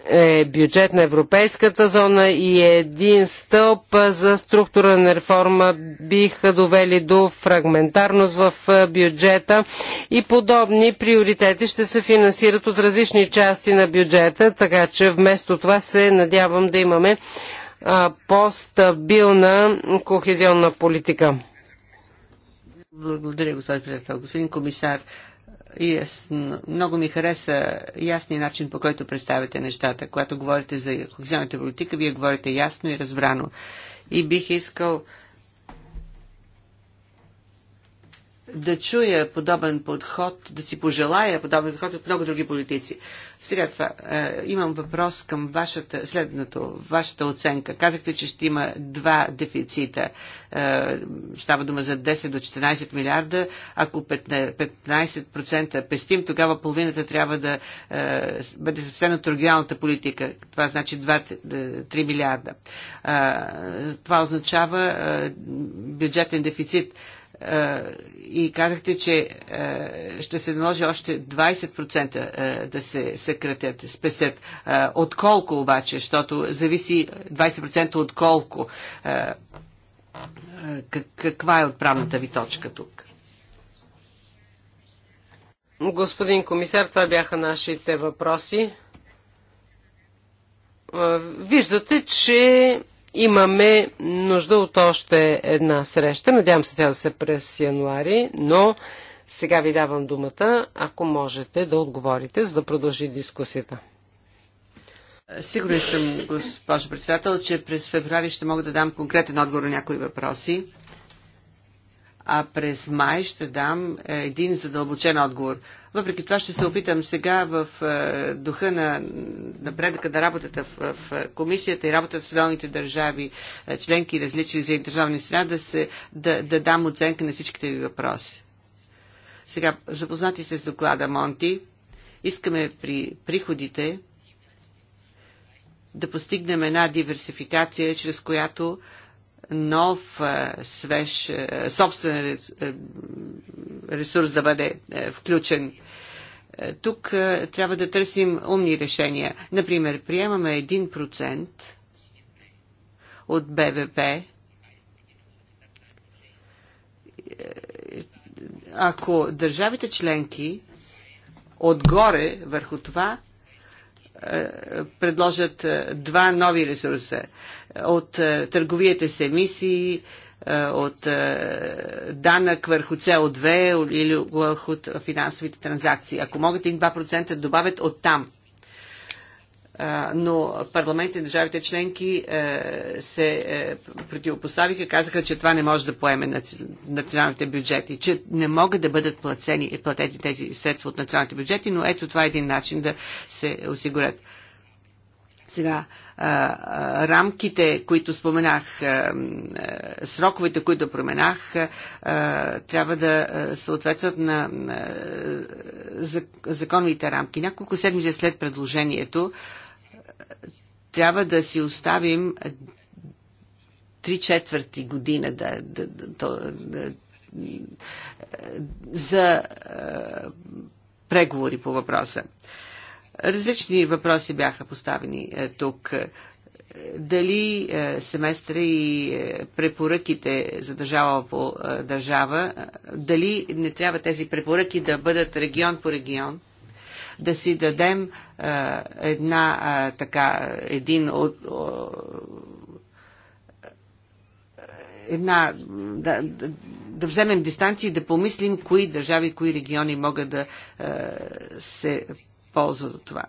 е бюджет на Европейската зона и един стълб за структурна реформа биха довели до фрагментарност в бюджета и подобни приоритети ще се финансират от различни части на бюджета, така че вместо това се надявам да имаме по-стабилна кохезионна политика. Благодаря, господин председател. Господин комисар, ясно, много ми хареса ясния начин, по който представяте нещата. Когато говорите за хоризонталната политика, вие говорите ясно и разбрано. И бих искал да чуя подобен подход, да си пожелая подобен подход от много други политици. Сега това, е, имам въпрос към вашата, следното, вашата оценка. Казахте, че ще има два дефицита. Е, става дума за 10 до 14 милиарда. Ако 15% пестим, тогава половината трябва да е, бъде съвсем от регионалната политика. Това значи 2-3 е, милиарда. Е, това означава е, бюджетен дефицит е, и казахте, че е, ще се наложи още 20% е, да се съкратят, спестят. От колко обаче, защото зависи 20% от колко. Каква е отправната ви точка тук? Господин комисар, това бяха нашите въпроси. Виждате, че имаме нужда от още една среща. Надявам се тя да се през януари, но сега ви давам думата, ако можете да отговорите, за да продължи дискусията. Сигурен съм, госпожо председател, че през феврари ще мога да дам конкретен отговор на някои въпроси а през май ще дам е, един задълбочен отговор. Въпреки това ще се опитам сега в е, духа на напредъка на работата в, в комисията и работата с отделните държави, е, членки и различни заинтересовани страни, да, се, да, да дам оценка на всичките ви въпроси. Сега, запознати се с доклада Монти, искаме при приходите да постигнем една диверсификация, чрез която нов, е, свеж, е, собствен е, ресурс да бъде включен. Тук трябва да търсим умни решения. Например, приемаме 1% от БВП, ако държавите членки отгоре върху това е, предложат е, два нови ресурса от е, търговията с емисии, от данък върху CO2 или върху финансовите транзакции. Ако могат и 2% добавят от там но парламентите на държавите членки е, се е, противопоставиха, казаха, че това не може да поеме националните бюджети, че не могат да бъдат платени, платени тези средства от националните бюджети, но ето това е един начин да се осигурят. Сега, рамките, които споменах, сроковете, които променах, трябва да съответстват на законовите рамки. Няколко седмици след предложението, трябва да си оставим три четвърти година да, да, да, да, за е, преговори по въпроса. Различни въпроси бяха поставени е, тук. Е, дали семестра и препоръките за държава по държава, дали не трябва тези препоръки да бъдат регион по регион, да си дадем е, една е, така, един от една, да, да, да вземем дистанции и да помислим кои държави, кои региони могат да е, се ползват от това.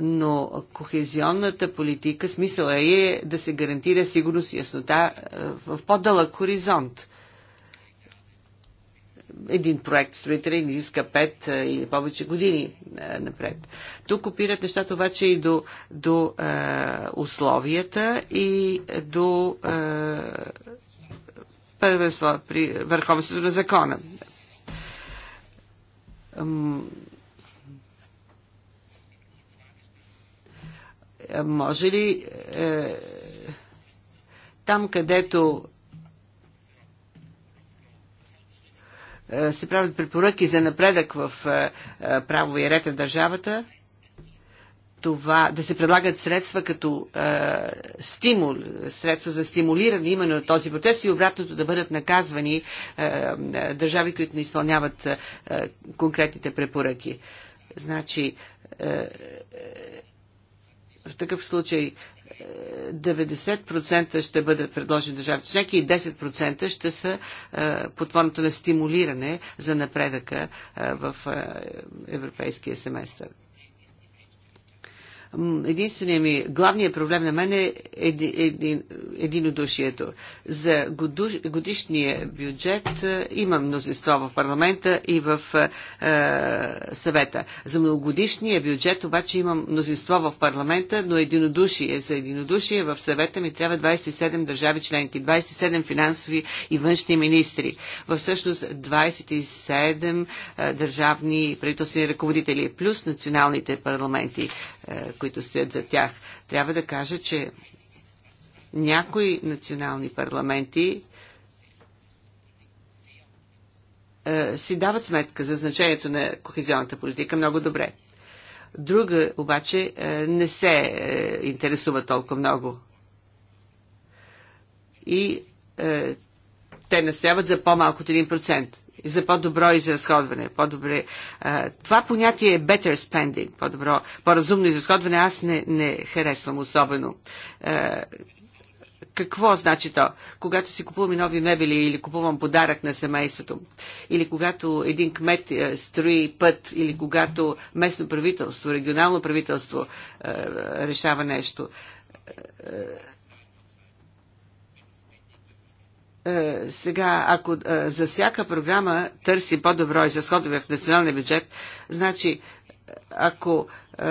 Но кохезионната политика, смисъл е да се гарантира сигурност и яснота е, в по-дълъг хоризонт един проект строителен изиска 5 или повече години напред. Тук опират нещата обаче и до, до е, условията и до е, първенство при върховенството на закона. Може ли е, там, където Е, се правят препоръки за напредък в е, е, право и ред на държавата, това, да се предлагат средства като е, стимул, средства за стимулиране именно на този процес и обратното да бъдат наказвани е, държави, които не изпълняват е, конкретните препоръки. Значи, е, е, в такъв случай 90% ще бъдат предложени държавите членки и 10% ще са е, под формата на стимулиране за напредъка е, в е, европейския семестър единственият ми, главният проблем на мен е единодушието. За годишния бюджет е, имам мнозинство в парламента и в е, е, съвета. За многогодишния бюджет обаче имам мнозинство в парламента, но единодушие. За единодушие в съвета ми трябва 27 държави членки, 27 финансови и външни министри. всъщност 27 държавни правителствени ръководители, плюс националните парламенти. Е, които стоят за тях. Трябва да кажа, че някои национални парламенти е, си дават сметка за значението на кохезионната политика много добре. Друга обаче е, не се интересува толкова много. И те настояват за по-малко от 1% за по-добро изразходване. По-добре. Това понятие е better spending, по-добро, по-разумно изразходване, аз не, не харесвам особено. Какво значи то? Когато си купуваме нови мебели или купувам подарък на семейството, или когато един кмет строи път, или когато местно правителство, регионално правителство решава нещо. Е, сега, ако е, за всяка програма търси по-добро изразходване в националния бюджет, значи е, ако е,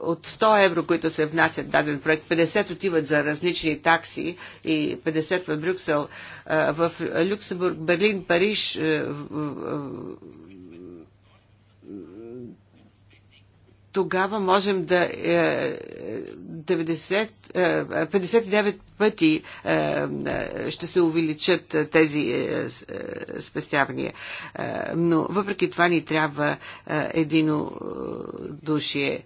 от 100 евро, които се внасят даден проект, 50 отиват за различни такси и 50 в Брюксел, е, в Люксембург, Берлин, Париж, е, тогава можем да 90, е, 59 е, пъти е, ще се увеличат тези спестявания. Но въпреки това ни трябва едино душие.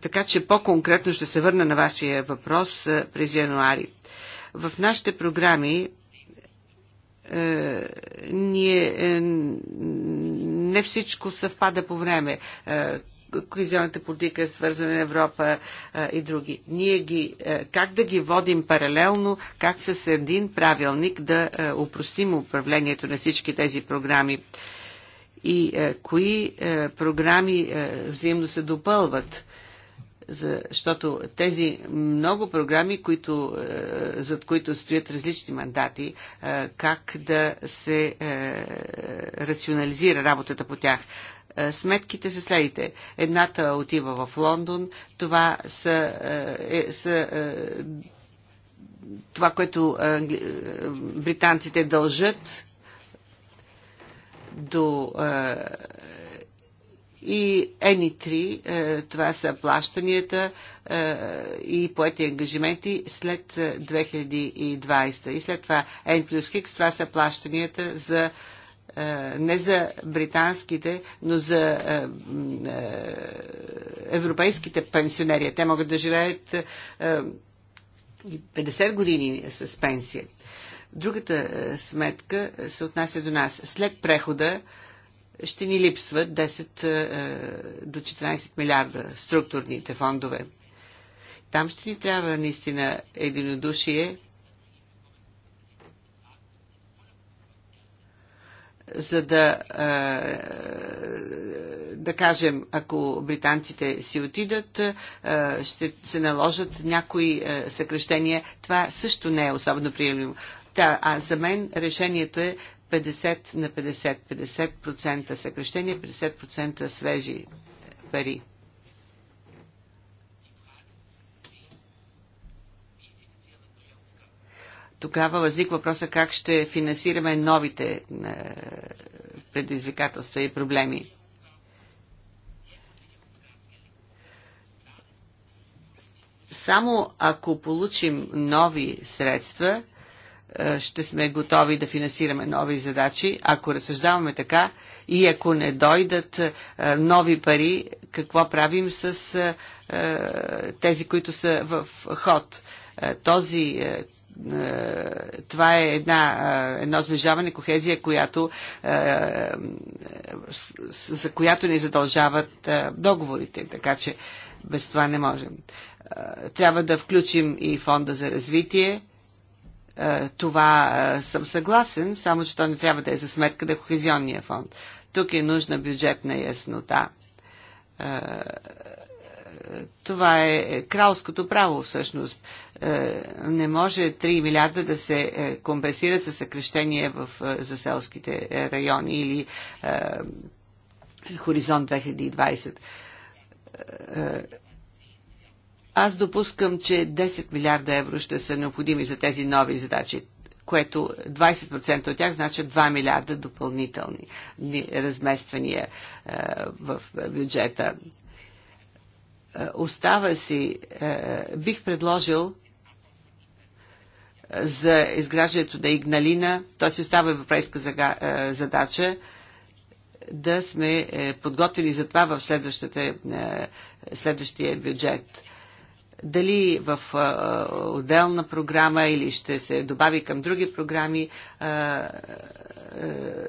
Така че по-конкретно ще се върна на вашия въпрос през януари. В нашите програми ние не всичко съвпада по време. Е, Кризионната политика, е свързана на Европа е, и други. Ние ги, как да ги водим паралелно, как с един правилник да упростим управлението на всички тези програми и кои програми взаимно се допълват защото тези много програми, които, е, зад които стоят различни мандати, е, как да се е, рационализира работата по тях. Сметките са следите. Едната отива в Лондон, това са, е, са е, това, което е, британците дължат до и n 3 е, това са плащанията е, и поети ангажименти след 2020. Е, и след това N плюс Хикс, това са плащанията за не за британските, но за европейските пенсионери. Те могат да живеят 50 години с пенсия. Другата сметка се отнася до нас. След прехода ще ни липсват 10 е, до 14 милиарда структурните фондове. Там ще ни трябва наистина единодушие, за да, е, да кажем, ако британците си отидат, е, ще се наложат някои съкрещения. Това също не е особено приемливо. Да, а за мен решението е 50 на 50, 50% съкрещение, 50% свежи пари. Тогава възник въпроса как ще финансираме новите е, предизвикателства и проблеми. Само ако получим нови средства, е, ще сме готови да финансираме нови задачи. Ако разсъждаваме така и ако не дойдат е, нови пари, какво правим с е, тези, които са в ход? Този, това е една, едно сближаване, кохезия, която, за която ни задължават договорите. Така че без това не можем. Трябва да включим и фонда за развитие е, това е, съм съгласен, само че то не трябва да е за сметка на да кохезионния фонд. Тук е нужна бюджетна яснота. Е, това е кралското право всъщност. Не може 3 милиарда да се компенсират със съкрещение в, заселските райони или Хоризонт 2020 аз допускам, че 10 милиарда евро ще са необходими за тези нови задачи, което 20% от тях значат 2 милиарда допълнителни размествания е, в бюджета. Е, остава си, е, бих предложил за изграждането на Игналина, то си остава европейска задача, да сме подготвени за това в следващия бюджет дали в отделна програма или ще се добави към други програми,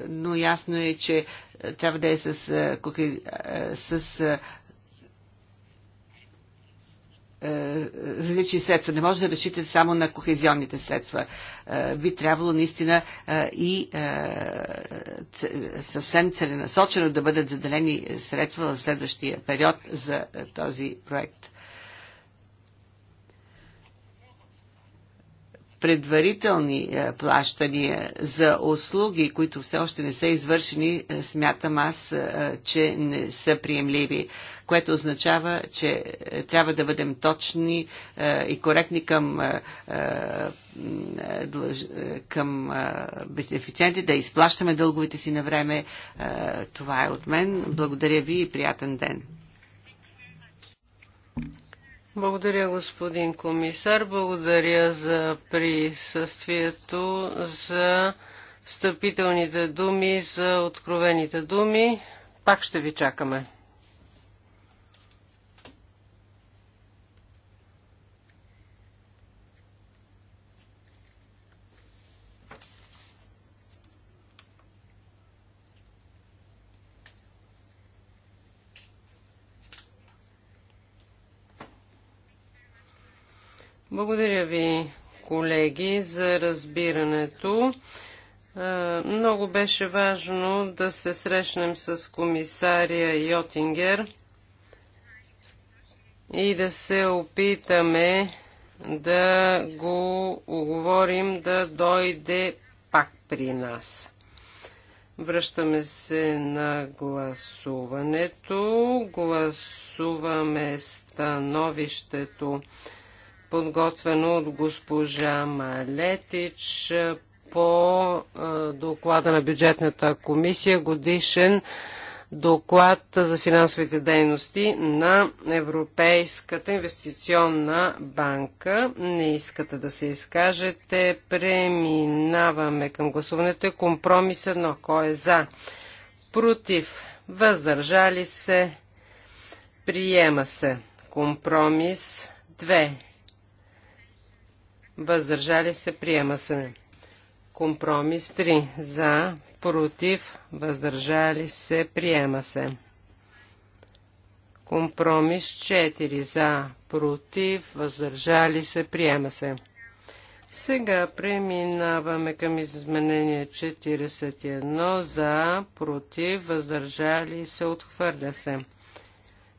но ясно е, че трябва да е с, с различни средства. Не може да решите само на кохезионните средства. Би трябвало наистина и съвсем целенасочено да бъдат заделени средства в следващия период за този проект. предварителни е, плащания за услуги, които все още не са извършени, е, смятам аз, е, че не са приемливи което означава, че трябва да бъдем точни и коректни към, към бенефициенти, да изплащаме дълговите си на време. Това е от мен. Благодаря ви и приятен ден. Благодаря, господин комисар. Благодаря за присъствието, за встъпителните думи, за откровените думи. Пак ще ви чакаме. Благодаря ви, колеги, за разбирането. Много беше важно да се срещнем с комисария Йотингер и да се опитаме да го оговорим да дойде пак при нас. Връщаме се на гласуването. Гласуваме становището подготвено от госпожа Малетич по доклада на бюджетната комисия годишен доклад за финансовите дейности на Европейската инвестиционна банка. Не искате да се изкажете. Преминаваме към гласуването. Компромис едно. Кой е за? Против? Въздържали се? Приема се. Компромис 2 въздържали се, приема се. Компромис 3 за, против, въздържали се, приема се. Компромис 4 за, против, въздържали се, приема се. Сега преминаваме към изменение 41 за, против, въздържали се, отхвърля се.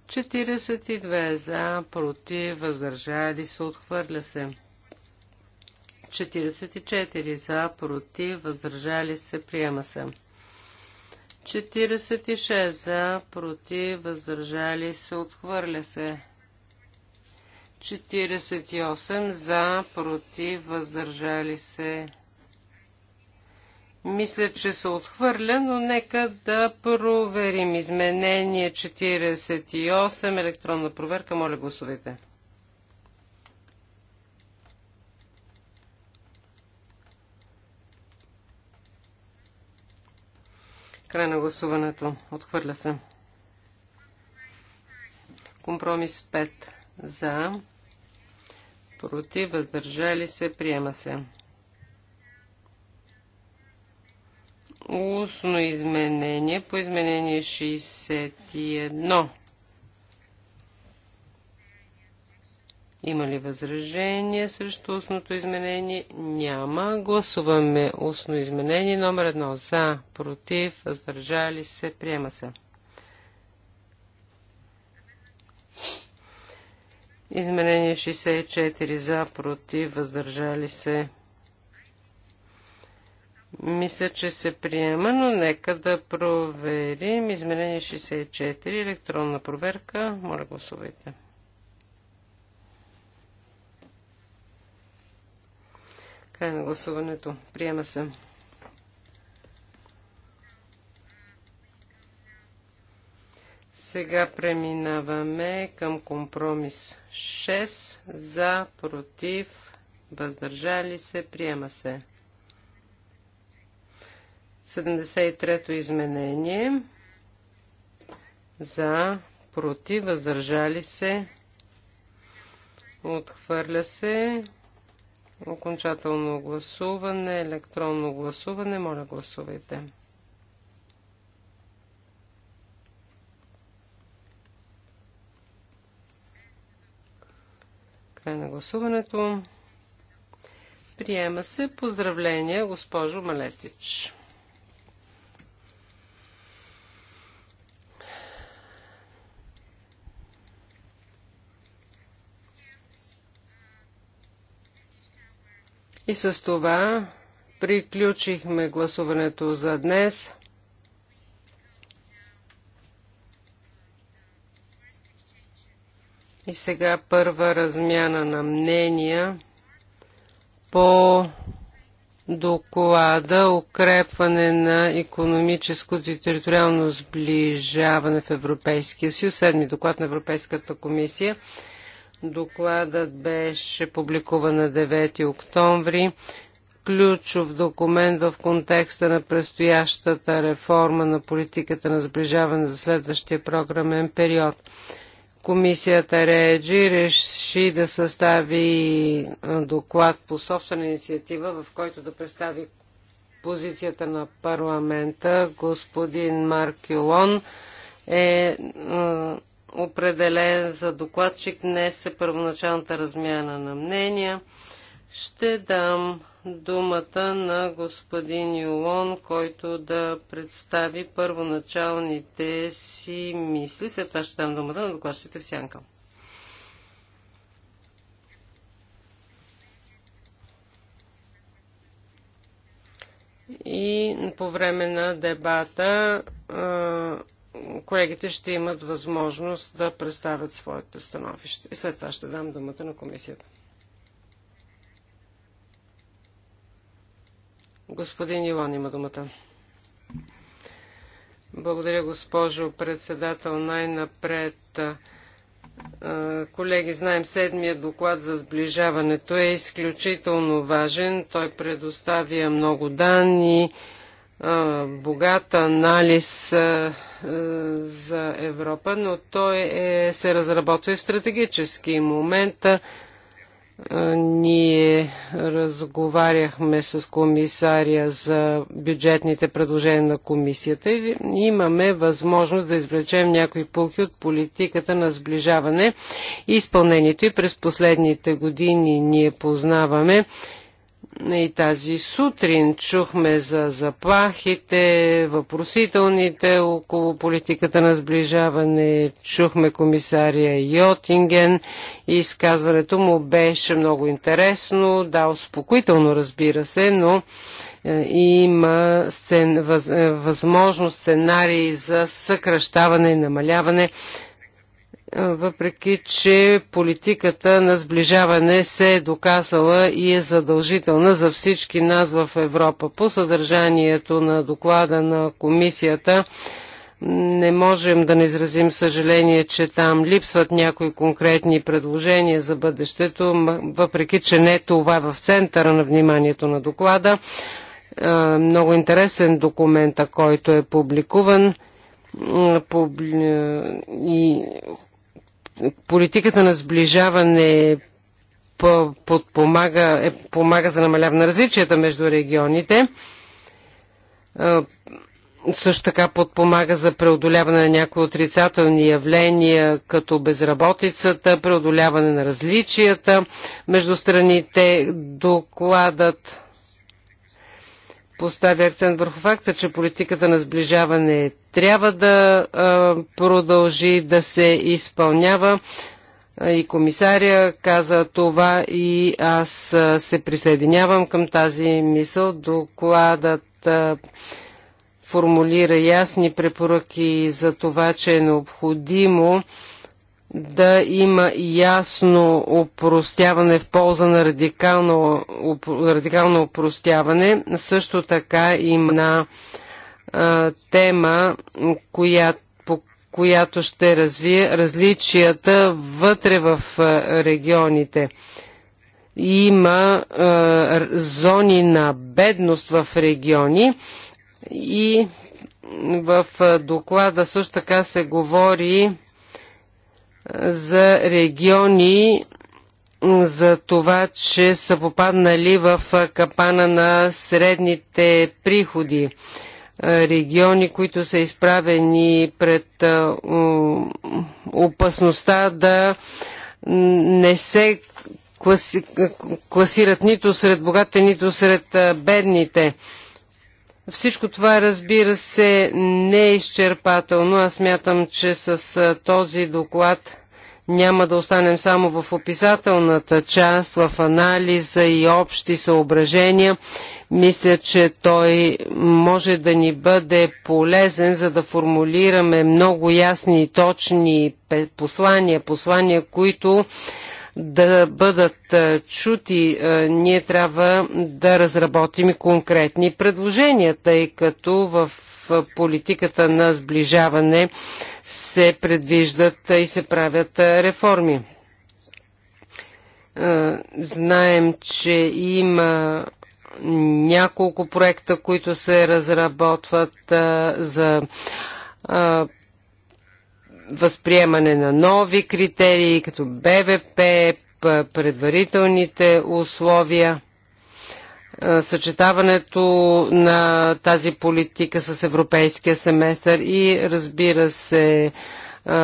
42 за, против, въздържали се, отхвърля се. 44 за, против, въздържали се, приема се. 46 за, против, въздържали се, отхвърля се. 48 за, против, въздържали се. Мисля, че се отхвърля, но нека да проверим. Изменение 48, електронна проверка, моля гласовете. Край на гласуването. Отхвърля се. Компромис 5 за. Против, въздържали се, приема се. Устно изменение по изменение 61. Има ли възражение срещу устното изменение? Няма. Гласуваме устно изменение номер едно. За, против, въздържали се, приема се. Изменение 64 за, против, въздържали се. Мисля, че се приема, но нека да проверим. Изменение 64, електронна проверка. Моля, гласувайте. Край на гласуването. Приема се. Сега преминаваме към компромис 6 за, против, въздържали се, приема се. 73-то изменение за, против, въздържали се, отхвърля се. Окончателно гласуване, електронно гласуване. Моля, гласувайте. Край на гласуването. Приема се. Поздравления, госпожо Малетич. И с това приключихме гласуването за днес. И сега първа размяна на мнения по доклада укрепване на економическото и териториално сближаване в Европейския съюз, седми доклад на Европейската комисия. Докладът беше публикуван на 9 октомври. Ключов документ в контекста на предстоящата реформа на политиката на сближаване за следващия програмен период. Комисията Реджи реши да състави доклад по собствена инициатива, в който да представи позицията на парламента. Господин Маркилон е определен за докладчик днес е първоначалната размяна на мнения. Ще дам думата на господин Юлон, който да представи първоначалните си мисли. След това ще дам думата на докладчите в сянка. И по време на дебата колегите ще имат възможност да представят своите становища. И след това ще дам думата на комисията. Господин Илон има думата. Благодаря, госпожо председател. Най-напред, колеги, знаем, седмият доклад за сближаването е изключително важен. Той предоставя много данни, богат анализ за Европа, но той е, се разработва и в стратегически момента. Ние разговаряхме с комисария за бюджетните предложения на комисията и имаме възможност да извлечем някои пулки от политиката на сближаване и изпълнението и през последните години ние познаваме и тази сутрин чухме за заплахите, въпросителните около политиката на сближаване. Чухме комисария Йотинген и изказването му беше много интересно, да, успокоително разбира се, но е, има сцен, е, възможност сценарии за съкръщаване и намаляване въпреки че политиката на сближаване се е доказала и е задължителна за всички нас в Европа. По съдържанието на доклада на комисията не можем да не изразим съжаление, че там липсват някои конкретни предложения за бъдещето, въпреки че не това е в центъра на вниманието на доклада. Много интересен документа, който е публикуван и политиката на сближаване подпомага, е, помага за намаляване на различията между регионите. също така подпомага за преодоляване на някои отрицателни явления, като безработицата, преодоляване на различията между страните. Докладът поставя акцент върху факта, че политиката на сближаване трябва да продължи да се изпълнява. И комисаря каза това и аз се присъединявам към тази мисъл. Докладът формулира ясни препоръки за това, че е необходимо да има ясно упростяване в полза на радикално, уп, радикално упростяване. Също така има на а, тема, коя, по която ще развие различията вътре в а, регионите. Има а, зони на бедност в региони и в доклада също така се говори за региони за това, че са попаднали в капана на средните приходи. Региони, които са изправени пред опасността да не се класи, класират нито сред богатите, нито сред бедните. Всичко това, разбира се, не е изчерпателно. Аз мятам, че с този доклад няма да останем само в описателната част, в анализа и общи съображения. Мисля, че той може да ни бъде полезен, за да формулираме много ясни и точни послания, послания, които да бъдат е, чути, е, ние трябва да разработим и конкретни предложения, тъй като в е, политиката на сближаване се предвиждат и се правят реформи. Знаем, че има няколко проекта, които се разработват за възприемане на нови критерии, като БВП, предварителните условия, съчетаването на тази политика с европейския семестър и разбира се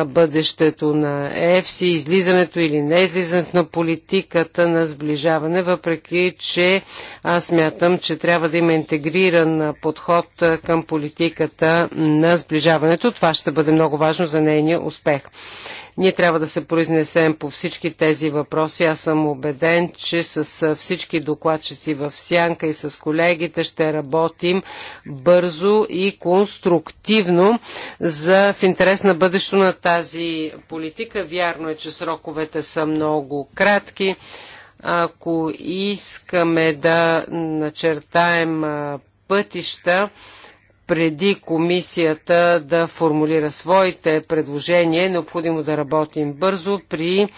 бъдещето на ЕФСИ, излизането или не излизането на политиката на сближаване, въпреки че аз смятам, че трябва да има интегриран подход към политиката на сближаването. Това ще бъде много важно за нейния успех. Ние трябва да се произнесем по всички тези въпроси. Аз съм убеден, че с всички докладчици в Сянка и с колегите ще работим бързо и конструктивно за в интерес на бъдещето на тази политика. Вярно е, че сроковете са много кратки. Ако искаме да начертаем пътища, преди комисията да формулира своите предложения. Е необходимо да работим бързо. При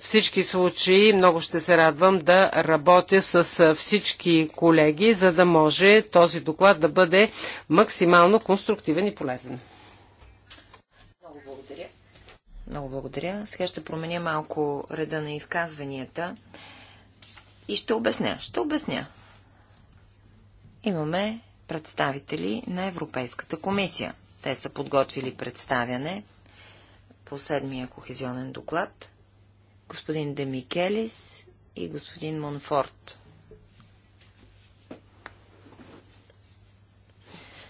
всички случаи много ще се радвам да работя с всички колеги, за да може този доклад да бъде максимално конструктивен и полезен. Много благодаря. Много благодаря. Сега ще променя малко реда на изказванията и ще обясня. Ще обясня. Имаме представители на Европейската комисия. Те са подготвили представяне по седмия кохезионен доклад. Господин Демикелис и господин Монфорт.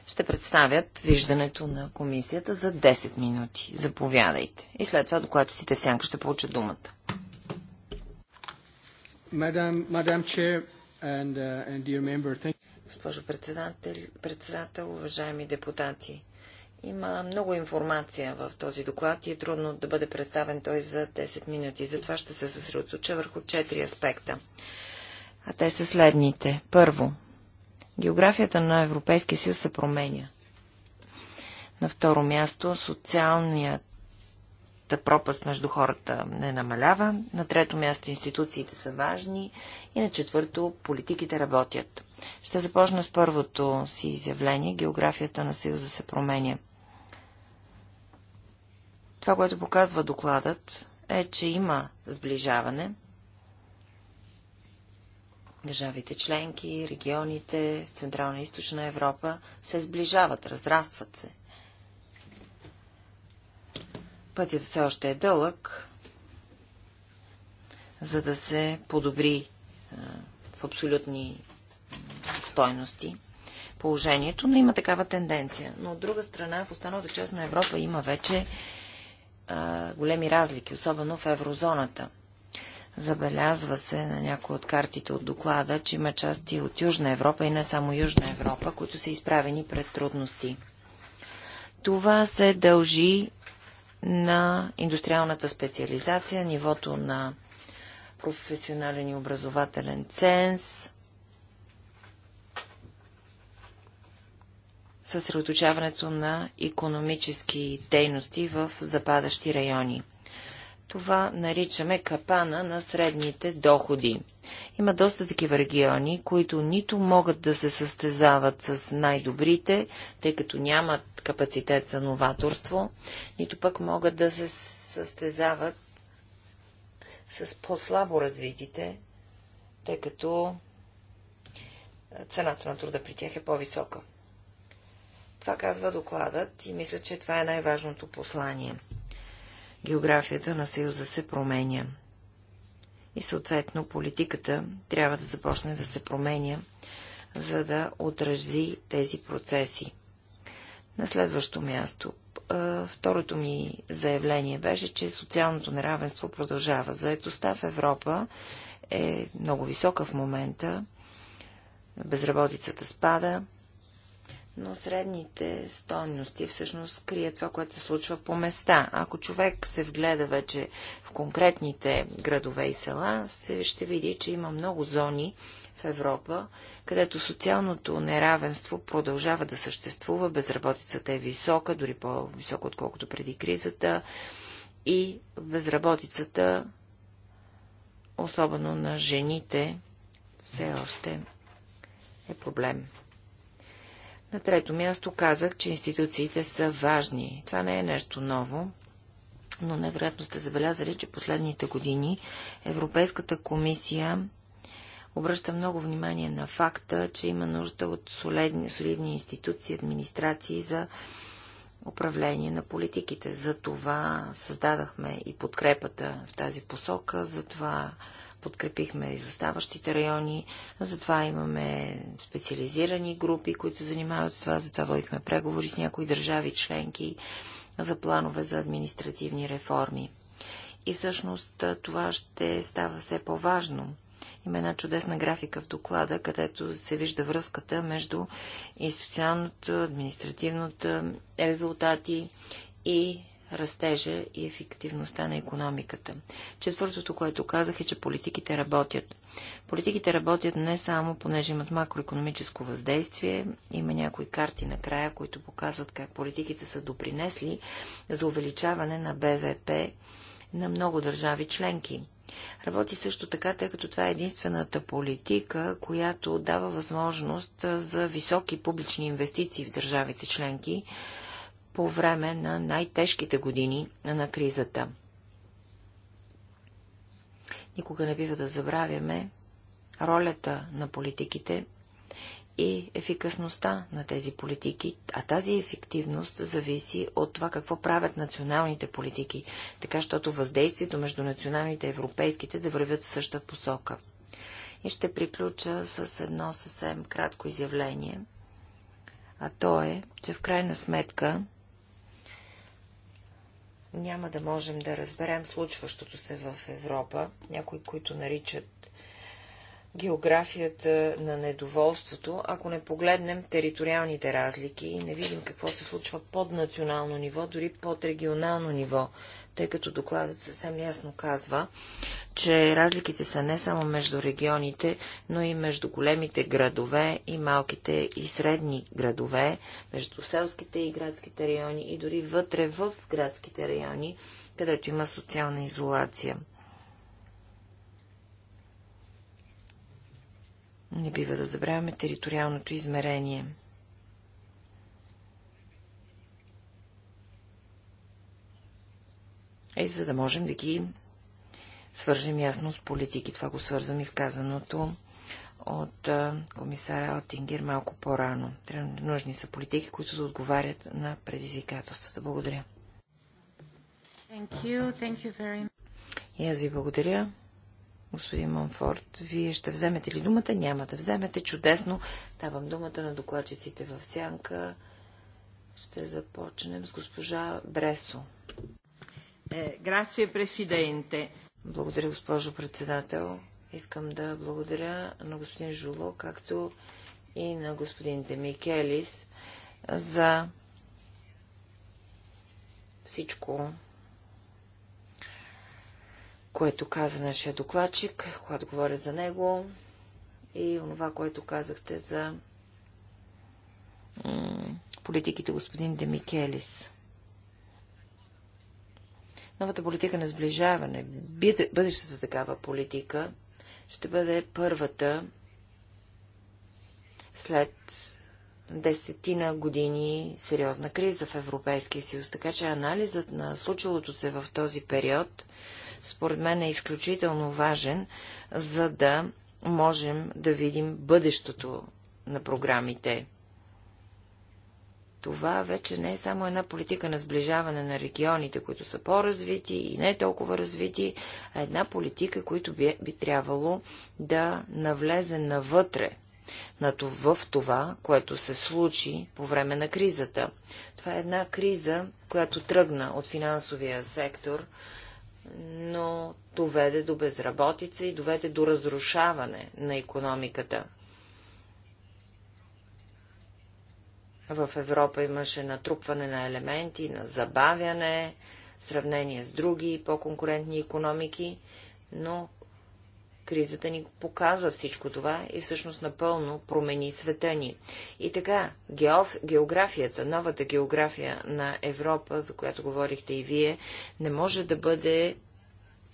ще представят виждането на комисията за 10 минути. Заповядайте. И след това докладчиците в сянка ще получат думата. Мадам, мадам Чер and, uh, and dear member, thank you госпожо председател, председател, уважаеми депутати. Има много информация в този доклад и е трудно да бъде представен той за 10 минути. Затова ще се съсредоточа върху 4 аспекта. А те са следните. Първо, географията на Европейския съюз се променя. На второ място, социалният Та пропаст между хората не намалява. На трето място институциите са важни. И на четвърто политиките работят. Ще започна с първото си изявление. Географията на Съюза се променя. Това, което показва докладът, е, че има сближаване. Държавите членки, регионите в Централна и Източна Европа се сближават, разрастват се. Пътят все още е дълъг, за да се подобри в абсолютни стойности положението, но има такава тенденция. Но от друга страна, в останалата част на Европа има вече а, големи разлики, особено в еврозоната. Забелязва се на някои от картите от доклада, че има части от Южна Европа и не само Южна Европа, които са изправени пред трудности. Това се дължи на индустриалната специализация, нивото на професионален и образователен ценз, съсредоточаването на економически дейности в западащи райони. Това наричаме капана на средните доходи. Има доста такива региони, които нито могат да се състезават с най-добрите, тъй като нямат капацитет за новаторство, нито пък могат да се състезават с по-слабо развитите, тъй като цената на труда при тях е по-висока. Това казва докладът и мисля, че това е най-важното послание. Географията на Съюза се променя. И съответно политиката трябва да започне да се променя, за да отрази тези процеси. На следващо място. Второто ми заявление беше, че социалното неравенство продължава. Заедостта в Европа е много висока в момента. Безработицата спада но средните стойности всъщност крият това, което се случва по места. Ако човек се вгледа вече в конкретните градове и села, ще види, че има много зони в Европа, където социалното неравенство продължава да съществува, безработицата е висока, дори по-висока, отколкото преди кризата, и безработицата, особено на жените, все още е проблем. На трето място казах, че институциите са важни. Това не е нещо ново, но невероятно сте забелязали, че последните години Европейската комисия обръща много внимание на факта, че има нужда от солидни, солидни институции, администрации за управление на политиките. За това създадахме и подкрепата в тази посока, за това подкрепихме изоставащите райони, затова имаме специализирани групи, които се занимават с това, затова водихме преговори с някои държави членки за планове за административни реформи. И всъщност това ще става все по-важно. Има една чудесна графика в доклада, където се вижда връзката между институционалното, административното резултати и растежа и ефективността на економиката. Четвъртото, което казах е, че политиките работят. Политиките работят не само, понеже имат макроекономическо въздействие. Има някои карти накрая, които показват как политиките са допринесли за увеличаване на БВП на много държави членки. Работи също така, тъй като това е единствената политика, която дава възможност за високи публични инвестиции в държавите членки, по време на най-тежките години на кризата. Никога не бива да забравяме ролята на политиките и ефикасността на тези политики, а тази ефективност зависи от това какво правят националните политики, така щото въздействието между националните и европейските да вървят в същата посока. И ще приключа с едно съвсем кратко изявление, а то е, че в крайна сметка няма да можем да разберем случващото се в Европа, някои, които наричат географията на недоволството, ако не погледнем териториалните разлики и не видим какво се случва под национално ниво, дори под регионално ниво тъй като докладът съвсем ясно казва, че разликите са не само между регионите, но и между големите градове и малките и средни градове, между селските и градските райони и дори вътре в градските райони, където има социална изолация. Не бива да забравяме териториалното измерение – е за да можем да ги свържем ясно с политики. Това го свързвам изказаното от комисара Отингер малко по-рано. Нужни са политики, които да отговарят на предизвикателствата. Благодаря. Thank you. Thank you very... И аз ви благодаря. Господин Монфорд, вие ще вземете ли думата? Няма да вземете. Чудесно. Давам думата на докладчиците в сянка. Ще започнем с госпожа Бресо. Е, благодаря, госпожо председател. Искам да благодаря на господин Жуло, както и на господин Демикелис за всичко, което каза нашия докладчик, когато говоря за него и онова, което казахте за политиките господин Демикелис. Новата политика на сближаване, бъдещата такава политика, ще бъде първата след десетина години сериозна криза в Европейския съюз. Така че анализът на случилото се в този период, според мен е изключително важен, за да можем да видим бъдещето на програмите това вече не е само една политика на сближаване на регионите, които са по-развити и не толкова развити, а една политика, която би, би трябвало да навлезе навътре на това, в това, което се случи по време на кризата. Това е една криза, която тръгна от финансовия сектор, но доведе до безработица и доведе до разрушаване на економиката. В Европа имаше натрупване на елементи, на забавяне, сравнение с други по-конкурентни економики, но кризата ни показа всичко това и всъщност напълно промени света ни. И така, геоф, географията, новата география на Европа, за която говорихте и вие, не може да бъде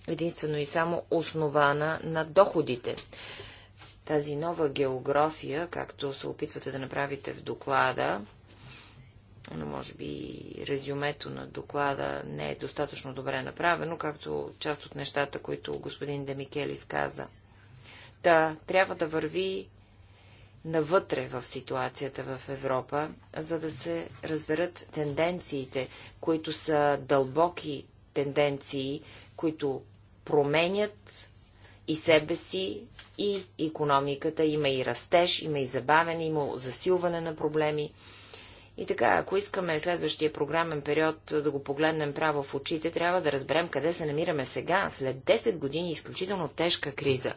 единствено и само основана на доходите. Тази нова география, както се опитвате да направите в доклада, но може би резюмето на доклада не е достатъчно добре направено, както част от нещата, които господин Демикелис каза. Та трябва да върви навътре в ситуацията в Европа, за да се разберат тенденциите, които са дълбоки тенденции, които променят и себе си, и економиката. Има и растеж, има и забавене, има засилване на проблеми. И така, ако искаме следващия програмен период да го погледнем право в очите, трябва да разберем къде се намираме сега, след 10 години изключително тежка криза.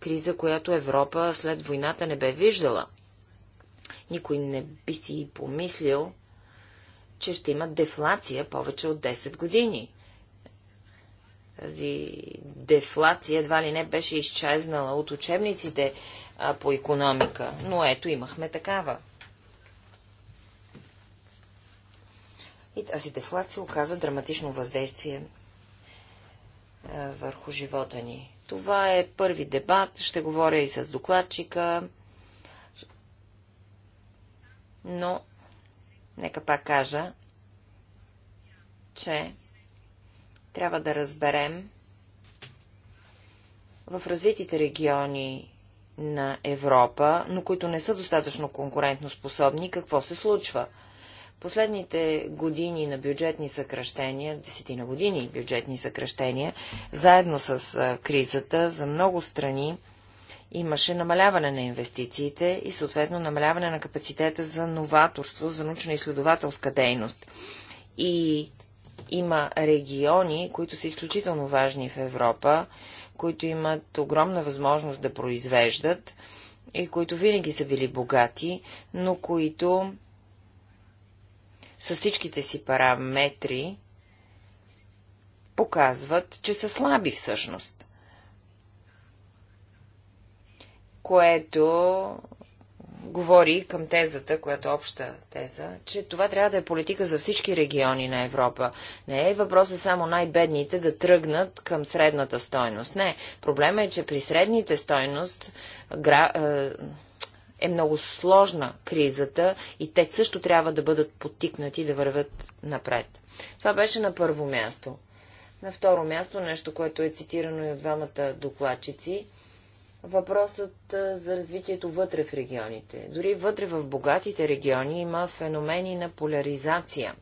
Криза, която Европа след войната не бе виждала. Никой не би си помислил, че ще има дефлация повече от 10 години. Тази дефлация едва ли не беше изчезнала от учебниците а, по економика, но ето имахме такава. И тази дефлация оказа драматично въздействие а, върху живота ни. Това е първи дебат, ще говоря и с докладчика, но нека пак кажа, че трябва да разберем в развитите региони на Европа, но които не са достатъчно конкурентно способни, какво се случва. Последните години на бюджетни съкръщения, десетина години бюджетни съкръщения, заедно с кризата за много страни имаше намаляване на инвестициите и съответно намаляване на капацитета за новаторство, за научно-изследователска дейност. И има региони, които са изключително важни в Европа, които имат огромна възможност да произвеждат и които винаги са били богати, но които с всичките си параметри показват, че са слаби всъщност. Което говори към тезата, която е обща теза, че това трябва да е политика за всички региони на Европа. Не е въпросът само най-бедните да тръгнат към средната стойност. Не. Проблема е, че при средните стойност гра, е, е много сложна кризата и те също трябва да бъдат потикнати да вървят напред. Това беше на първо място. На второ място, нещо, което е цитирано и от двамата докладчици, въпросът за развитието вътре в регионите. Дори вътре в богатите региони има феномени на поляризация.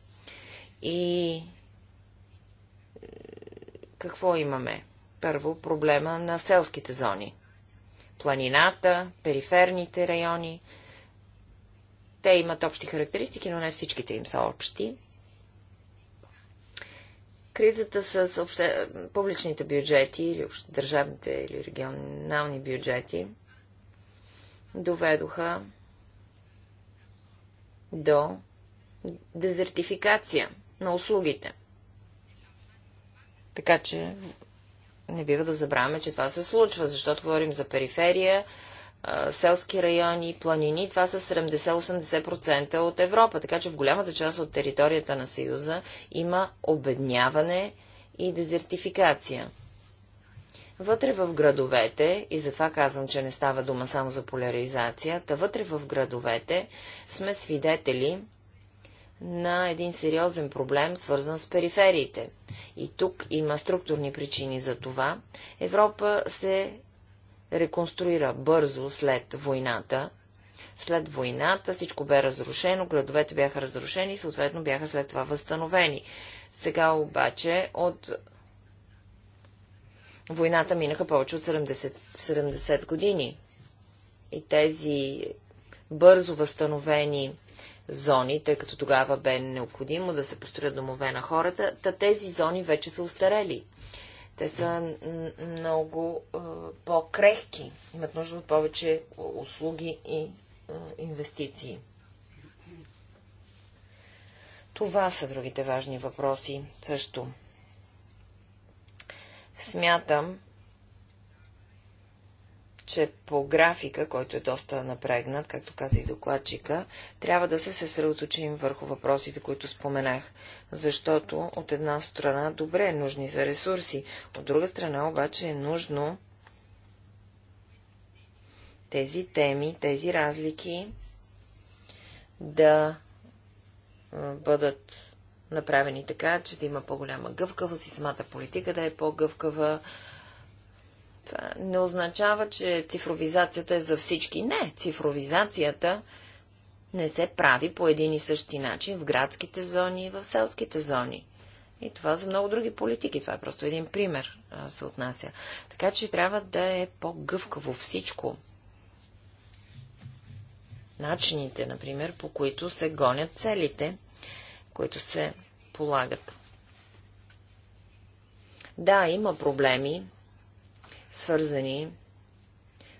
И е, какво имаме? Първо, проблема на селските зони. Планината, периферните райони. Те имат общи характеристики, но не всичките им са общи. Кризата с обще... публичните бюджети или общ... държавните или регионални бюджети доведоха до дезертификация на услугите. Така че не бива да забравяме, че това се случва, защото говорим за периферия, селски райони, планини, това са 70-80% от Европа, така че в голямата част от територията на Съюза има обедняване и дезертификация. Вътре в градовете, и затова казвам, че не става дума само за поляризацията. вътре в градовете сме свидетели на един сериозен проблем, свързан с перифериите. И тук има структурни причини за това. Европа се реконструира бързо след войната. След войната всичко бе разрушено, градовете бяха разрушени и съответно бяха след това възстановени. Сега обаче от войната минаха повече от 70, 70 години. И тези бързо възстановени зони, тъй като тогава бе необходимо да се построят домове на хората, та тези зони вече са устарели. Те са много по-крехки, имат нужда от повече услуги и инвестиции. Това са другите важни въпроси също. Смятам, че по графика, който е доста напрегнат, както каза и докладчика, трябва да се съсредоточим върху въпросите, които споменах. Защото от една страна добре е нужни са ресурси, от друга страна обаче е нужно тези теми, тези разлики да бъдат направени така, че да има по-голяма гъвкавост и самата политика да е по-гъвкава, това не означава, че цифровизацията е за всички. Не, цифровизацията не се прави по един и същи начин в градските зони и в селските зони. И това за много други политики. Това е просто един пример а, се отнася. Така че трябва да е по-гъвкаво всичко. Начините, например, по които се гонят целите, които се полагат. Да, има проблеми свързани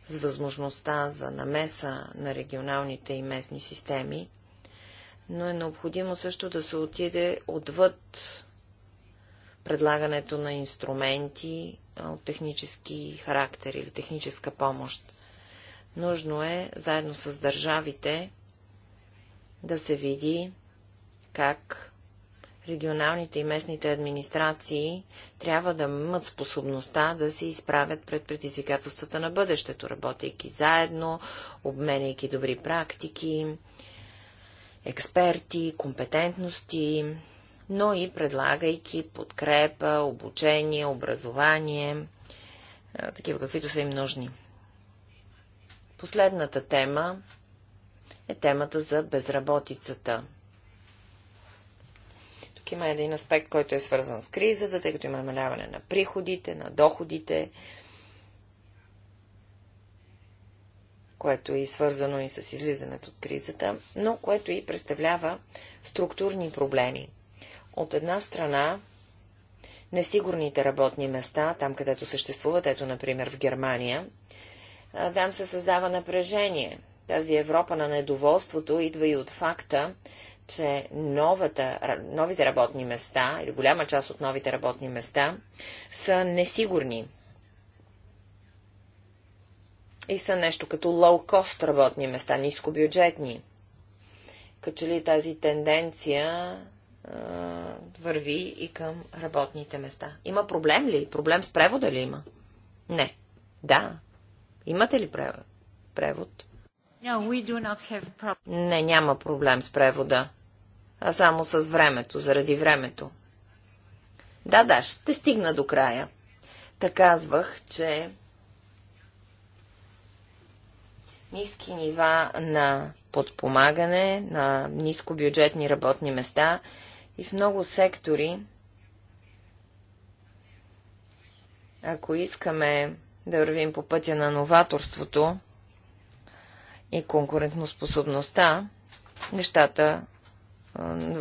с възможността за намеса на регионалните и местни системи, но е необходимо също да се отиде отвъд предлагането на инструменти от технически характер или техническа помощ. Нужно е, заедно с държавите, да се види как регионалните и местните администрации трябва да имат способността да се изправят пред предизвикателствата на бъдещето, работейки заедно, обменяйки добри практики, експерти, компетентности, но и предлагайки подкрепа, обучение, образование, такива каквито са им нужни. Последната тема е темата за безработицата – тук има един аспект, който е свързан с кризата, тъй като има намаляване на приходите, на доходите, което е и свързано и с излизането от кризата, но което и представлява структурни проблеми. От една страна, несигурните работни места, там където съществуват, ето, например, в Германия, там се създава напрежение. Тази Европа на недоволството идва и от факта, че новата, новите работни места, или голяма част от новите работни места, са несигурни и са нещо като лоу-кост работни места, нискобюджетни. Като че ли тази тенденция а, върви и към работните места. Има проблем ли? Проблем с превода ли има? Не. Да. Имате ли превод? Не, няма проблем с превода, а само с времето, заради времето. Да, да, ще стигна до края. Та казвах, че ниски нива на подпомагане, на нискобюджетни работни места и в много сектори, ако искаме да вървим по пътя на новаторството, и конкурентноспособността, нещата,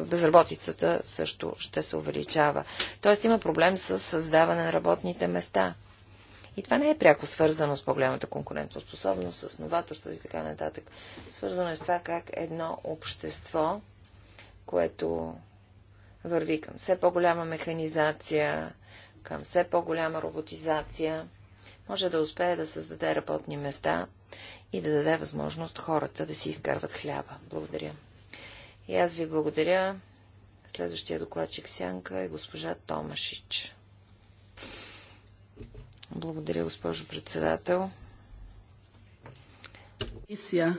безработицата също ще се увеличава. Тоест има проблем с създаване на работните места. И това не е пряко свързано с по-голямата конкурентоспособност, с новаторство и така нататък. Свързано е с това как едно общество, което върви към все по-голяма механизация, към все по-голяма роботизация, може да успее да създаде работни места и да даде възможност хората да си изкарват хляба. Благодаря. И аз ви благодаря. Следващия докладчик Сянка е госпожа Томашич. Благодаря, госпожо председател. Е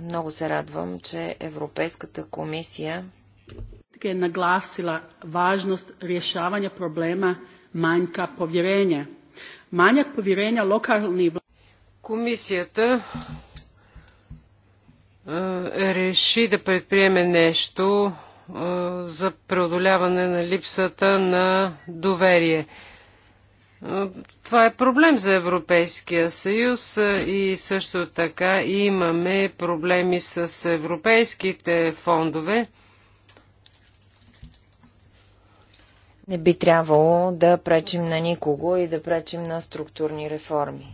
Много се радвам, че Европейската комисия е нагласила важност решаване проблема манка povjerenja Manjak povjerenja lokalnih Комисията реши да предприеме нещо за преодоляване на липсата на доверие. Това е проблем за Европейския съюз и също така имаме проблеми с европейските фондове. Не би трябвало да пречим на никого и да пречим на структурни реформи.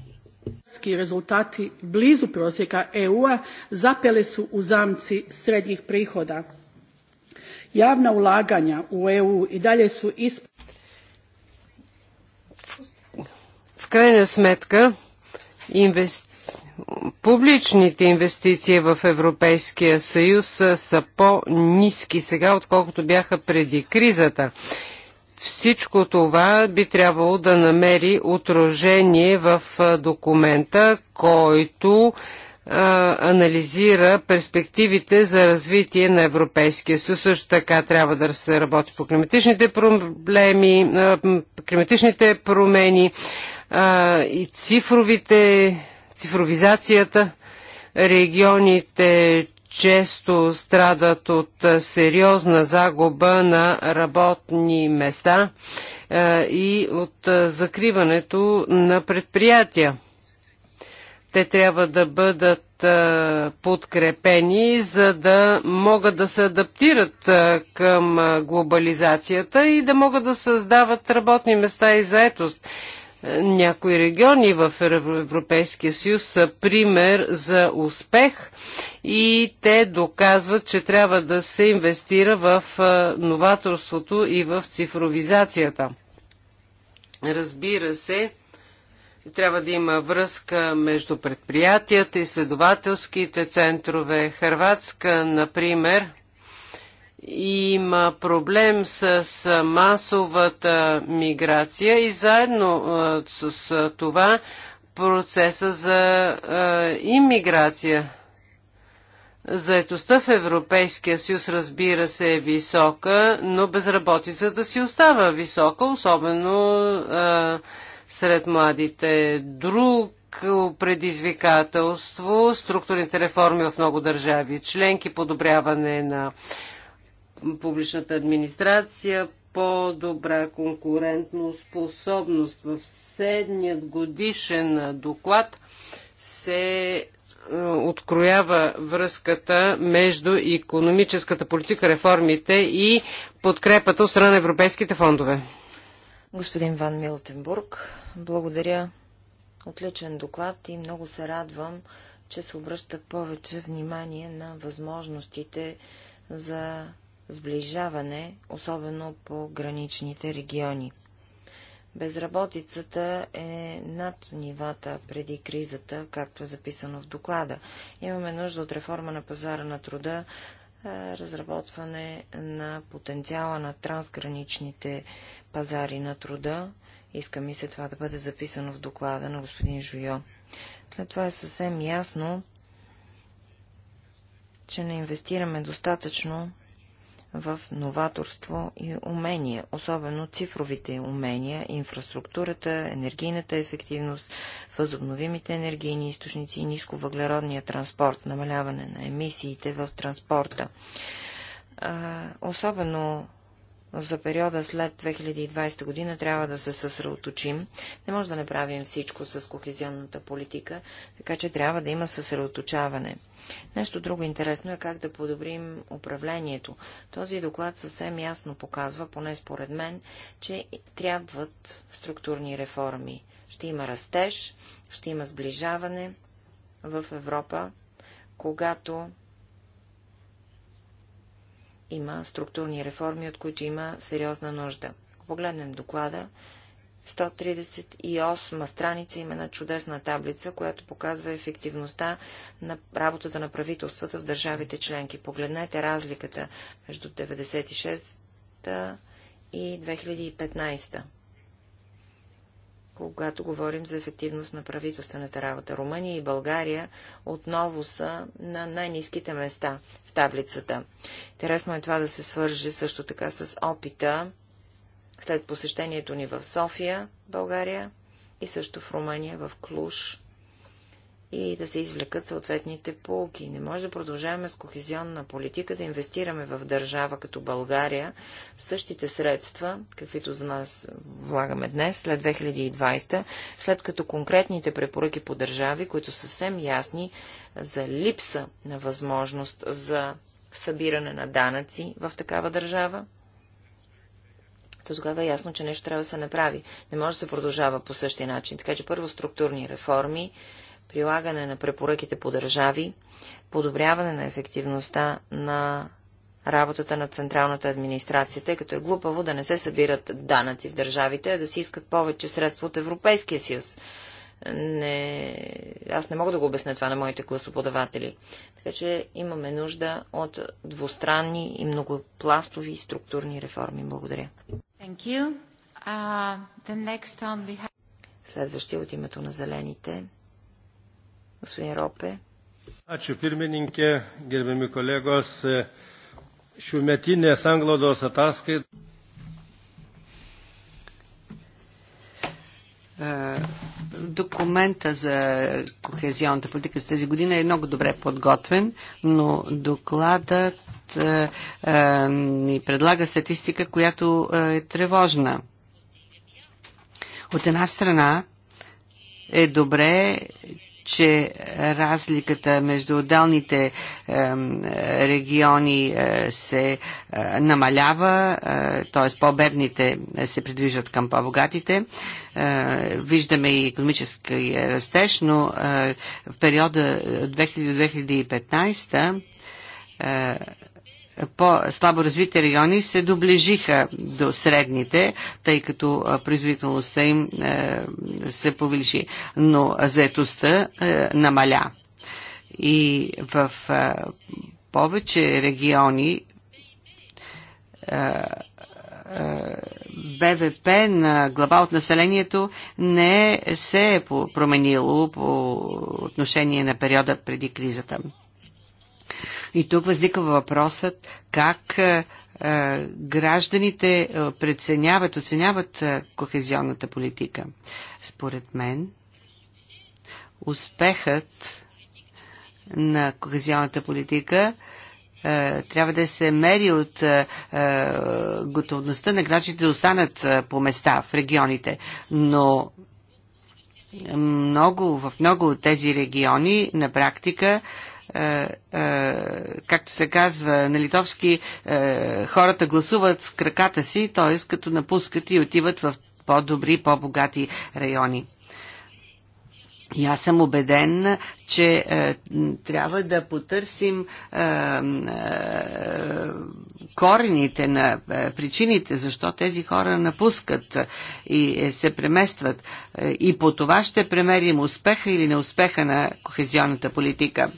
Rezultati blizu prosjeka EU-a су у замци zamci прихода. Јавна улагања у ЕУ и i су исп... В крайна сметка инвести... публичните инвестиции в Европейския съюз са по-низки сега, отколкото бяха преди кризата. Всичко това би трябвало да намери отражение в документа, който а, анализира перспективите за развитие на Европейския съюз. Също така трябва да се работи по климатичните проблеми, а, климатичните промени а, и цифровите, цифровизацията регионите често страдат от сериозна загуба на работни места и от закриването на предприятия. Те трябва да бъдат подкрепени, за да могат да се адаптират към глобализацията и да могат да създават работни места и заетост някои региони в Европейския съюз са пример за успех и те доказват, че трябва да се инвестира в новаторството и в цифровизацията. Разбира се, трябва да има връзка между предприятията, изследователските центрове. Хрватска, например, има проблем с масовата миграция и заедно с това процеса за иммиграция. Заетостта в Европейския съюз, разбира се, е висока, но безработицата си остава висока, особено а, сред младите. Друг предизвикателство, структурните реформи в много държави членки, подобряване на публичната администрация, по-добра конкурентно способност. В седният годишен доклад се е, откроява връзката между економическата политика, реформите и подкрепата от страна на европейските фондове. Господин Ван Милтенбург, благодаря. Отличен доклад и много се радвам, че се обръща повече внимание на възможностите за сближаване, особено по граничните региони. Безработицата е над нивата преди кризата, както е записано в доклада. Имаме нужда от реформа на пазара на труда, разработване на потенциала на трансграничните пазари на труда. Иска ми се това да бъде записано в доклада на господин Жуйо. След това е съвсем ясно, че не инвестираме достатъчно в новаторство и умения, особено цифровите умения, инфраструктурата, енергийната ефективност, възобновимите енергийни източници и нисковъглеродния транспорт, намаляване на емисиите в транспорта. Особено за периода след 2020 година трябва да се съсредоточим. Не може да направим всичко с кохезионната политика, така че трябва да има съсредоточаване. Нещо друго интересно е как да подобрим управлението. Този доклад съвсем ясно показва, поне според мен, че трябват структурни реформи. Ще има растеж, ще има сближаване в Европа, когато има структурни реформи, от които има сериозна нужда. Ако погледнем доклада, 138 страница има една чудесна таблица, която показва ефективността на работата на правителствата в държавите членки. Погледнете разликата между 96-та и 2015-та когато говорим за ефективност на правителствената работа. Румъния и България отново са на най-низките места в таблицата. Интересно е това да се свържи също така с опита след посещението ни в София, България и също в Румъния, в Клуш, и да се извлекат съответните полки. Не може да продължаваме с кохезионна политика да инвестираме в държава като България същите средства, каквито за нас влагаме днес, след 2020, след като конкретните препоръки по държави, които са съвсем ясни за липса на възможност за събиране на данъци в такава държава, то тогава е ясно, че нещо трябва да се направи. Не може да се продължава по същия начин. Така че първо структурни реформи, прилагане на препоръките по държави, подобряване на ефективността на работата на централната администрация, тъй като е глупаво да не се събират данъци в държавите, а да се искат повече средства от Европейския съюз. Не... Аз не мога да го обясня това на моите гласоподаватели. Така че имаме нужда от двустранни и многопластови структурни реформи. Благодаря. Thank you. Uh, the next one we have... Следващия от името на зелените Ačiū pirmininkė, gerbiami kolegos. sanglaudos ataskaita. Е, документа за кохезионната политика за тази година е много добре подготвен, но докладът е, е, ни предлага статистика, която е тревожна. От една страна е добре, че разликата между отделните региони е, се е, намалява, е, т.е. по-бедните се придвижват към по-богатите. Виждаме и економически растеж, но в периода 2000-2015 по-слабо развити райони се доближиха до средните, тъй като производителността им е, се повиши, но заетостта е, намаля. И в повече региони е, БВП на глава от населението не се е променило по отношение на периода преди кризата. И тук възниква въпросът как е, е, гражданите е, преценяват, оценяват кохезионната политика. Според мен, успехът на кохезионната политика трябва да се мери от готовността на гражданите да останат по места в регионите. Но много, в много от тези региони на практика е, е, както се казва на литовски, е, хората гласуват с краката си, т.е. като напускат и отиват в по-добри, по-богати райони. И аз съм убеден, че е, трябва да потърсим е, е, корените на е, причините, защо тези хора напускат и е, се преместват. Е, и по това ще премерим успеха или неуспеха на кохезионната политика. Е,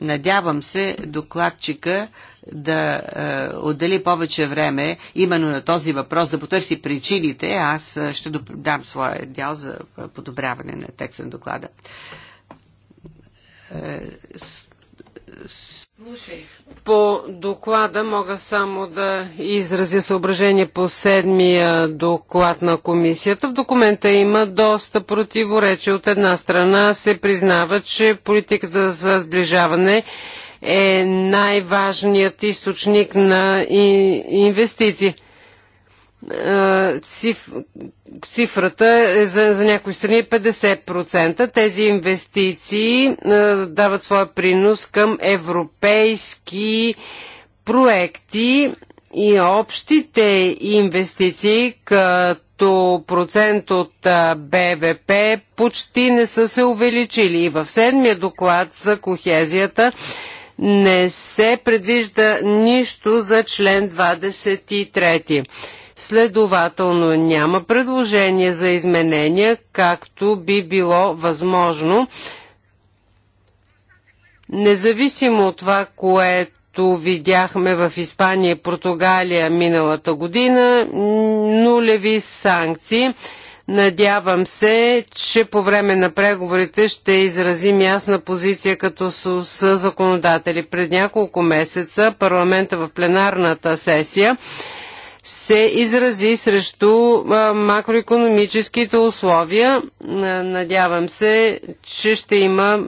Надявам се докладчика да е, отдели повече време именно на този въпрос, да потърси причините. Аз е, ще дам своя дял за подобряване на текста на доклада. Е, по доклада мога само да изразя съображение по седмия доклад на комисията. В документа има доста противоречия. От една страна се признава, че политиката за сближаване е най-важният източник на инвестиции. Е, цифрата е за, за някои страни 50%. Е Тези инвестиции е, дават своя принос към европейски проекти и общите инвестиции като процент от БВП почти не са се увеличили. И в седмия доклад за кохезията не се предвижда нищо за член 23. Следователно няма предложение за изменения, както би било възможно. Независимо от това, което видяхме в Испания и Португалия миналата година, нулеви санкции. Надявам се, че по време на преговорите ще изразим ясна позиция като с, с законодатели. Пред няколко месеца парламента в пленарната сесия се изрази срещу макроекономическите условия. Надявам се, че ще има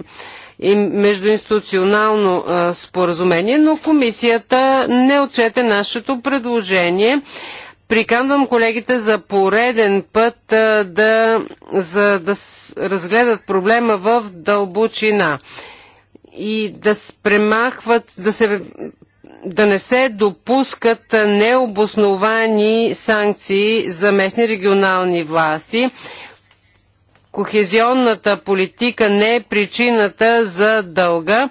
и междуинституционално споразумение, но комисията не отчете нашето предложение. Приканвам колегите за пореден път да, за да разгледат проблема в дълбочина и да премахват, да се да не се допускат необосновани санкции за местни регионални власти. Кохезионната политика не е причината за дълга,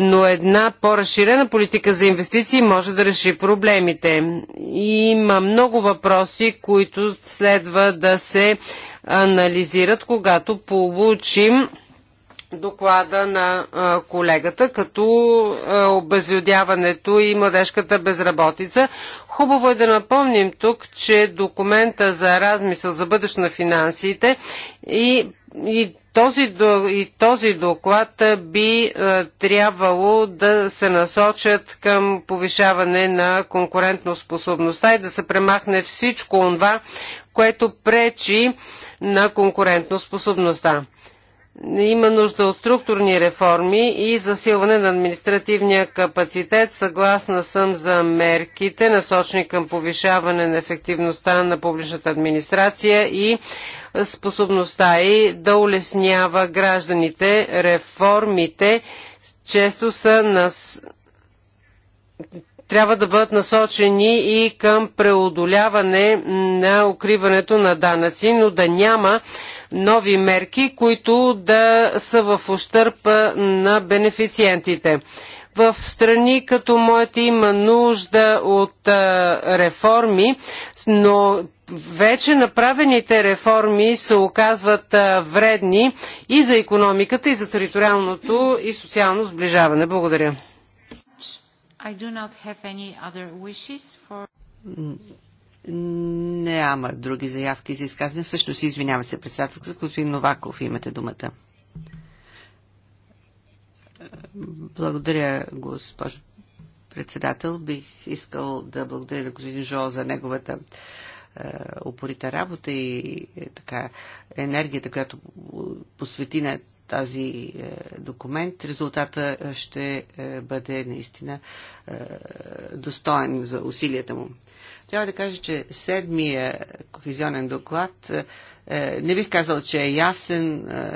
но една по-разширена политика за инвестиции може да реши проблемите. Има много въпроси, които следва да се анализират, когато получим доклада на колегата, като обезлюдяването и младежката безработица. Хубаво е да напомним тук, че документа за размисъл за бъдещето на финансите и, и този, и този доклад би трябвало да се насочат към повишаване на конкурентоспособността и да се премахне всичко това, което пречи на конкурентоспособността има нужда от структурни реформи и засилване на административния капацитет. Съгласна съм за мерките, насочени към повишаване на ефективността на публичната администрация и способността й да улеснява гражданите. Реформите често са нас... трябва да бъдат насочени и към преодоляване на укриването на данъци, но да няма нови мерки, които да са в ущърпа на бенефициентите. В страни като моята има нужда от а, реформи, но вече направените реформи се оказват а, вредни и за економиката, и за териториалното и социално сближаване. Благодаря. For... Няма други заявки за изказване. Всъщност, извинява се председател, за господин Новаков имате думата. Благодаря, госпожо председател. Бих искал да благодаря на господин Жо за неговата е, упорита работа и е, така енергията, която посвети на тази е, документ, резултата ще бъде наистина достоен за усилията му. Трябва да кажа, че седмия кохезионен доклад е, е, не бих казал, че е ясен е,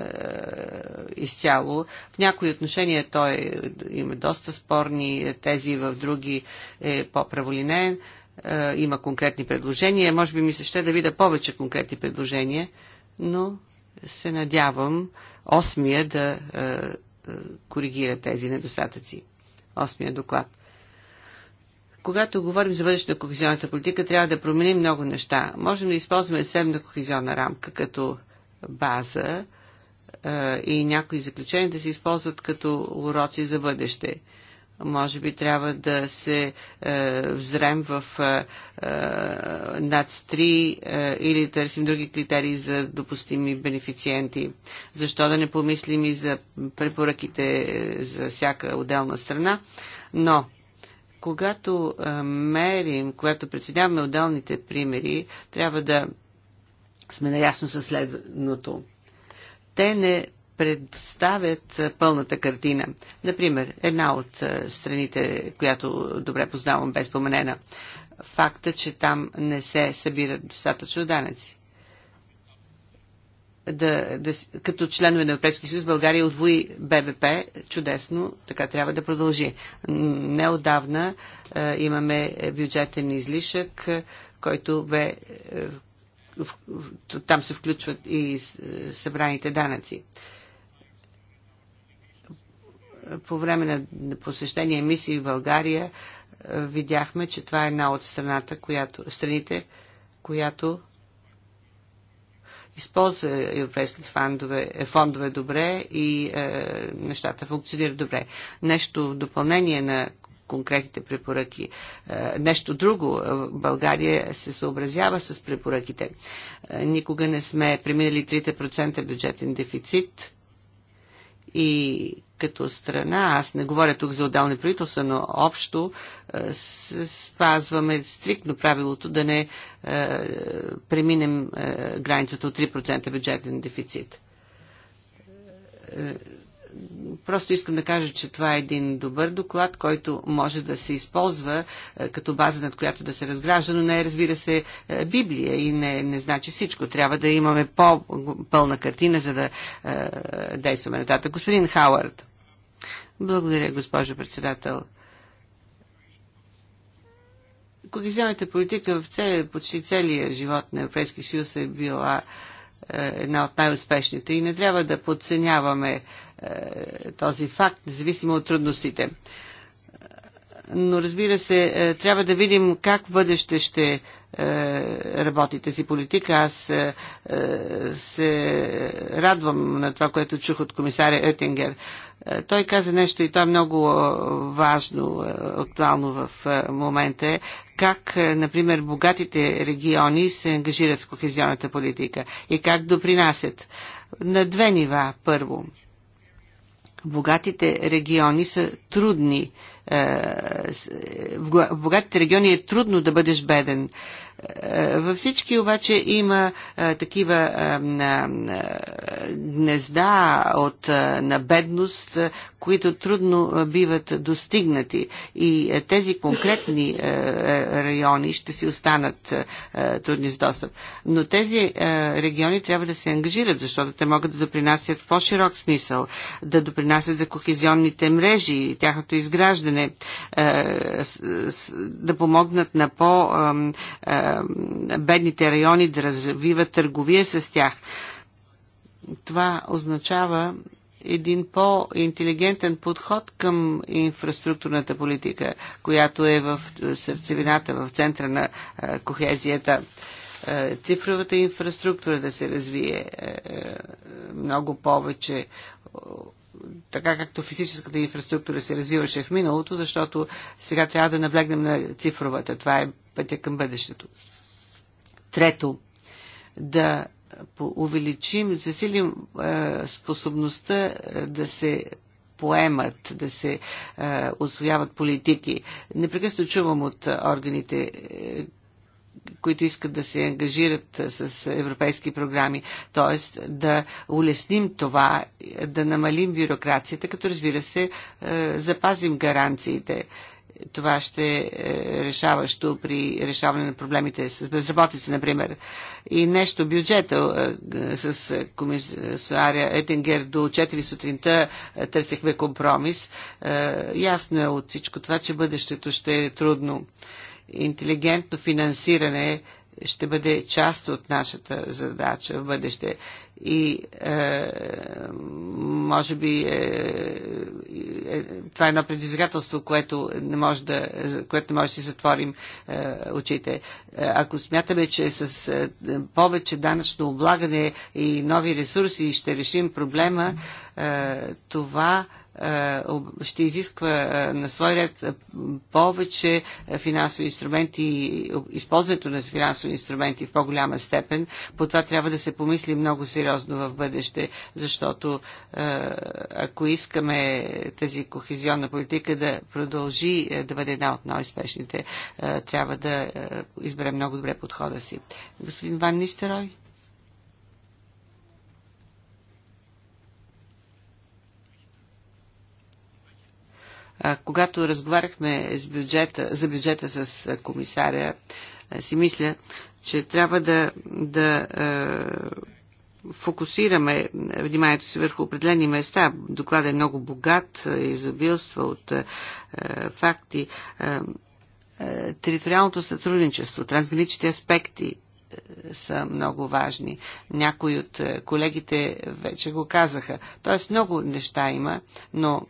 изцяло. В някои отношения той има доста спорни тези, в други е по-праволинен. Има конкретни предложения. Може би ми се ще да видя повече конкретни предложения, но се надявам осмия да коригира тези недостатъци. Осмия доклад. Когато говорим за бъдещето на кохезионната политика, трябва да променим много неща. Можем да използваме седмна кохезионна рамка като база е, и някои заключения да се използват като уроци за бъдеще. Може би трябва да се е, взрем в е, е над 3 е, или търсим други критерии за допустими бенефициенти. Защо да не помислим и за препоръките е, за всяка отделна страна? Но когато мерим, когато преценяваме отделните примери, трябва да сме наясно със следното. Те не представят пълната картина. Например, една от страните, която добре познавам, без споменена, факта, че там не се събират достатъчно данъци да, да, като членове на Европейския съюз България отвои БВП чудесно, така трябва да продължи. Неодавна е, имаме бюджетен излишък, който бе. Е, в, в, там се включват и събраните данъци. По време на посещение мисии в България е, видяхме, че това е една от страната, която, страните, която използва европейските фондове, фондове добре и е, нещата функционират добре. Нещо в допълнение на конкретните препоръки. Е, нещо друго, е, България се съобразява с препоръките. Е, никога не сме преминали 3% бюджетен дефицит и като страна, аз не говоря тук за отдални правителства, но общо е, спазваме стриктно правилото да не е, преминем е, границата от 3% бюджетен дефицит просто искам да кажа, че това е един добър доклад, който може да се използва е, като база, над която да се разгражда, но не е, разбира се, е, Библия и не, не значи всичко. Трябва да имаме по-пълна картина, за да е, действаме нататък. Господин Хауърд. Благодаря, госпожо председател. вземете политика в цели, почти целия живот на Европейския съюз е била е, една от най-успешните и не трябва да подценяваме е, този факт, независимо от трудностите. Но разбира се, е, трябва да видим как бъдеще ще работи тази политика. Аз се радвам на това, което чух от комисаря Етингер. Е, той каза нещо и то е много е, важно, е, актуално в момента. Как, например, богатите региони се ангажират с кохезионната политика и как допринасят? На две нива, първо. Богатите региони са трудни. В богатите региони е трудно да бъдеш беден. Е, във всички обаче има е, такива е, гнезда от, набедност, които трудно биват достигнати. И тези конкретни райони ще си останат трудни с достъп. Но тези региони трябва да се ангажират, защото те могат да допринасят в по-широк смисъл, да допринасят за кохезионните мрежи и тяхното изграждане, да помогнат на по- е, бедните райони, да развива търговия с тях. Това означава един по-интелигентен подход към инфраструктурната политика, която е в сърцевината, в центъра на е, кохезията. Е, цифровата инфраструктура да се развие много повече така както физическата инфраструктура се развиваше в миналото, защото сега трябва да наблегнем на цифровата. Това е пътя към бъдещето. Трето, да увеличим, засилим способността да се поемат, да се е, освояват политики. Непрекъснато чувам от органите, е, които искат да се ангажират с европейски програми, т.е. да улесним това, е, да намалим бюрокрацията, като разбира се е, запазим гаранциите. Е, това ще е решаващо при решаване на проблемите с безработица, например. И нещо бюджета е, е, с комисаря Етенгер до 4 сутринта е, търсихме компромис. Ясно е от всичко това, че бъдещето ще е трудно. Интелигентно финансиране ще бъде част от нашата задача в бъдеще. И е, може би е, е, това е едно предизвикателство, което не може да, което не може да си затворим е, очите. Е, ако смятаме, че с е, повече данъчно облагане и нови ресурси ще решим проблема, е, това е, е, ще изисква е, на свой ред е, повече финансови инструменти и използването на финансови инструменти в по-голяма степен. По това трябва да се помисли много сериозно в бъдеще, защото ако искаме тази кохезионна политика да продължи да бъде една от най-успешните, трябва да изберем много добре подхода си. Господин Ван Нистерой? Когато разговаряхме с бюджета, за бюджета с комисаря, си мисля, че трябва да, да фокусираме вниманието си върху определени места. Докладът е много богат, изобилства от е, факти. Е, е, териториалното сътрудничество, трансграничните аспекти са много важни. Някои от колегите вече го казаха. Тоест много неща има, но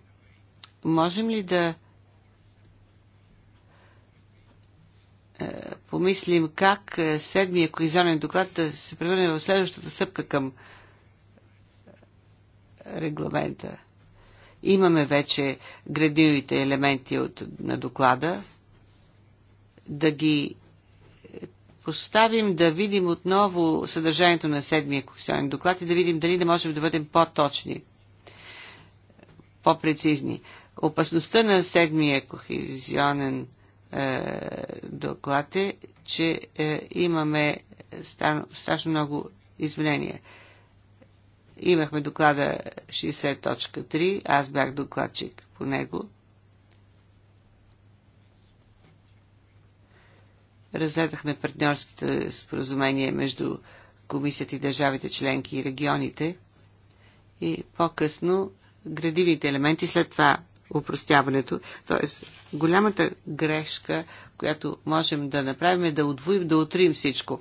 Можем ли да е, помислим как е, седмия коризонен доклад да се превърне в следващата стъпка към е, регламента. Имаме вече градивите елементи от, на доклада. Да ги поставим, да видим отново съдържанието на седмия коризонен доклад и да видим дали да можем да бъдем по-точни, по-прецизни. Опасността на седмия кохезионен е, доклад е, че е, имаме стан, страшно много изменения. Имахме доклада 60.3, аз бях докладчик по него. Разгледахме партньорските споразумения между комисията и държавите членки и регионите. И по-късно градивните елементи, след това упростяването. Тоест, голямата грешка, която можем да направим е да отвоим, да отрим всичко.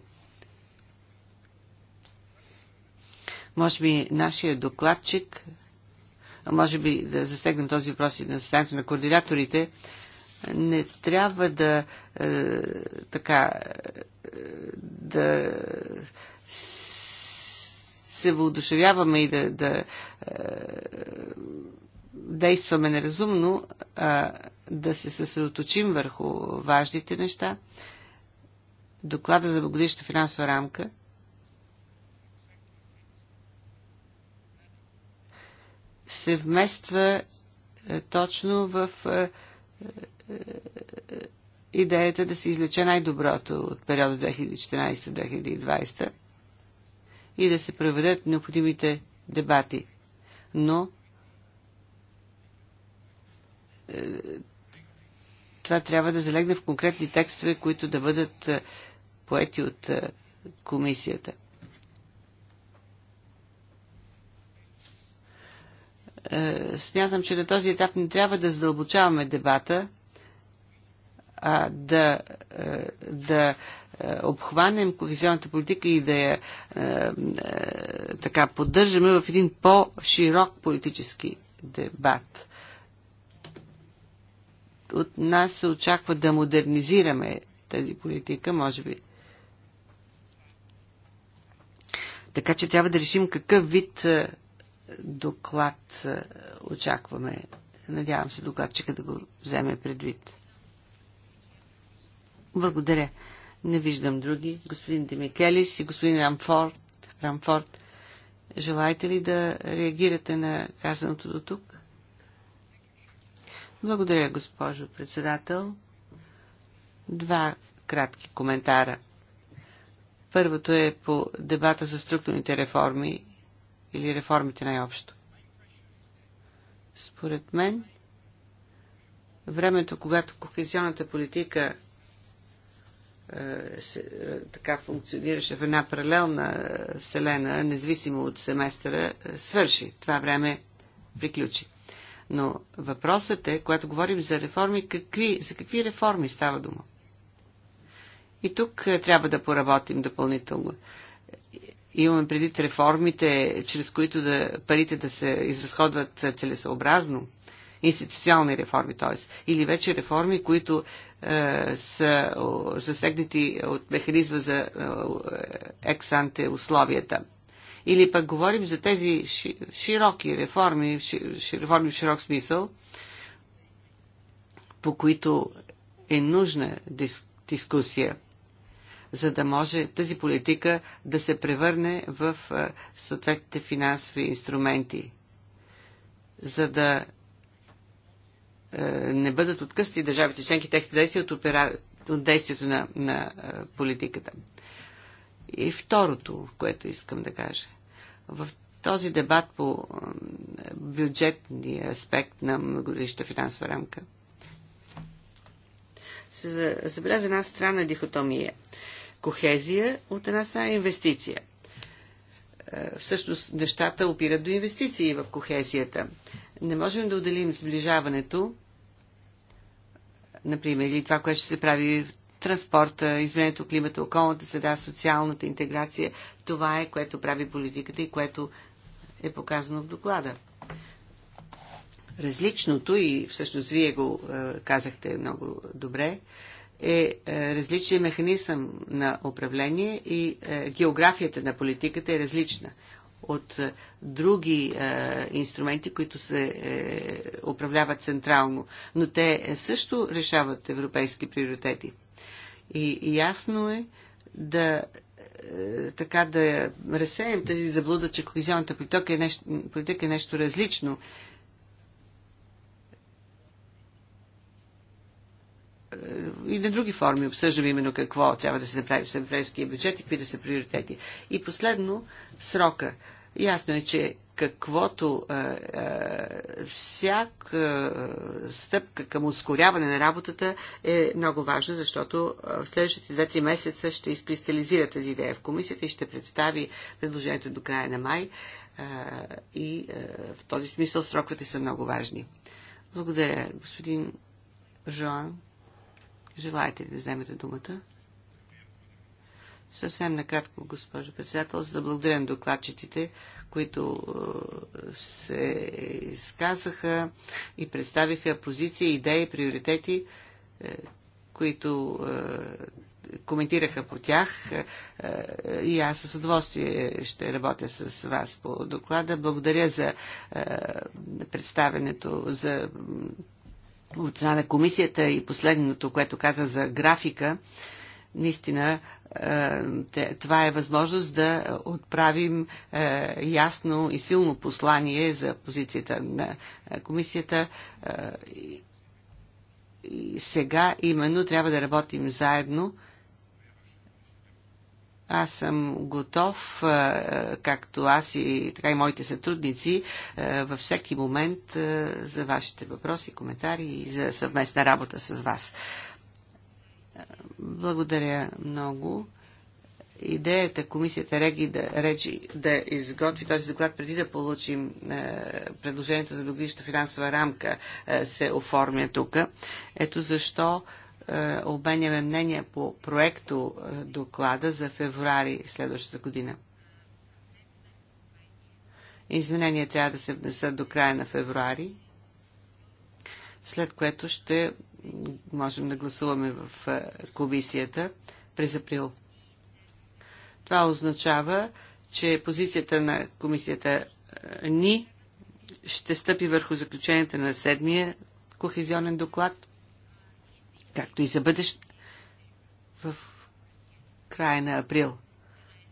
Може би нашия докладчик, може би да застегнем този въпрос и на състоянието на координаторите, не трябва да е, така е, да се въодушевяваме и да, да е, действаме неразумно, а да се съсредоточим върху важните неща. Доклада за годишната финансова рамка се вмества е, точно в е, е, идеята да се излече най-доброто от периода 2014-2020 и да се проведат необходимите дебати. Но това трябва да залегне в конкретни текстове, които да бъдат е, поети от е, комисията. Е, смятам, че на този етап не трябва да задълбочаваме дебата, а да, да обхванем кохезионната политика и да я така поддържаме в един по-широк политически дебат от нас се очаква да модернизираме тази политика, може би. Така че трябва да решим какъв вид е, доклад е, очакваме. Надявам се докладчика да го вземе предвид. Благодаря. Не виждам други. Господин Демикелис и господин Рамфорд. Рамфорд, желаете ли да реагирате на казаното до тук? Благодаря, госпожо председател. Два кратки коментара. Първото е по дебата за структурните реформи или реформите най-общо. Според мен, времето, когато кохезионната политика е, се, е, така функционираше в една паралелна е, вселена, независимо от семестъра, е, свърши. Това време приключи. Но въпросът е, когато говорим за реформи, какви, за какви реформи става дума? И тук е, трябва да поработим допълнително. Имаме предвид реформите, чрез които да, парите да се изразходват е, целесообразно. Институционални реформи, т.е. Или вече реформи, които е, са засегнати от механизма за е, ексанте условията – или пък говорим за тези широки реформи, реформи в широк смисъл, по които е нужна дис, дискусия, за да може тази политика да се превърне в съответните финансови инструменти, за да не бъдат откъсти държавите членки техните действия от, опера... от действието на, на политиката. И второто, което искам да кажа. В този дебат по бюджетния аспект на многодишната финансова рамка се забелязва една странна дихотомия. Кохезия от една страна инвестиция. Е, всъщност нещата опират до инвестиции в кохезията. Не можем да отделим сближаването, например, или това, което ще се прави транспорта, изменението климата, околната среда, социалната интеграция. Това е, което прави политиката и което е показано в доклада. Различното, и всъщност вие го е, казахте много добре, е, е различен механизъм на управление и е, географията на политиката е различна от е, други е, инструменти, които се е, управляват централно, но те също решават европейски приоритети. И ясно е да е, така да разсеем тази заблуда, че кохезионната политика е нещо, политика е нещо различно. Е, и на други форми обсъждаме именно какво трябва да се направи в европейския бюджет и какви да са приоритети. И последно, срока. Ясно е, че каквото е, е, всяка е, стъпка към ускоряване на работата е много важна, защото е, в следващите 2-3 месеца ще изкристализира тази идея в комисията и ще представи предложението до края на май. Е, и е, в този смисъл сроковете са много важни. Благодаря, господин Жоан. Желаете ли да вземете думата? Съвсем накратко, госпожо председател, за да благодаря на докладчиците, които е, се изказаха и представиха позиции, идеи, приоритети, е, които е, коментираха по тях и аз с удоволствие ще работя с вас по доклада. Благодаря за представенето, за от страна на комисията и последното, което каза за графика. Наистина е, това е възможност да отправим е, ясно и силно послание за позицията на е, комисията. И сега именно трябва да работим заедно. Аз съм готов, както аз и така и моите сътрудници, във всеки момент за вашите въпроси, коментари и за съвместна работа с вас. Благодаря много. Идеята комисията Реги да, речи, да изготви този доклад преди да получим е, предложението за догодишната финансова рамка е, се оформя тук. Ето защо е, обменяме мнение по проекто е, доклада за февруари следващата година. Изменения трябва да се внесат до края на февруари, след което ще можем да гласуваме в е, комисията през април. Това означава, че позицията на комисията е, ни ще стъпи върху заключенията на седмия кохезионен доклад, както и за бъдещ в края на април.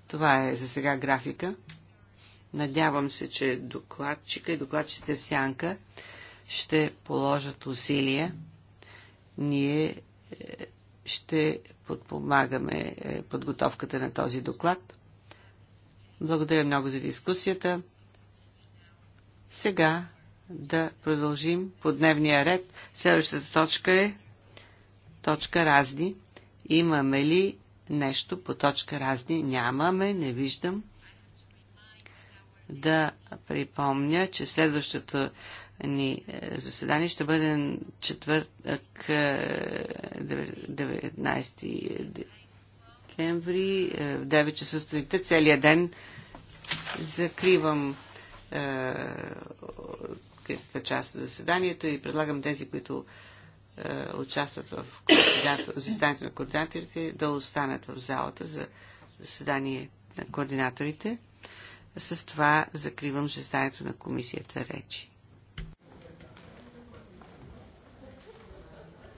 Това е за сега графика. Надявам се, че докладчика и докладчите в сянка ще положат усилия ние е, ще подпомагаме е, подготовката на този доклад. Благодаря много за дискусията. Сега да продължим по дневния ред. Следващата точка е точка разни. Имаме ли нещо по точка разни? Нямаме, не виждам. Да припомня, че следващото ни е, заседание ще бъде четвъртък 19 е, декември е, в 9 часа сутринта целият ден. Закривам откритата част на заседанието и предлагам тези, които е, участват в заседанието на координаторите, да останат в залата за заседание на координаторите. С това закривам заседанието на комисията речи.